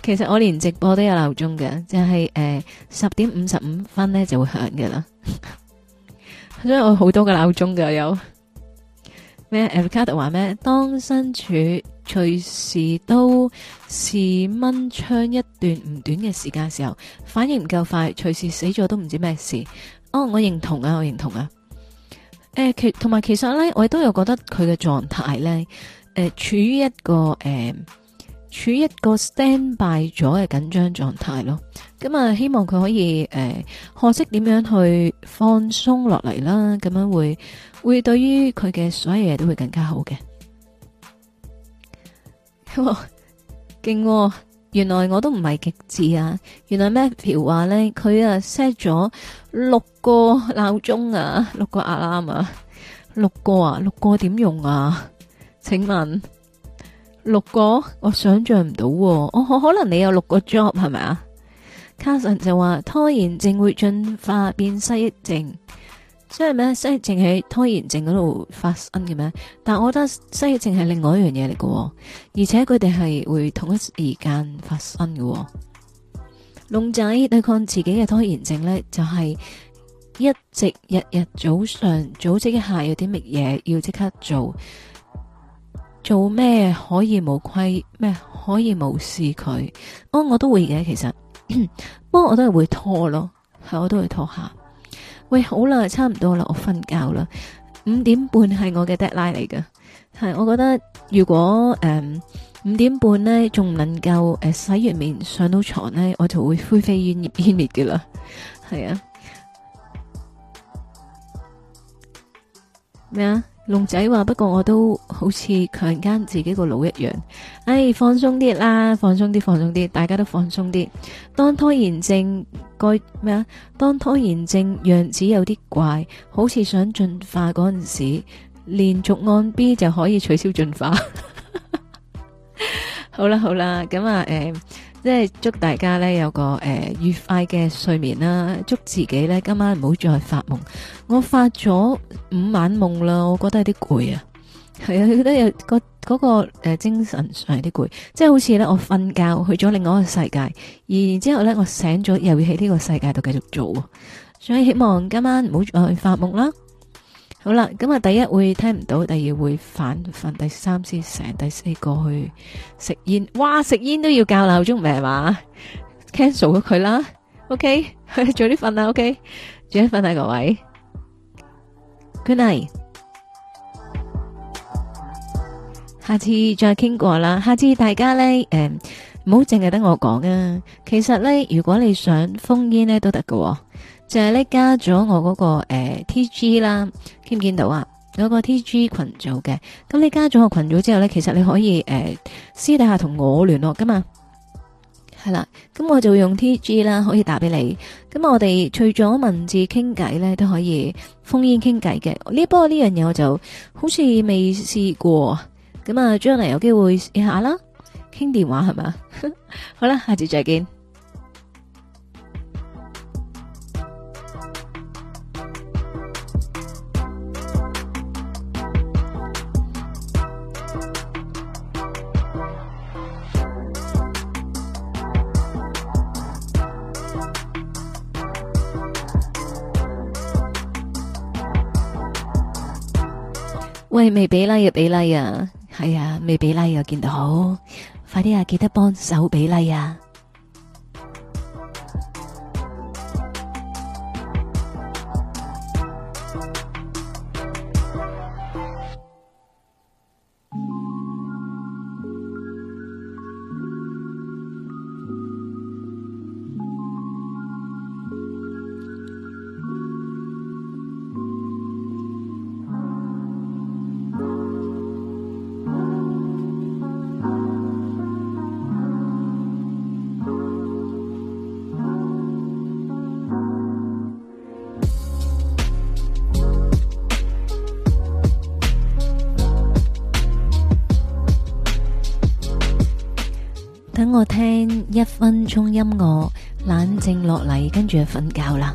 其實我連直播都有鬧鐘嘅，即係誒十點五十五分呢就會響嘅啦。所 (laughs) 以我好多個鬧鐘嘅有咩？Avocado 話咩？當身處。隨時都是蚊槍一段唔短嘅時間嘅時候，反應唔夠快，隨時死咗都唔知咩事。哦，我認同啊，我認同啊。誒、呃，其同埋其實咧，我亦都有覺得佢嘅狀態咧，誒、呃，處於一個誒、呃，處於一個 standby 咗嘅緊張狀態咯。咁、嗯、啊、呃，希望佢可以誒、呃，學識點樣去放鬆落嚟啦。咁樣會會對於佢嘅所有嘢都會更加好嘅。勁喎、哦哦，原來我都唔係極致啊！原來咩？苗話咧，佢啊 set 咗六個鬧鐘啊，六個 alarm 啊，六個啊，六個點用啊？請問六個我想象唔到、啊，我、哦、可可能你有六個 job 係咪啊？Carson 就話拖延症會進化變失症。所以咩？失眠症喺拖延症嗰度發生嘅咩？但係我覺得失眠症係另外一樣嘢嚟嘅，而且佢哋係會同一時間發生嘅。龍仔對抗自己嘅拖延症呢，就係、是、一直日日早上組織一下有啲乜嘢要即刻做，做咩可以無規咩可以無視佢。我、哦、我都會嘅，其實，不過 (coughs) 我都係會拖咯，係我都會拖下。喂，好啦，差唔多啦，我瞓覺啦。五點半係我嘅 deadline 嚟噶，係，我覺得如果誒五點半咧仲唔能夠誒洗完面上到床咧，我就會灰飛煙滅煙滅嘅啦。係啊，咩啊？龍仔話：不過我都好似強姦自己個腦一樣，唉，放鬆啲啦，放鬆啲，放鬆啲，大家都放鬆啲。當拖延症該咩啊？當拖延症樣子有啲怪，好似想進化嗰陣時，連續按 B 就可以取消進化。 (laughs) (laughs) 好啦，好啦，咁、嗯、啊，誒。即係祝大家咧有個誒愉快嘅睡眠啦，祝自己咧今晚唔好再發夢。我發咗五晚夢啦，我覺得有啲攰啊，係啊，覺得有個個誒精神上有啲攰，即係好似咧我瞓覺去咗另外一個世界，然之後咧我醒咗又要喺呢個世界度繼續做，所以希望今晚唔好再去發夢啦。好啦，咁啊，第一會聽唔到，第二會反瞓，第三先成，第四個去食煙，哇，食煙都要教鬧鐘唔係咩嘛？Cancel 咗佢啦，OK，早啲瞓啦，OK，早啲瞓啦，各位，Good night，下次再傾過啦，下次大家咧，誒，唔好淨係得我講啊，其實咧，如果你想封煙咧，都得噶。就係咧，加咗我嗰、那個誒、呃、T G 啦，見唔見到啊？有、那個 T G 群組嘅，咁你加咗個群組之後咧，其實你可以誒、呃、私底下同我聯絡噶嘛。係啦，咁我就用 T G 啦，可以打俾你。咁我哋除咗文字傾偈咧，都可以烽煙傾偈嘅。呢波呢樣嘢我就好似未試過，咁啊，將來有機會試下啦。傾電話係咪？ (laughs) 好啦，下次再見。喂，未俾 like 又俾 like 啊，係啊，未俾 like 又見到，好快啲啊，記得幫手俾 like 啊！分鐘音樂，冷靜落嚟，跟住就瞓覺啦。